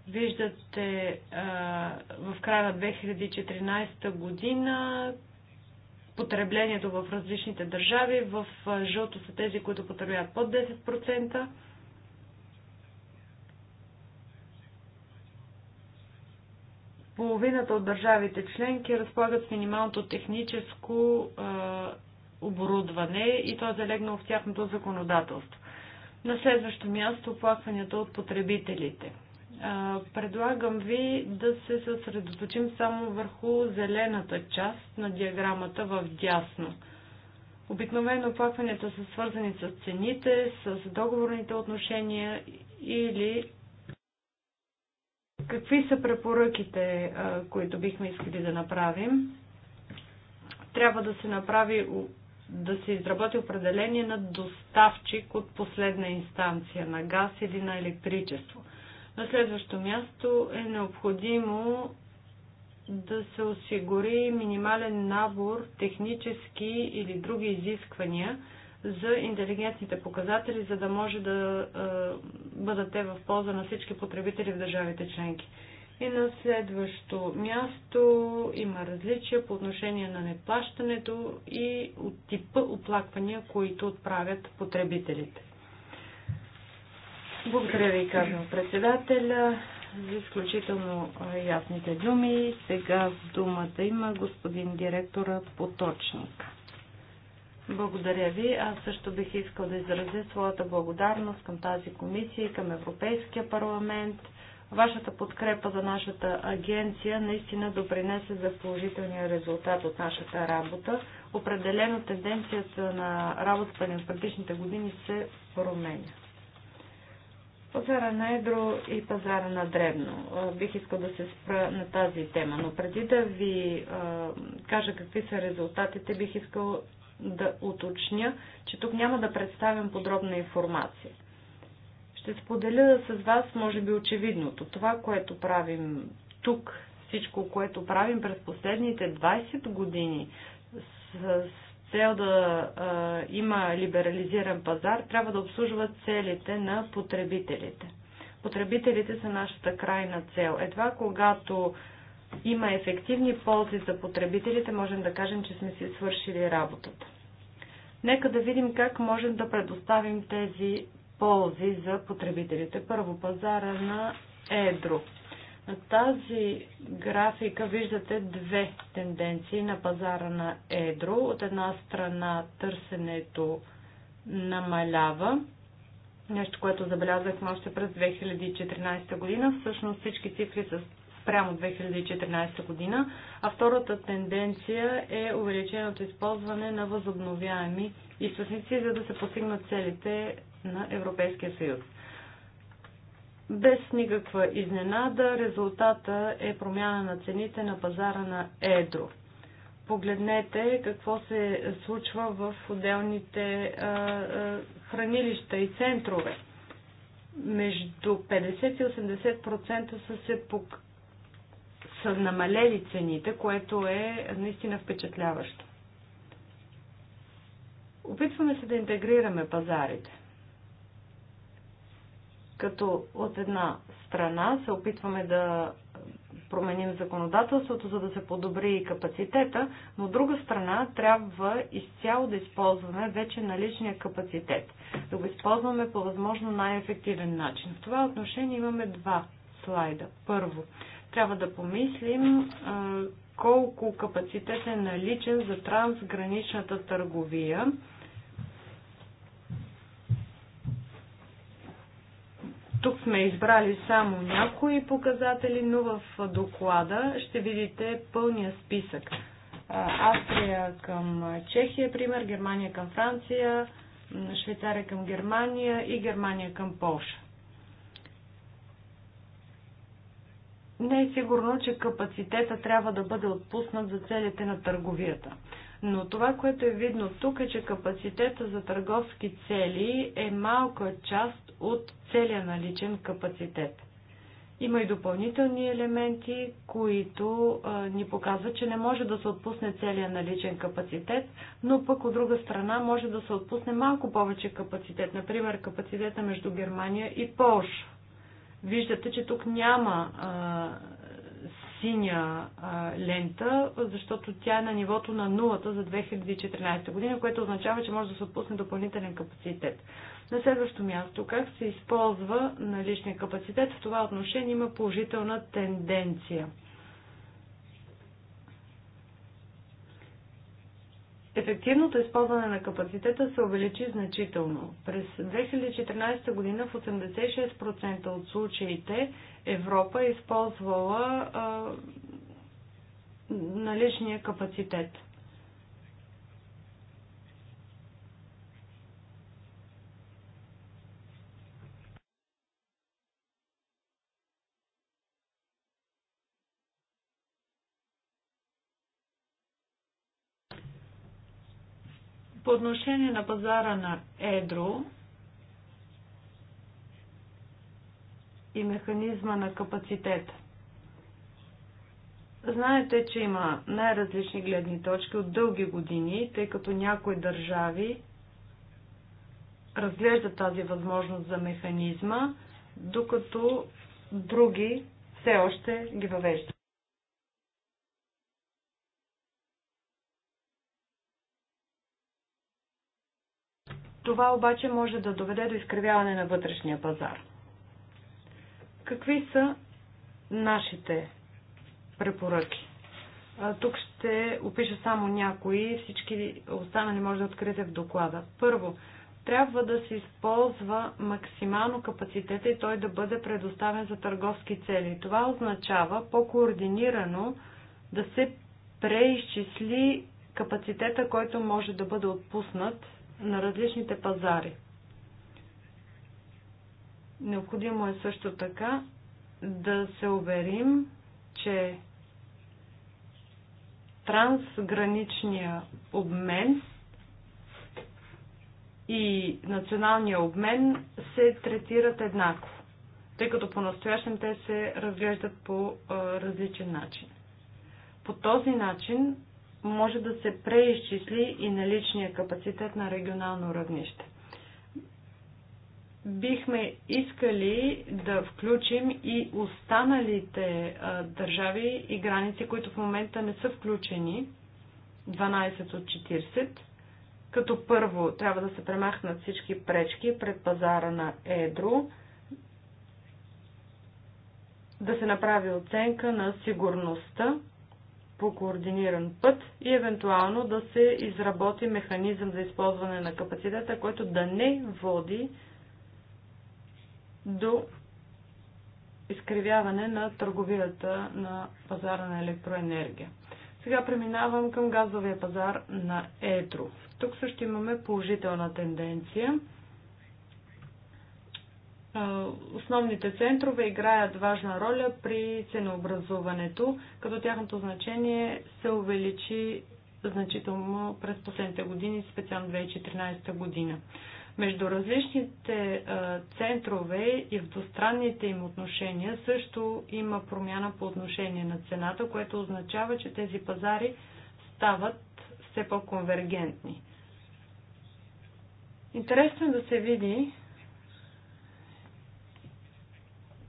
Виждате в края на 2014 година потреблението в различните държави. В жълто са тези, които потребяват под 10%. Половината от държавите членки разполагат с минималното техническо оборудване и то е залегнало в тяхното законодателство. На следващо място оплакванията от потребителите. Предлагам ви да се съсредоточим само върху зелената част на диаграмата в дясно. Обикновено оплакванията са свързани с цените, с договорните отношения или Какви са препоръките, които бихме искали да направим? Трябва да се направи да се изработи определение на доставчик от последна инстанция на газ или на електричество. На следващо място е необходимо да се осигури минимален набор технически или други изисквания, за интелигентните показатели, за да може да бъдат те в полза на всички потребители в държавите членки. И на следващо място има различия по отношение на неплащането и от типа оплаквания, които отправят потребителите. Благодаря ви, казвам председателя, за изключително ясните думи. Сега думата има господин директора Поточник. Благодаря ви. Аз също бих искал да изразя своята благодарност към тази комисия и към Европейския парламент. Вашата подкрепа за нашата агенция наистина допринесе за положителния резултат от нашата работа. Определено тенденцията на работата ни в предишните години се променя. Пазара на едро и пазара на дребно. Бих искал да се спра на тази тема, но преди да ви а, кажа какви са резултатите, бих искал да уточня, че тук няма да представям подробна информация. Ще споделя с вас, може би, очевидното. Това, което правим тук, всичко, което правим през последните 20 години с цел да а, има либерализиран пазар, трябва да обслужват целите на потребителите. Потребителите са нашата крайна цел. Едва когато има ефективни ползи за потребителите, можем да кажем, че сме си свършили работата. Нека да видим как можем да предоставим тези ползи за потребителите. Първо пазара на едро. На тази графика виждате две тенденции на пазара на едро. От една страна търсенето намалява, нещо, което забелязахме още през 2014 година. Всъщност всички цифри с спрямо 2014 година, а втората тенденция е увеличеното използване на възобновяеми източници, за да се постигнат целите на Европейския съюз. Без никаква изненада резултата е промяна на цените на пазара на едро. Погледнете какво се случва в отделните а, а, хранилища и центрове между 50 и 80% са се са намалели цените, което е наистина впечатляващо. Опитваме се да интегрираме пазарите. Като от една страна се опитваме да променим законодателството, за да се подобри и капацитета, но от друга страна трябва изцяло да използваме вече наличния капацитет, да го използваме по възможно най-ефективен начин. В това отношение имаме два слайда. Първо, трябва да помислим колко капацитет е наличен за трансграничната търговия. Тук сме избрали само някои показатели, но в доклада ще видите пълния списък. Австрия към Чехия, пример, Германия към Франция, Швейцария към Германия и Германия към Полша. Не е сигурно, че капацитета трябва да бъде отпуснат за целите на търговията. Но това, което е видно тук е, че капацитета за търговски цели е малка част от целия наличен капацитет. Има и допълнителни елементи, които а, ни показват, че не може да се отпусне целият наличен капацитет, но пък от друга страна може да се отпусне малко повече капацитет, например капацитета между Германия и Полша. Виждате, че тук няма а, синя а, лента, защото тя е на нивото на нулата за 2014 година, което означава, че може да се отпусне допълнителен капацитет. На следващо място, как се използва наличния капацитет, в това отношение има положителна тенденция – Ефективното използване на капацитета се увеличи значително. През 2014 година в 86% от случаите Европа е използвала а, наличния капацитет. По отношение на пазара на Едро и механизма на капацитет. Знаете, че има най-различни гледни точки от дълги години, тъй като някои държави разглеждат тази възможност за механизма, докато други все още ги въвеждат. Това обаче може да доведе до изкривяване на вътрешния пазар. Какви са нашите препоръки? Тук ще опиша само някои, всички останали може да откриете в доклада. Първо, трябва да се използва максимално капацитета и той да бъде предоставен за търговски цели. Това означава по-координирано да се преизчисли капацитета, който може да бъде отпуснат на различните пазари. Необходимо е също така да се уверим, че трансграничния обмен и националния обмен се третират еднакво, тъй като по-настоящем те се разглеждат по различен начин. По този начин може да се преизчисли и наличния капацитет на регионално равнище. Бихме искали да включим и останалите а, държави и граници, които в момента не са включени, 12 от 40, като първо трябва да се премахнат всички пречки пред пазара на Едро, да се направи оценка на сигурността по координиран път и евентуално да се изработи механизъм за използване на капацитета, който да не води до изкривяване на търговията на пазара на електроенергия. Сега преминавам към газовия пазар на едро. Тук също имаме положителна тенденция. Основните центрове играят важна роля при ценообразуването, като тяхното значение се увеличи значително през последните години, специално 2014 година. Между различните центрове и в двустранните им отношения също има промяна по отношение на цената, което означава, че тези пазари стават все по-конвергентни. Интересно е да се види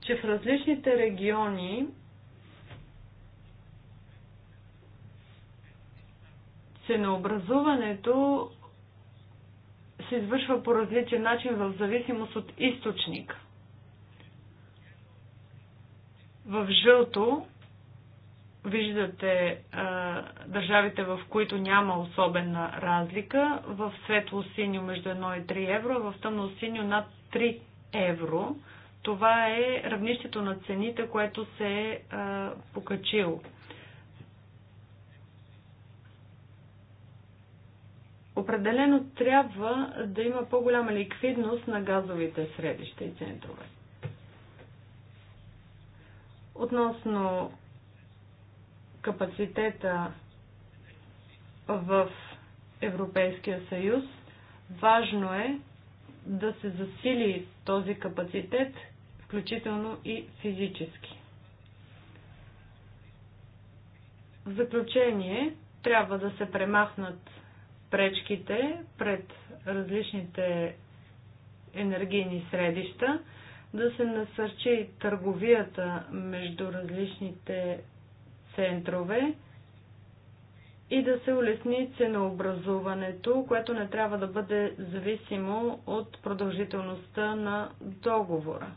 че в различните региони ценообразуването се извършва по различен начин в зависимост от източник. В жълто виждате а, държавите, в които няма особена разлика. В светло-синьо между 1 и 3 евро, в тъмно-синьо над 3 евро това е равнището на цените, което се е покачило. Определено трябва да има по-голяма ликвидност на газовите средища и центрове. Относно капацитета в Европейския съюз, важно е да се засили този капацитет, включително и физически. В заключение, трябва да се премахнат пречките пред различните енергийни средища, да се насърчи търговията между различните центрове и да се улесни ценообразуването, което не трябва да бъде зависимо от продължителността на договора.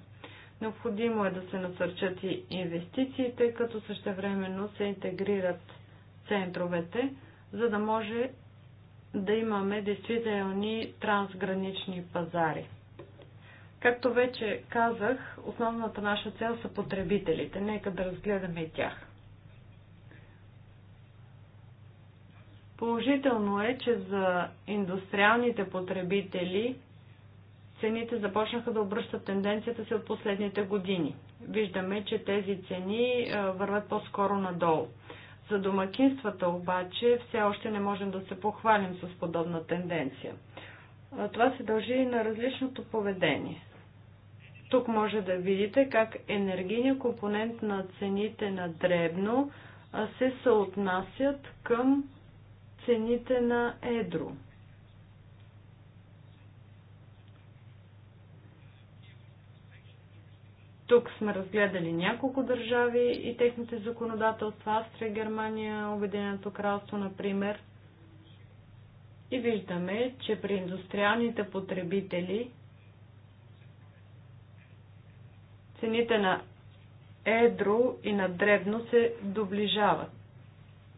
Необходимо е да се насърчат и инвестициите, като същевременно се интегрират центровете, за да може да имаме действителни трансгранични пазари. Както вече казах, основната наша цел са потребителите. Нека да разгледаме и тях. Положително е, че за индустриалните потребители цените започнаха да обръщат тенденцията си от последните години. Виждаме, че тези цени върват по-скоро надолу. За домакинствата обаче все още не можем да се похвалим с подобна тенденция. Това се дължи и на различното поведение. Тук може да видите как енергийният компонент на цените на дребно се съотнасят към цените на едро. Тук сме разгледали няколко държави и техните законодателства, Австрия, Германия, Обединеното кралство, например. И виждаме, че при индустриалните потребители цените на едро и на дребно се доближават.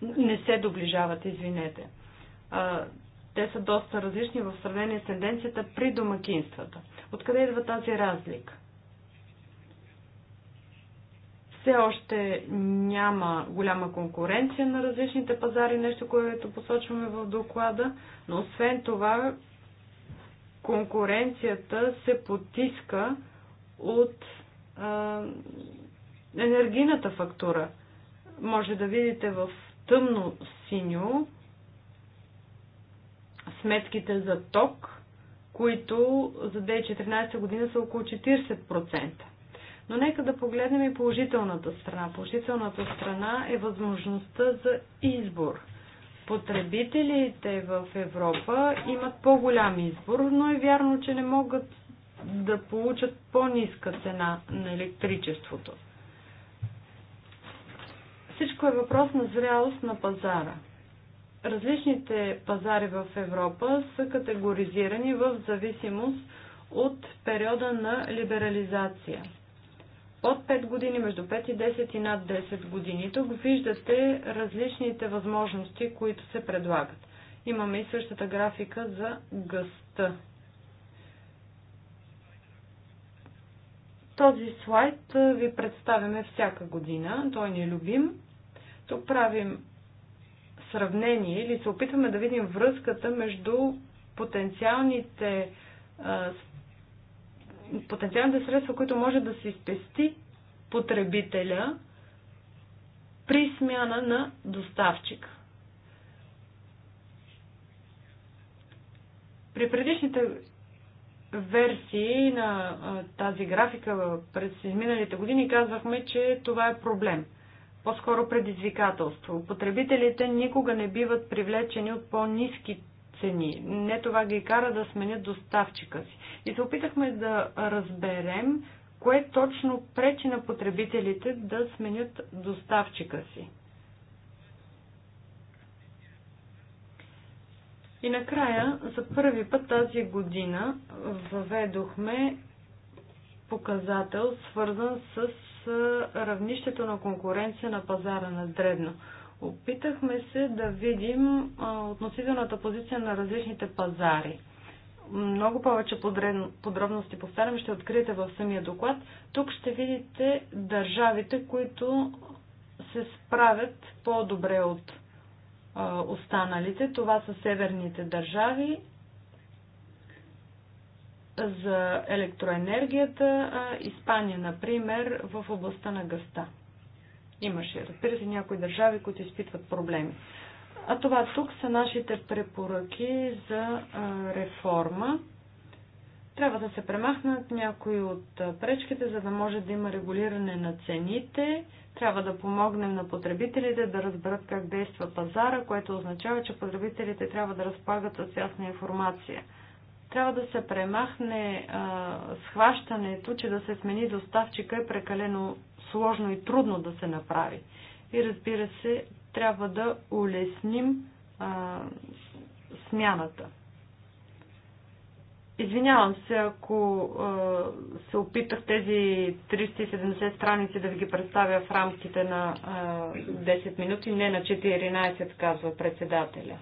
Не се доближават, извинете. А, те са доста различни в сравнение с тенденцията при домакинствата. Откъде идва тази разлика? все още няма голяма конкуренция на различните пазари, нещо, което посочваме в доклада, но освен това конкуренцията се потиска от а, енергийната фактура. Може да видите в тъмно синьо сметките за ток, които за 2014 година са около 40%. Но нека да погледнем и положителната страна. Положителната страна е възможността за избор. Потребителите в Европа имат по-голям избор, но е вярно, че не могат да получат по-ниска цена на електричеството. Всичко е въпрос на зрялост на пазара. Различните пазари в Европа са категоризирани в зависимост от периода на либерализация – от 5 години, между 5 и 10 и над 10 години. Тук виждате различните възможности, които се предлагат. Имаме и същата графика за гъста. Този слайд ви представяме всяка година. Той ни е любим. Тук правим сравнение или се опитваме да видим връзката между потенциалните потенциалните средства, които може да се спести потребителя при смяна на доставчик. При предишните версии на тази графика през изминалите години казвахме, че това е проблем. По-скоро предизвикателство. Потребителите никога не биват привлечени от по-низки цени. Не това ги кара да сменят доставчика си. И се опитахме да разберем кое точно пречи на потребителите да сменят доставчика си. И накрая, за първи път тази година въведохме показател, свързан с равнището на конкуренция на пазара на дребно. Опитахме се да видим относителната позиция на различните пазари. Много повече подробности, повтарям, ще откриете в самия доклад. Тук ще видите държавите, които се справят по-добре от останалите. Това са северните държави за електроенергията. Испания, например, в областта на гъста. Имаше, разбира се, някои държави, които изпитват проблеми. А това тук са нашите препоръки за реформа. Трябва да се премахнат някои от пречките, за да може да има регулиране на цените. Трябва да помогнем на потребителите да разберат как действа пазара, което означава, че потребителите трябва да разполагат с ясна информация трябва да се премахне а, схващането, че да се смени доставчика е прекалено сложно и трудно да се направи. И разбира се, трябва да улесним а, смяната. Извинявам се, ако а, се опитах тези 370 страници да ви ги представя в рамките на а, 10 минути, не на 14, казва председателя.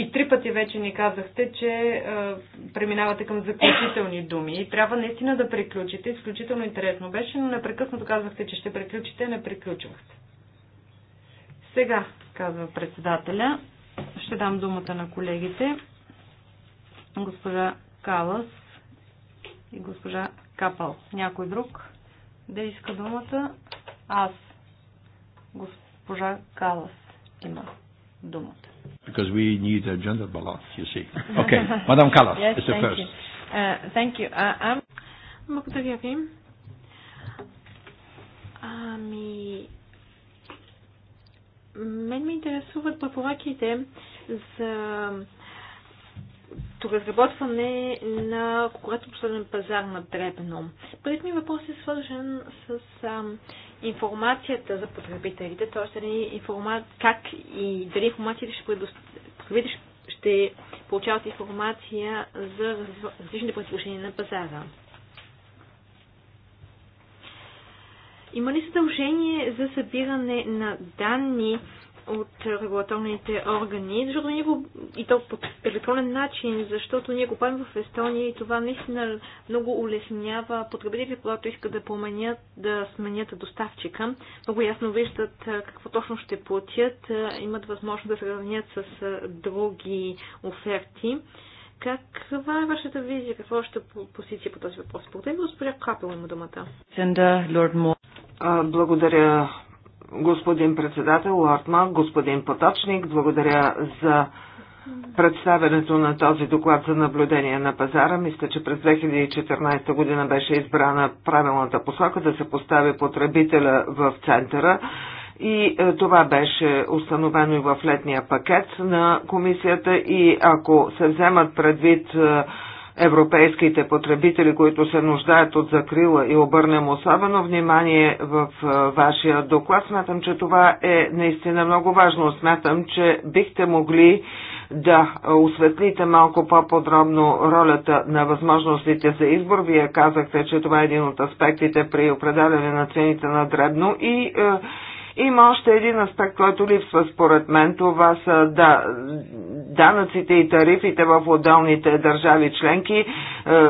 И три пъти вече ни казахте, че а, е, преминавате към заключителни думи. И трябва наистина да приключите. Изключително интересно беше, но непрекъснато казахте, че ще приключите, не приключвахте. Сега, казва председателя, ще дам думата на колегите. Госпожа Калас и госпожа Капал. Някой друг да иска думата? Аз. Госпожа Калас има думата. Because we need a gender balance, you see. Okay, Madame Callas yes, is the thank first. You. Uh, thank you. Uh, I'm... Благодаря ви. Ами, мен ме интересуват препоръките за разработване на конкурентоспособен пазар на дребно. Първият ми въпрос е свържен с а, информацията за потребителите, т.е. как и дали информацията ще предост... ще получават информация за различните предложения на пазара. Има ли задължение за събиране на данни от регулаторните органи, защото ние го, и то по електронен начин, защото ние го правим в Естония и това наистина много улеснява потребителите, когато искат да променят, да сменят доставчика. Много ясно виждат какво точно ще платят, имат възможност да сравнят с други оферти. Каква е вашата визия? Каква е вашата позиция по този въпрос? Благодаря ви, госпожа Капел има думата. Благодаря, господин председател Лартман, господин Поточник. Благодаря за представенето на този доклад за наблюдение на пазара. Мисля, че през 2014 година беше избрана правилната посока да се постави потребителя в центъра. И е, това беше установено и в летния пакет на комисията и ако се вземат предвид е, европейските потребители, които се нуждаят от закрила и обърнем особено внимание в вашия доклад. Смятам, че това е наистина много важно. Смятам, че бихте могли да осветлите малко по-подробно ролята на възможностите за избор. Вие казахте, че това е един от аспектите при определяне на цените на дребно и е, има още един аспект, който липсва според мен. Това са да, данъците и тарифите в отделните държави членки. Е,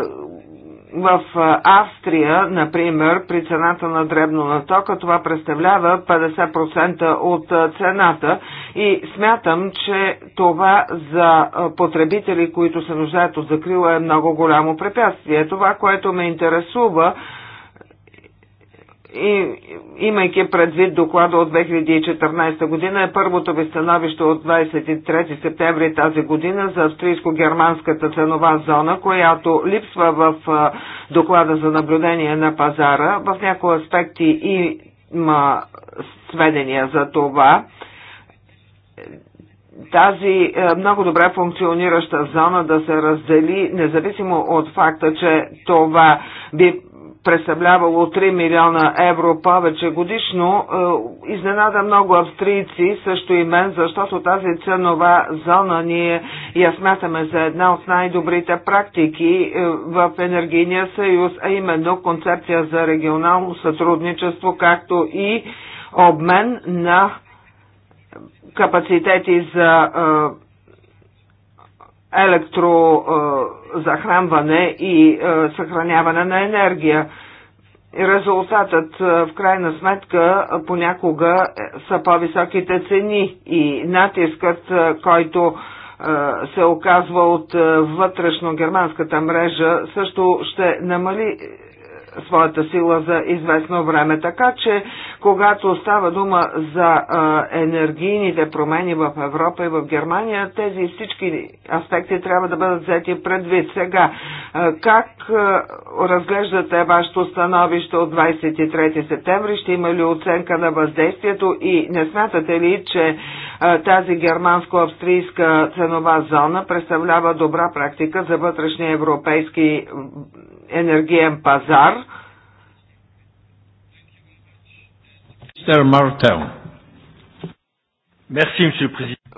в Австрия, например, при цената на дребно на тока, това представлява 50% от е, цената и смятам, че това за е, потребители, които се нуждаят от закрила е много голямо препятствие. Това, което ме интересува, и, имайки предвид доклада от 2014 година, е първото ви становище от 23 септември тази година за австрийско-германската ценова зона, която липсва в доклада за наблюдение на пазара. В някои аспекти има сведения за това. Тази е, много добре функционираща зона да се раздели, независимо от факта, че това би представлявало 3 милиона евро повече годишно, е, изненада много австрийци, също и мен, защото тази ценова зона ние я смятаме за една от най-добрите практики е, в Енергийния съюз, а именно концепция за регионално сътрудничество, както и обмен на капацитети за е, електрозахранване и е, съхраняване на енергия. Резултатът е, в крайна сметка понякога е, са по-високите цени и натискът, който се оказва от вътрешно германската мрежа, също ще намали своята сила за известно време. Така че, когато става дума за енергийните промени в Европа и в Германия, тези всички аспекти трябва да бъдат взети предвид. Сега, как разглеждате вашето становище от 23 септември? Ще има ли оценка на въздействието и не смятате ли, че тази германско-австрийска ценова зона представлява добра практика за вътрешния европейски енергиен пазар.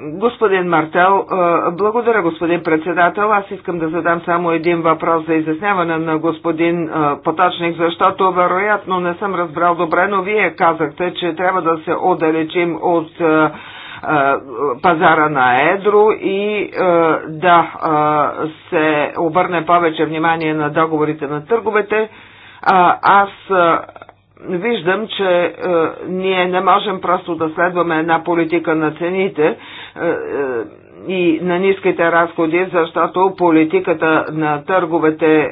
Господин Мартел, благодаря, господин председател. Аз искам да задам само един въпрос за изясняване на господин Поточник, защото вероятно не съм разбрал добре, но вие казахте, че трябва да се отдалечим от пазара на едро и да се обърне повече внимание на договорите на търговете. Аз виждам, че ние не можем просто да следваме една политика на цените и на ниските разходи, защото политиката на търговете е,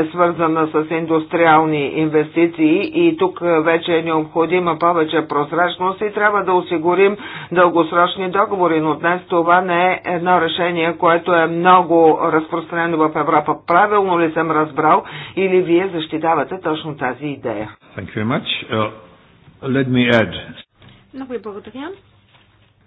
е свързана с индустриални инвестиции и тук е, вече е необходима повече прозрачност и трябва да осигурим дългосрочни договори, но днес това не е едно решение, което е много разпространено в Европа. Правилно ли съм разбрал или вие защитавате точно тази идея? Thank you very much. Uh, let me add. Много ви благодаря.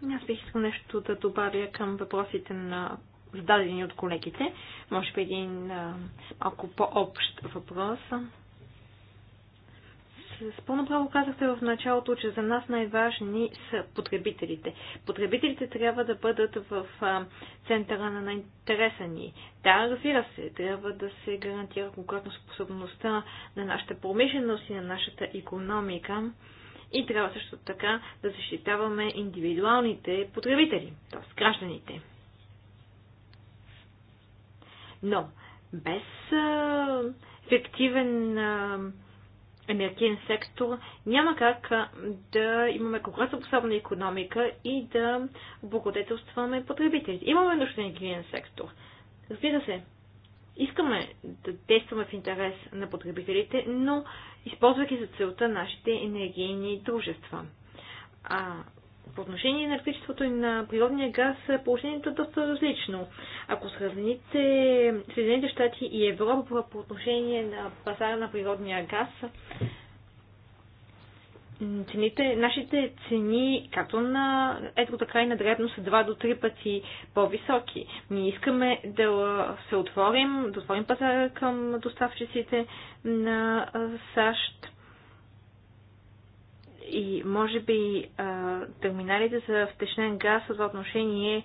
Аз бих искал нещо да добавя към въпросите на зададени от колегите. Може би един а, малко по-общ въпрос. С пълно право казахте в началото, че за нас най-важни са потребителите. Потребителите трябва да бъдат в а, центъра на интереса ни. Да, разбира се, трябва да се гарантира конкретно способността на нашата промишленост и на нашата економика и трябва също така да защитаваме индивидуалните потребители, т.е. гражданите. Но без ефективен енергиен сектор няма как да имаме конкурентоспособна економика и да благодетелстваме потребителите. Имаме нужда енергиен сектор. Разбира се, искаме да действаме в интерес на потребителите, но използвайки за целта нашите енергийни дружества. А по отношение на електричеството и на природния газ положението е доста различно. Ако сравните Съединените щати и Европа по отношение на пазара на природния газ, цените, нашите цени, както на ето така и на дребно, са два до три пъти по-високи. Ние искаме да се отворим, да отворим пазара към доставчиците на САЩ. И може би терминалите за втечнен газ в отношение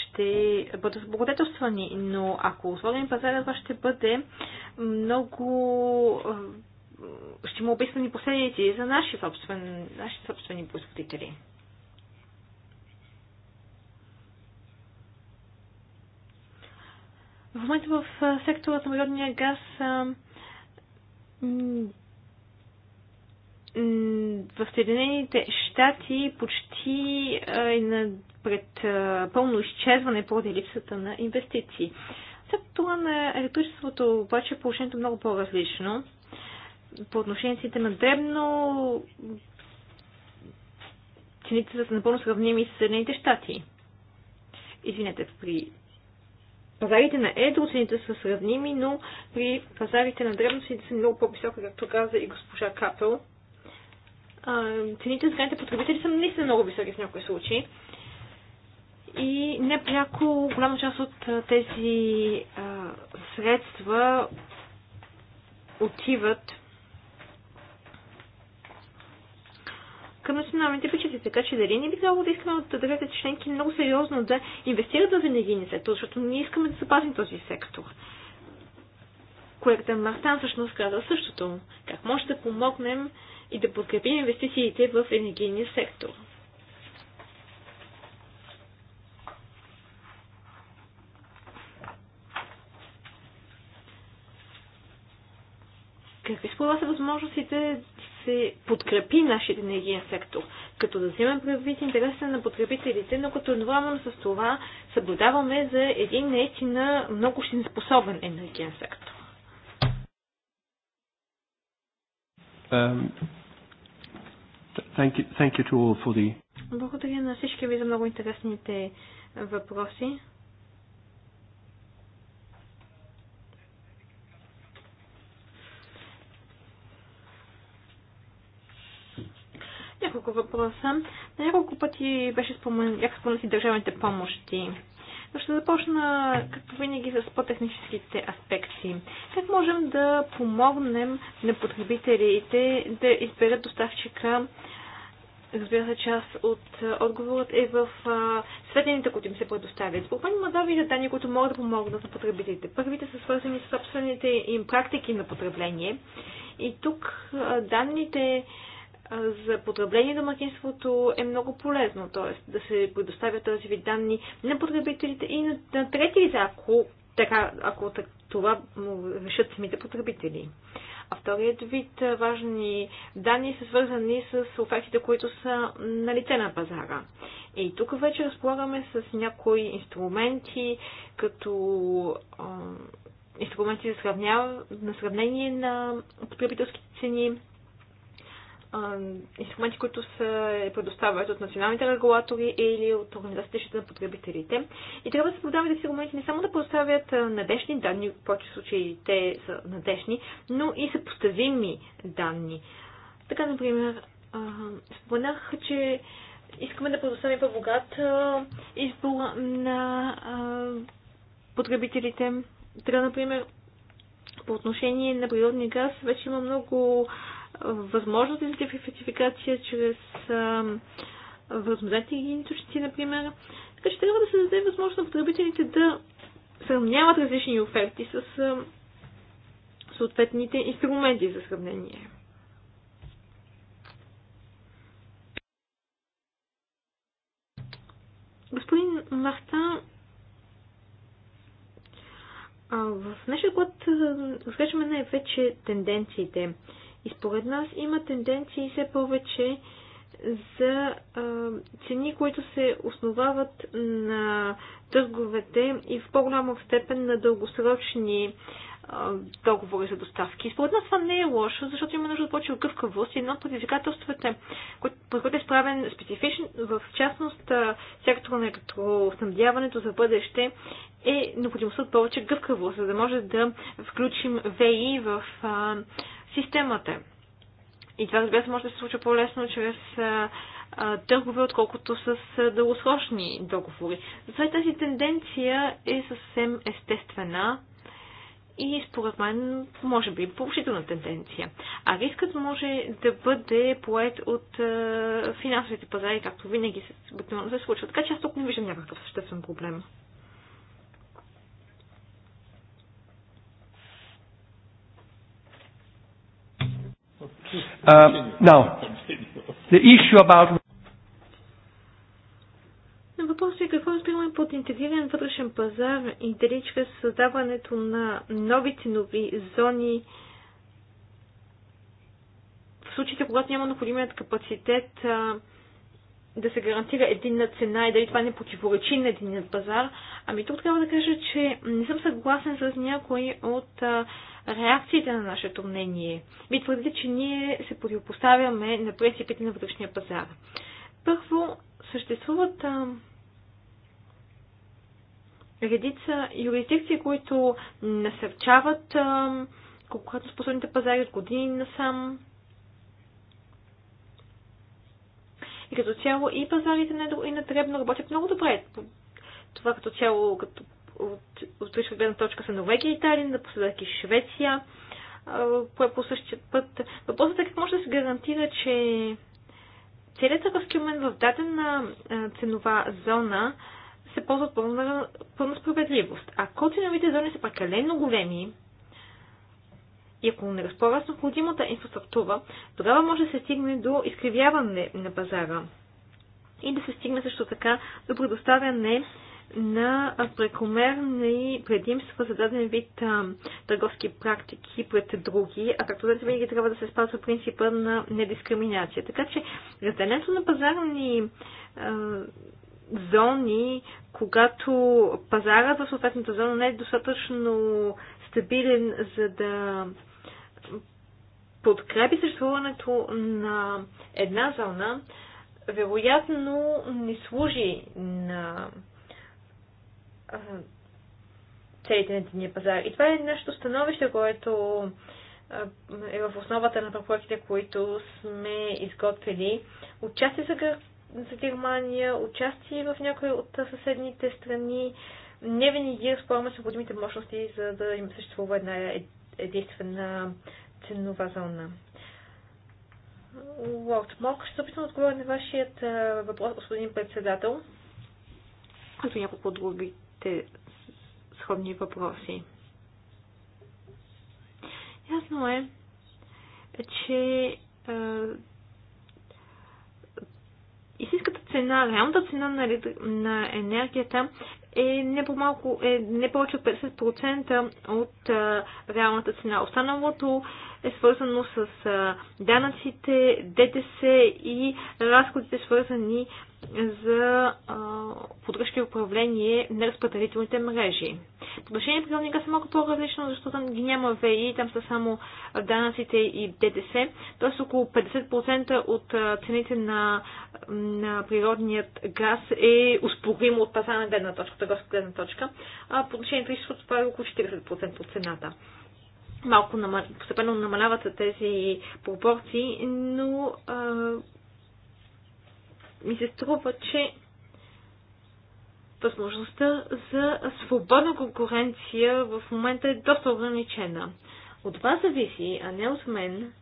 ще бъдат благодетелствани, но ако отворим пазара, това ще бъде много ще има описани последици за наши, собствен, наши собствени производители. В момента в сектора на природния газ в Съединените щати почти е пред пълно изчезване поради липсата на инвестиции. Сектора на електричеството обаче положението е много по-различно по отношенците на дребно цените са напълно сравними с Съединените щати. Извинете, при пазарите на едро цените са сравними, но при пазарите на дребно цените са много по-високи, както каза и госпожа Капел. цените за крайните потребители са наистина много високи в някои случаи. И непряко голяма част от тези а, средства отиват към националните печати. Така че дали не би трябвало да искаме от държавите членки много сериозно да инвестират в енергийния сектор, защото ние искаме да запазим този сектор. Колегата Мартан всъщност каза същото. Как може да помогнем и да подкрепим инвестициите в енергийния сектор? Какви според вас са възможностите се подкрепи нашия енергиен сектор, като да вземем предвид интереса на потребителите, но като едновременно с това съблюдаваме за един наистина много способен енергиен сектор. Um, Благодаря на всички ви за много интересните въпроси. няколко въпроса. Няколко пъти беше спомен... споменати държавните помощи. Но ще започна, както винаги, с по-техническите аспекти. Как можем да помогнем на потребителите да изберат доставчика Разбира се, част от отговорът е в сведенията, които им се предоставят. Спокойно има два вида данни, които могат да помогнат на потребителите. Първите са свързани с собствените им практики на потребление. И тук данните за потребление домакинството е много полезно, т.е. да се предоставят този вид данни на потребителите и на, на трети лица, ако, така, ако това решат самите потребители. А вторият вид важни данни са свързани с офертите, които са на лице на пазара. И тук вече разполагаме с някои инструменти, като инструменти за сравня... на сравнение на потребителските цени, инструменти, които се предоставят от националните регулатори или от организацията на потребителите. И трябва да се продават инструменти не само да предоставят надежни данни, в повече случаи те са надежни, но и съпоставими данни. Така, например, споменах, че искаме да предоставим по-богат избор на потребителите. Така, например, по отношение на природния газ вече има много Възможности за диверсификация чрез и източници, например. Така че трябва да се даде възможност на потребителите да сравняват различни оферти с съответните инструменти за сравнение. Господин Мартан, в нашия год разглеждаме най-вече тенденциите. И според нас има тенденции все повече за а, цени, които се основават на търговете и в по-голяма степен на дългосрочни а, договори за доставки. Според нас това не е лошо, защото има нужда от повече гъвкавост и едно от предизвикателствата, под което е справен специфичен, в частност сектора на електроснабдяването за бъдеще, е необходимост от повече гъвкавост, за да може да включим ВИ в а, системата. И това, разбира се, може да се случва по-лесно чрез търгове, отколкото с дългосрочни договори. Затова тази тенденция е съвсем естествена и според мен може би положителна тенденция. А рискът може да бъде поет от финансовите пазари, както винаги се, се случва. Така че аз тук не виждам някакъв съществен проблем. Uh, now, the issue about... На въпроса е какво разбираме под интегриран вътрешен пазар и дали чрез създаването на нови ценови зони в случаите, когато няма необходимият капацитет, да се гарантира единна цена и дали това не противоречи на единният пазар. Ами тук трябва да кажа, че не съм съгласен с някои от а, реакциите на нашето мнение. Ви твърдите, че ние се противопоставяме на принципите на вътрешния пазар. Първо, съществуват а, редица юрисдикции, които насърчават конкурентоспособните пазари от години насам И като цяло и пазарите на, и на дребно работят много добре. Това като цяло като от, лична гледна точка са Норвегия и Италия, напоследък и Швеция пое по същия път. Въпросът е как може да се гарантира, че целият търговски момент в дадена ценова зона се ползва пълна, пълна справедливост. Ако ценовите зони са прекалено големи, и ако не разполага с необходимата инфраструктура, тогава може да се стигне до изкривяване на пазара и да се стигне също така до предоставяне на прекомерни предимства за даден вид а, търговски практики пред други, а както знаете винаги трябва да се спазва принципа на недискриминация. Така че разделението на пазарни а, зони, когато пазарът в съответната зона не е достатъчно стабилен, за да подкрепи съществуването на една зона, вероятно не служи на целите на единния пазар. И това е нашето становище, което е в основата на проектите, които сме изготвили. Участие за, Гър... за Германия, участие в някои от съседните страни. Не винаги разполагаме с необходимите мощности, за да им съществува една е, единствена ценова зона. Лорд Морк, ще се опитам да отговоря на вашият въпрос, господин председател, като няколко от другите сходни въпроси. Ясно е, че истинската цена, реалната цена на, на енергията е не, по-малко, е не повече от 50% от реалната цена. Останалото е свързано с данъците, ДДС и разходите свързани за поддръжка и управление на разпределителните мрежи. По отношение приемника са малко по-различно, защото там ги няма ВИ, там са само данъците и ДДС, т.е. около 50% от цените на, на природният газ е успоримо от пазарна гледна точка, търговска гледна точка, а по отношение на това е около 40% от цената малко намал... постепенно намаляват тези пропорции, но а, ми се струва, че възможността за свободна конкуренция в момента е доста ограничена. От вас зависи, а не от мен,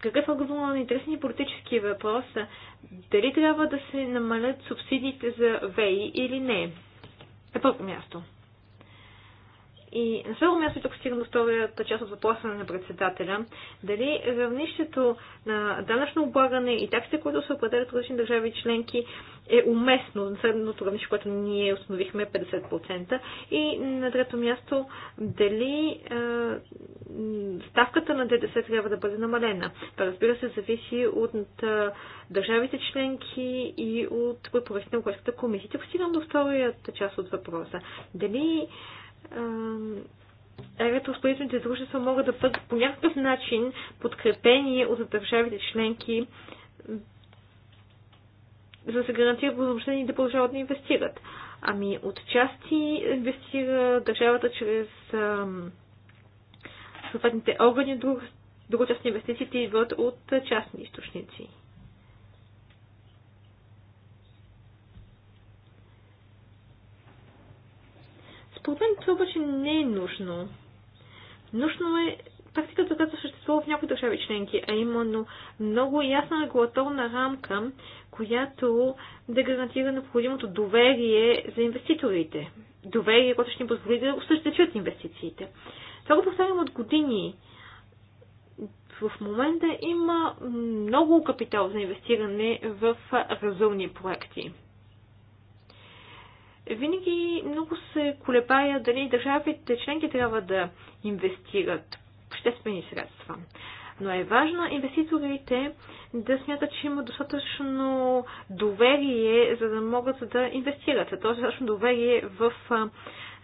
какъв е отговор на интересни политически въпрос, дали трябва да се намалят субсидиите за ВЕИ или не. На първо място. И на първо място тук стигам до втората част от въпроса на председателя. Дали равнището на данъчно облагане и таксите, които се определят от различни държави и членки, е уместно на средното равнище, което ние установихме 50%. И на трето място, дали е, ставката на ДДС трябва да бъде намалена. Това разбира се зависи от държавите членки и от препоръките на Европейската комисия. Тук стигам до втората част от въпроса. Дали електроразпределителните дружества могат да бъдат по някакъв начин подкрепени от държавите членки, за да се гарантира възможността да продължават да инвестират. Ами от части инвестира държавата чрез съответните органи, друг, част на инвестициите идват от частни източници. Според мен това обаче не е нужно. Нужно е практиката, която съществува в някои държави членки, а именно много ясна регулаторна рамка, която да гарантира необходимото доверие за инвеститорите. Доверие, което ще ни позволи да осъществят инвестициите. Това го повтарям от години. В момента има много капитал за инвестиране в разумни проекти винаги много се колебая дали държавите членки трябва да инвестират обществени средства. Но е важно инвеститорите да смятат, че има достатъчно доверие, за да могат да инвестират. е достатъчно доверие в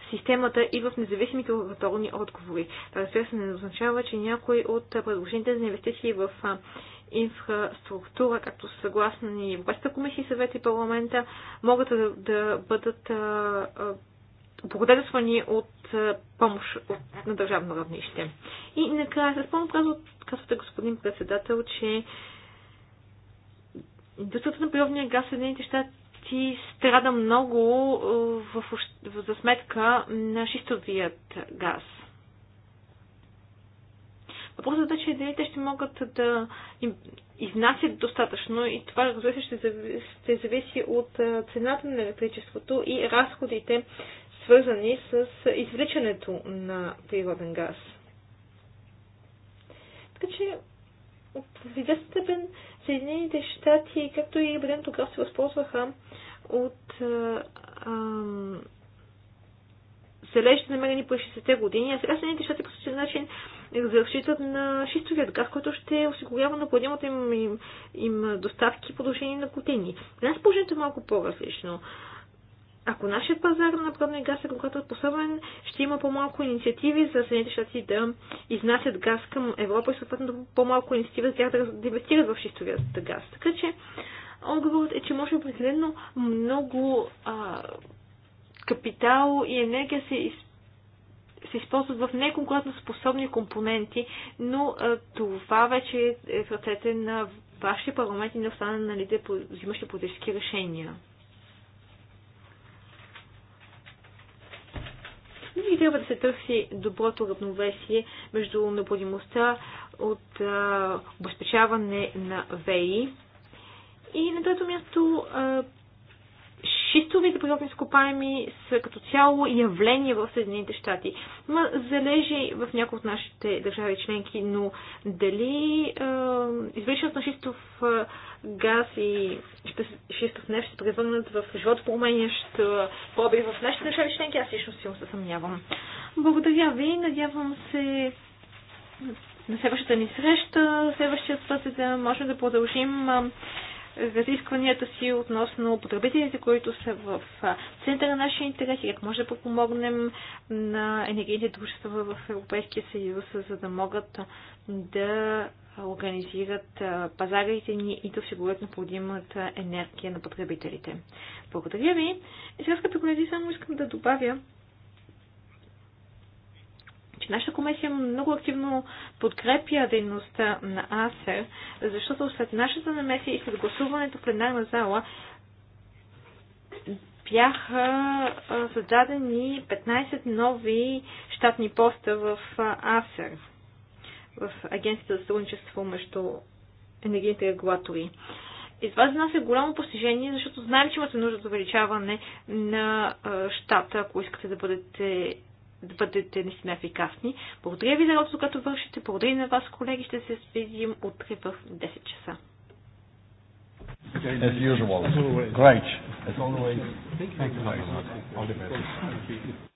системата и в независимите регулаторни отговори. Това разбира се не означава, че някой от предложените за инвестиции в инфраструктура, както са съгласни Европейската комисия, съвет и парламента, могат да, да бъдат облагодетелствани от помощ от, на държавно равнище. И накрая, с пълно право казвате, господин председател, че индустрията на природния газ в Съединените щати страда много в, в, за сметка на шистовият газ. Въпросът е, че дали те ще могат да им изнасят достатъчно и това, разбира се, ще, зависи, от цената на електричеството и разходите, свързани с извличането на природен газ. Така че от вида степен Съединените щати, както и бренто кралство, се възползваха от а, залежите намерени по 60-те години, а сега Съединените щати по същия начин защита на шистовият газ, който ще осигурява необходимата им, им, им доставки по отношение на котени. Днес положението е малко по-различно. Ако нашият пазар на природния газ е когато е способен, ще има по-малко инициативи за Съединените щати да изнасят газ към Европа и съответно по-малко инициативи за тях да инвестират в шистовият газ. Така че отговорът е, че може определено много а, капитал и енергия се използват се използват в неконкурентно способни компоненти, но това вече е в ръцете на вашия парламент и на останалите взимащи политически решения. И трябва да се търси доброто равновесие между необходимостта от а, обезпечаване на ВЕИ и на трето място а, шистовите природни изкопаеми са като цяло явление в Съединените щати. Има залежи в някои от нашите държави членки, но дали е, извличането на шистов газ и шистов нефт ще превърнат в живот променящ проби в нашите държави членки, аз лично силно се съмнявам. Благодаря ви, надявам се на следващата ни среща, следващия път, да можем да продължим разискванията си относно потребителите, които са в центъра на нашия интерес и как може да помогнем на енергийните дружества в Европейския съюз, за да могат да организират пазарите ни и да осигурят необходимата енергия на потребителите. Благодаря ви. И сега, като колеги, само искам да добавя, че нашата комисия много активно подкрепя дейността на АСЕР, защото след нашата намеси и след гласуването в пленарна зала бяха създадени 15 нови щатни поста в АСЕР, в Агенцията за сътрудничество между енергийните регулатори. И това за нас е голямо постижение, защото знаем, че имате нужда за увеличаване на щата, ако искате да бъдете да бъдете наистина ефикасни. Благодаря ви за работата, която вършите. Благодаря и на вас, колеги. Ще се видим утре в 10 часа. As usual. As always. Great. As always. Thank you. very much. All the best.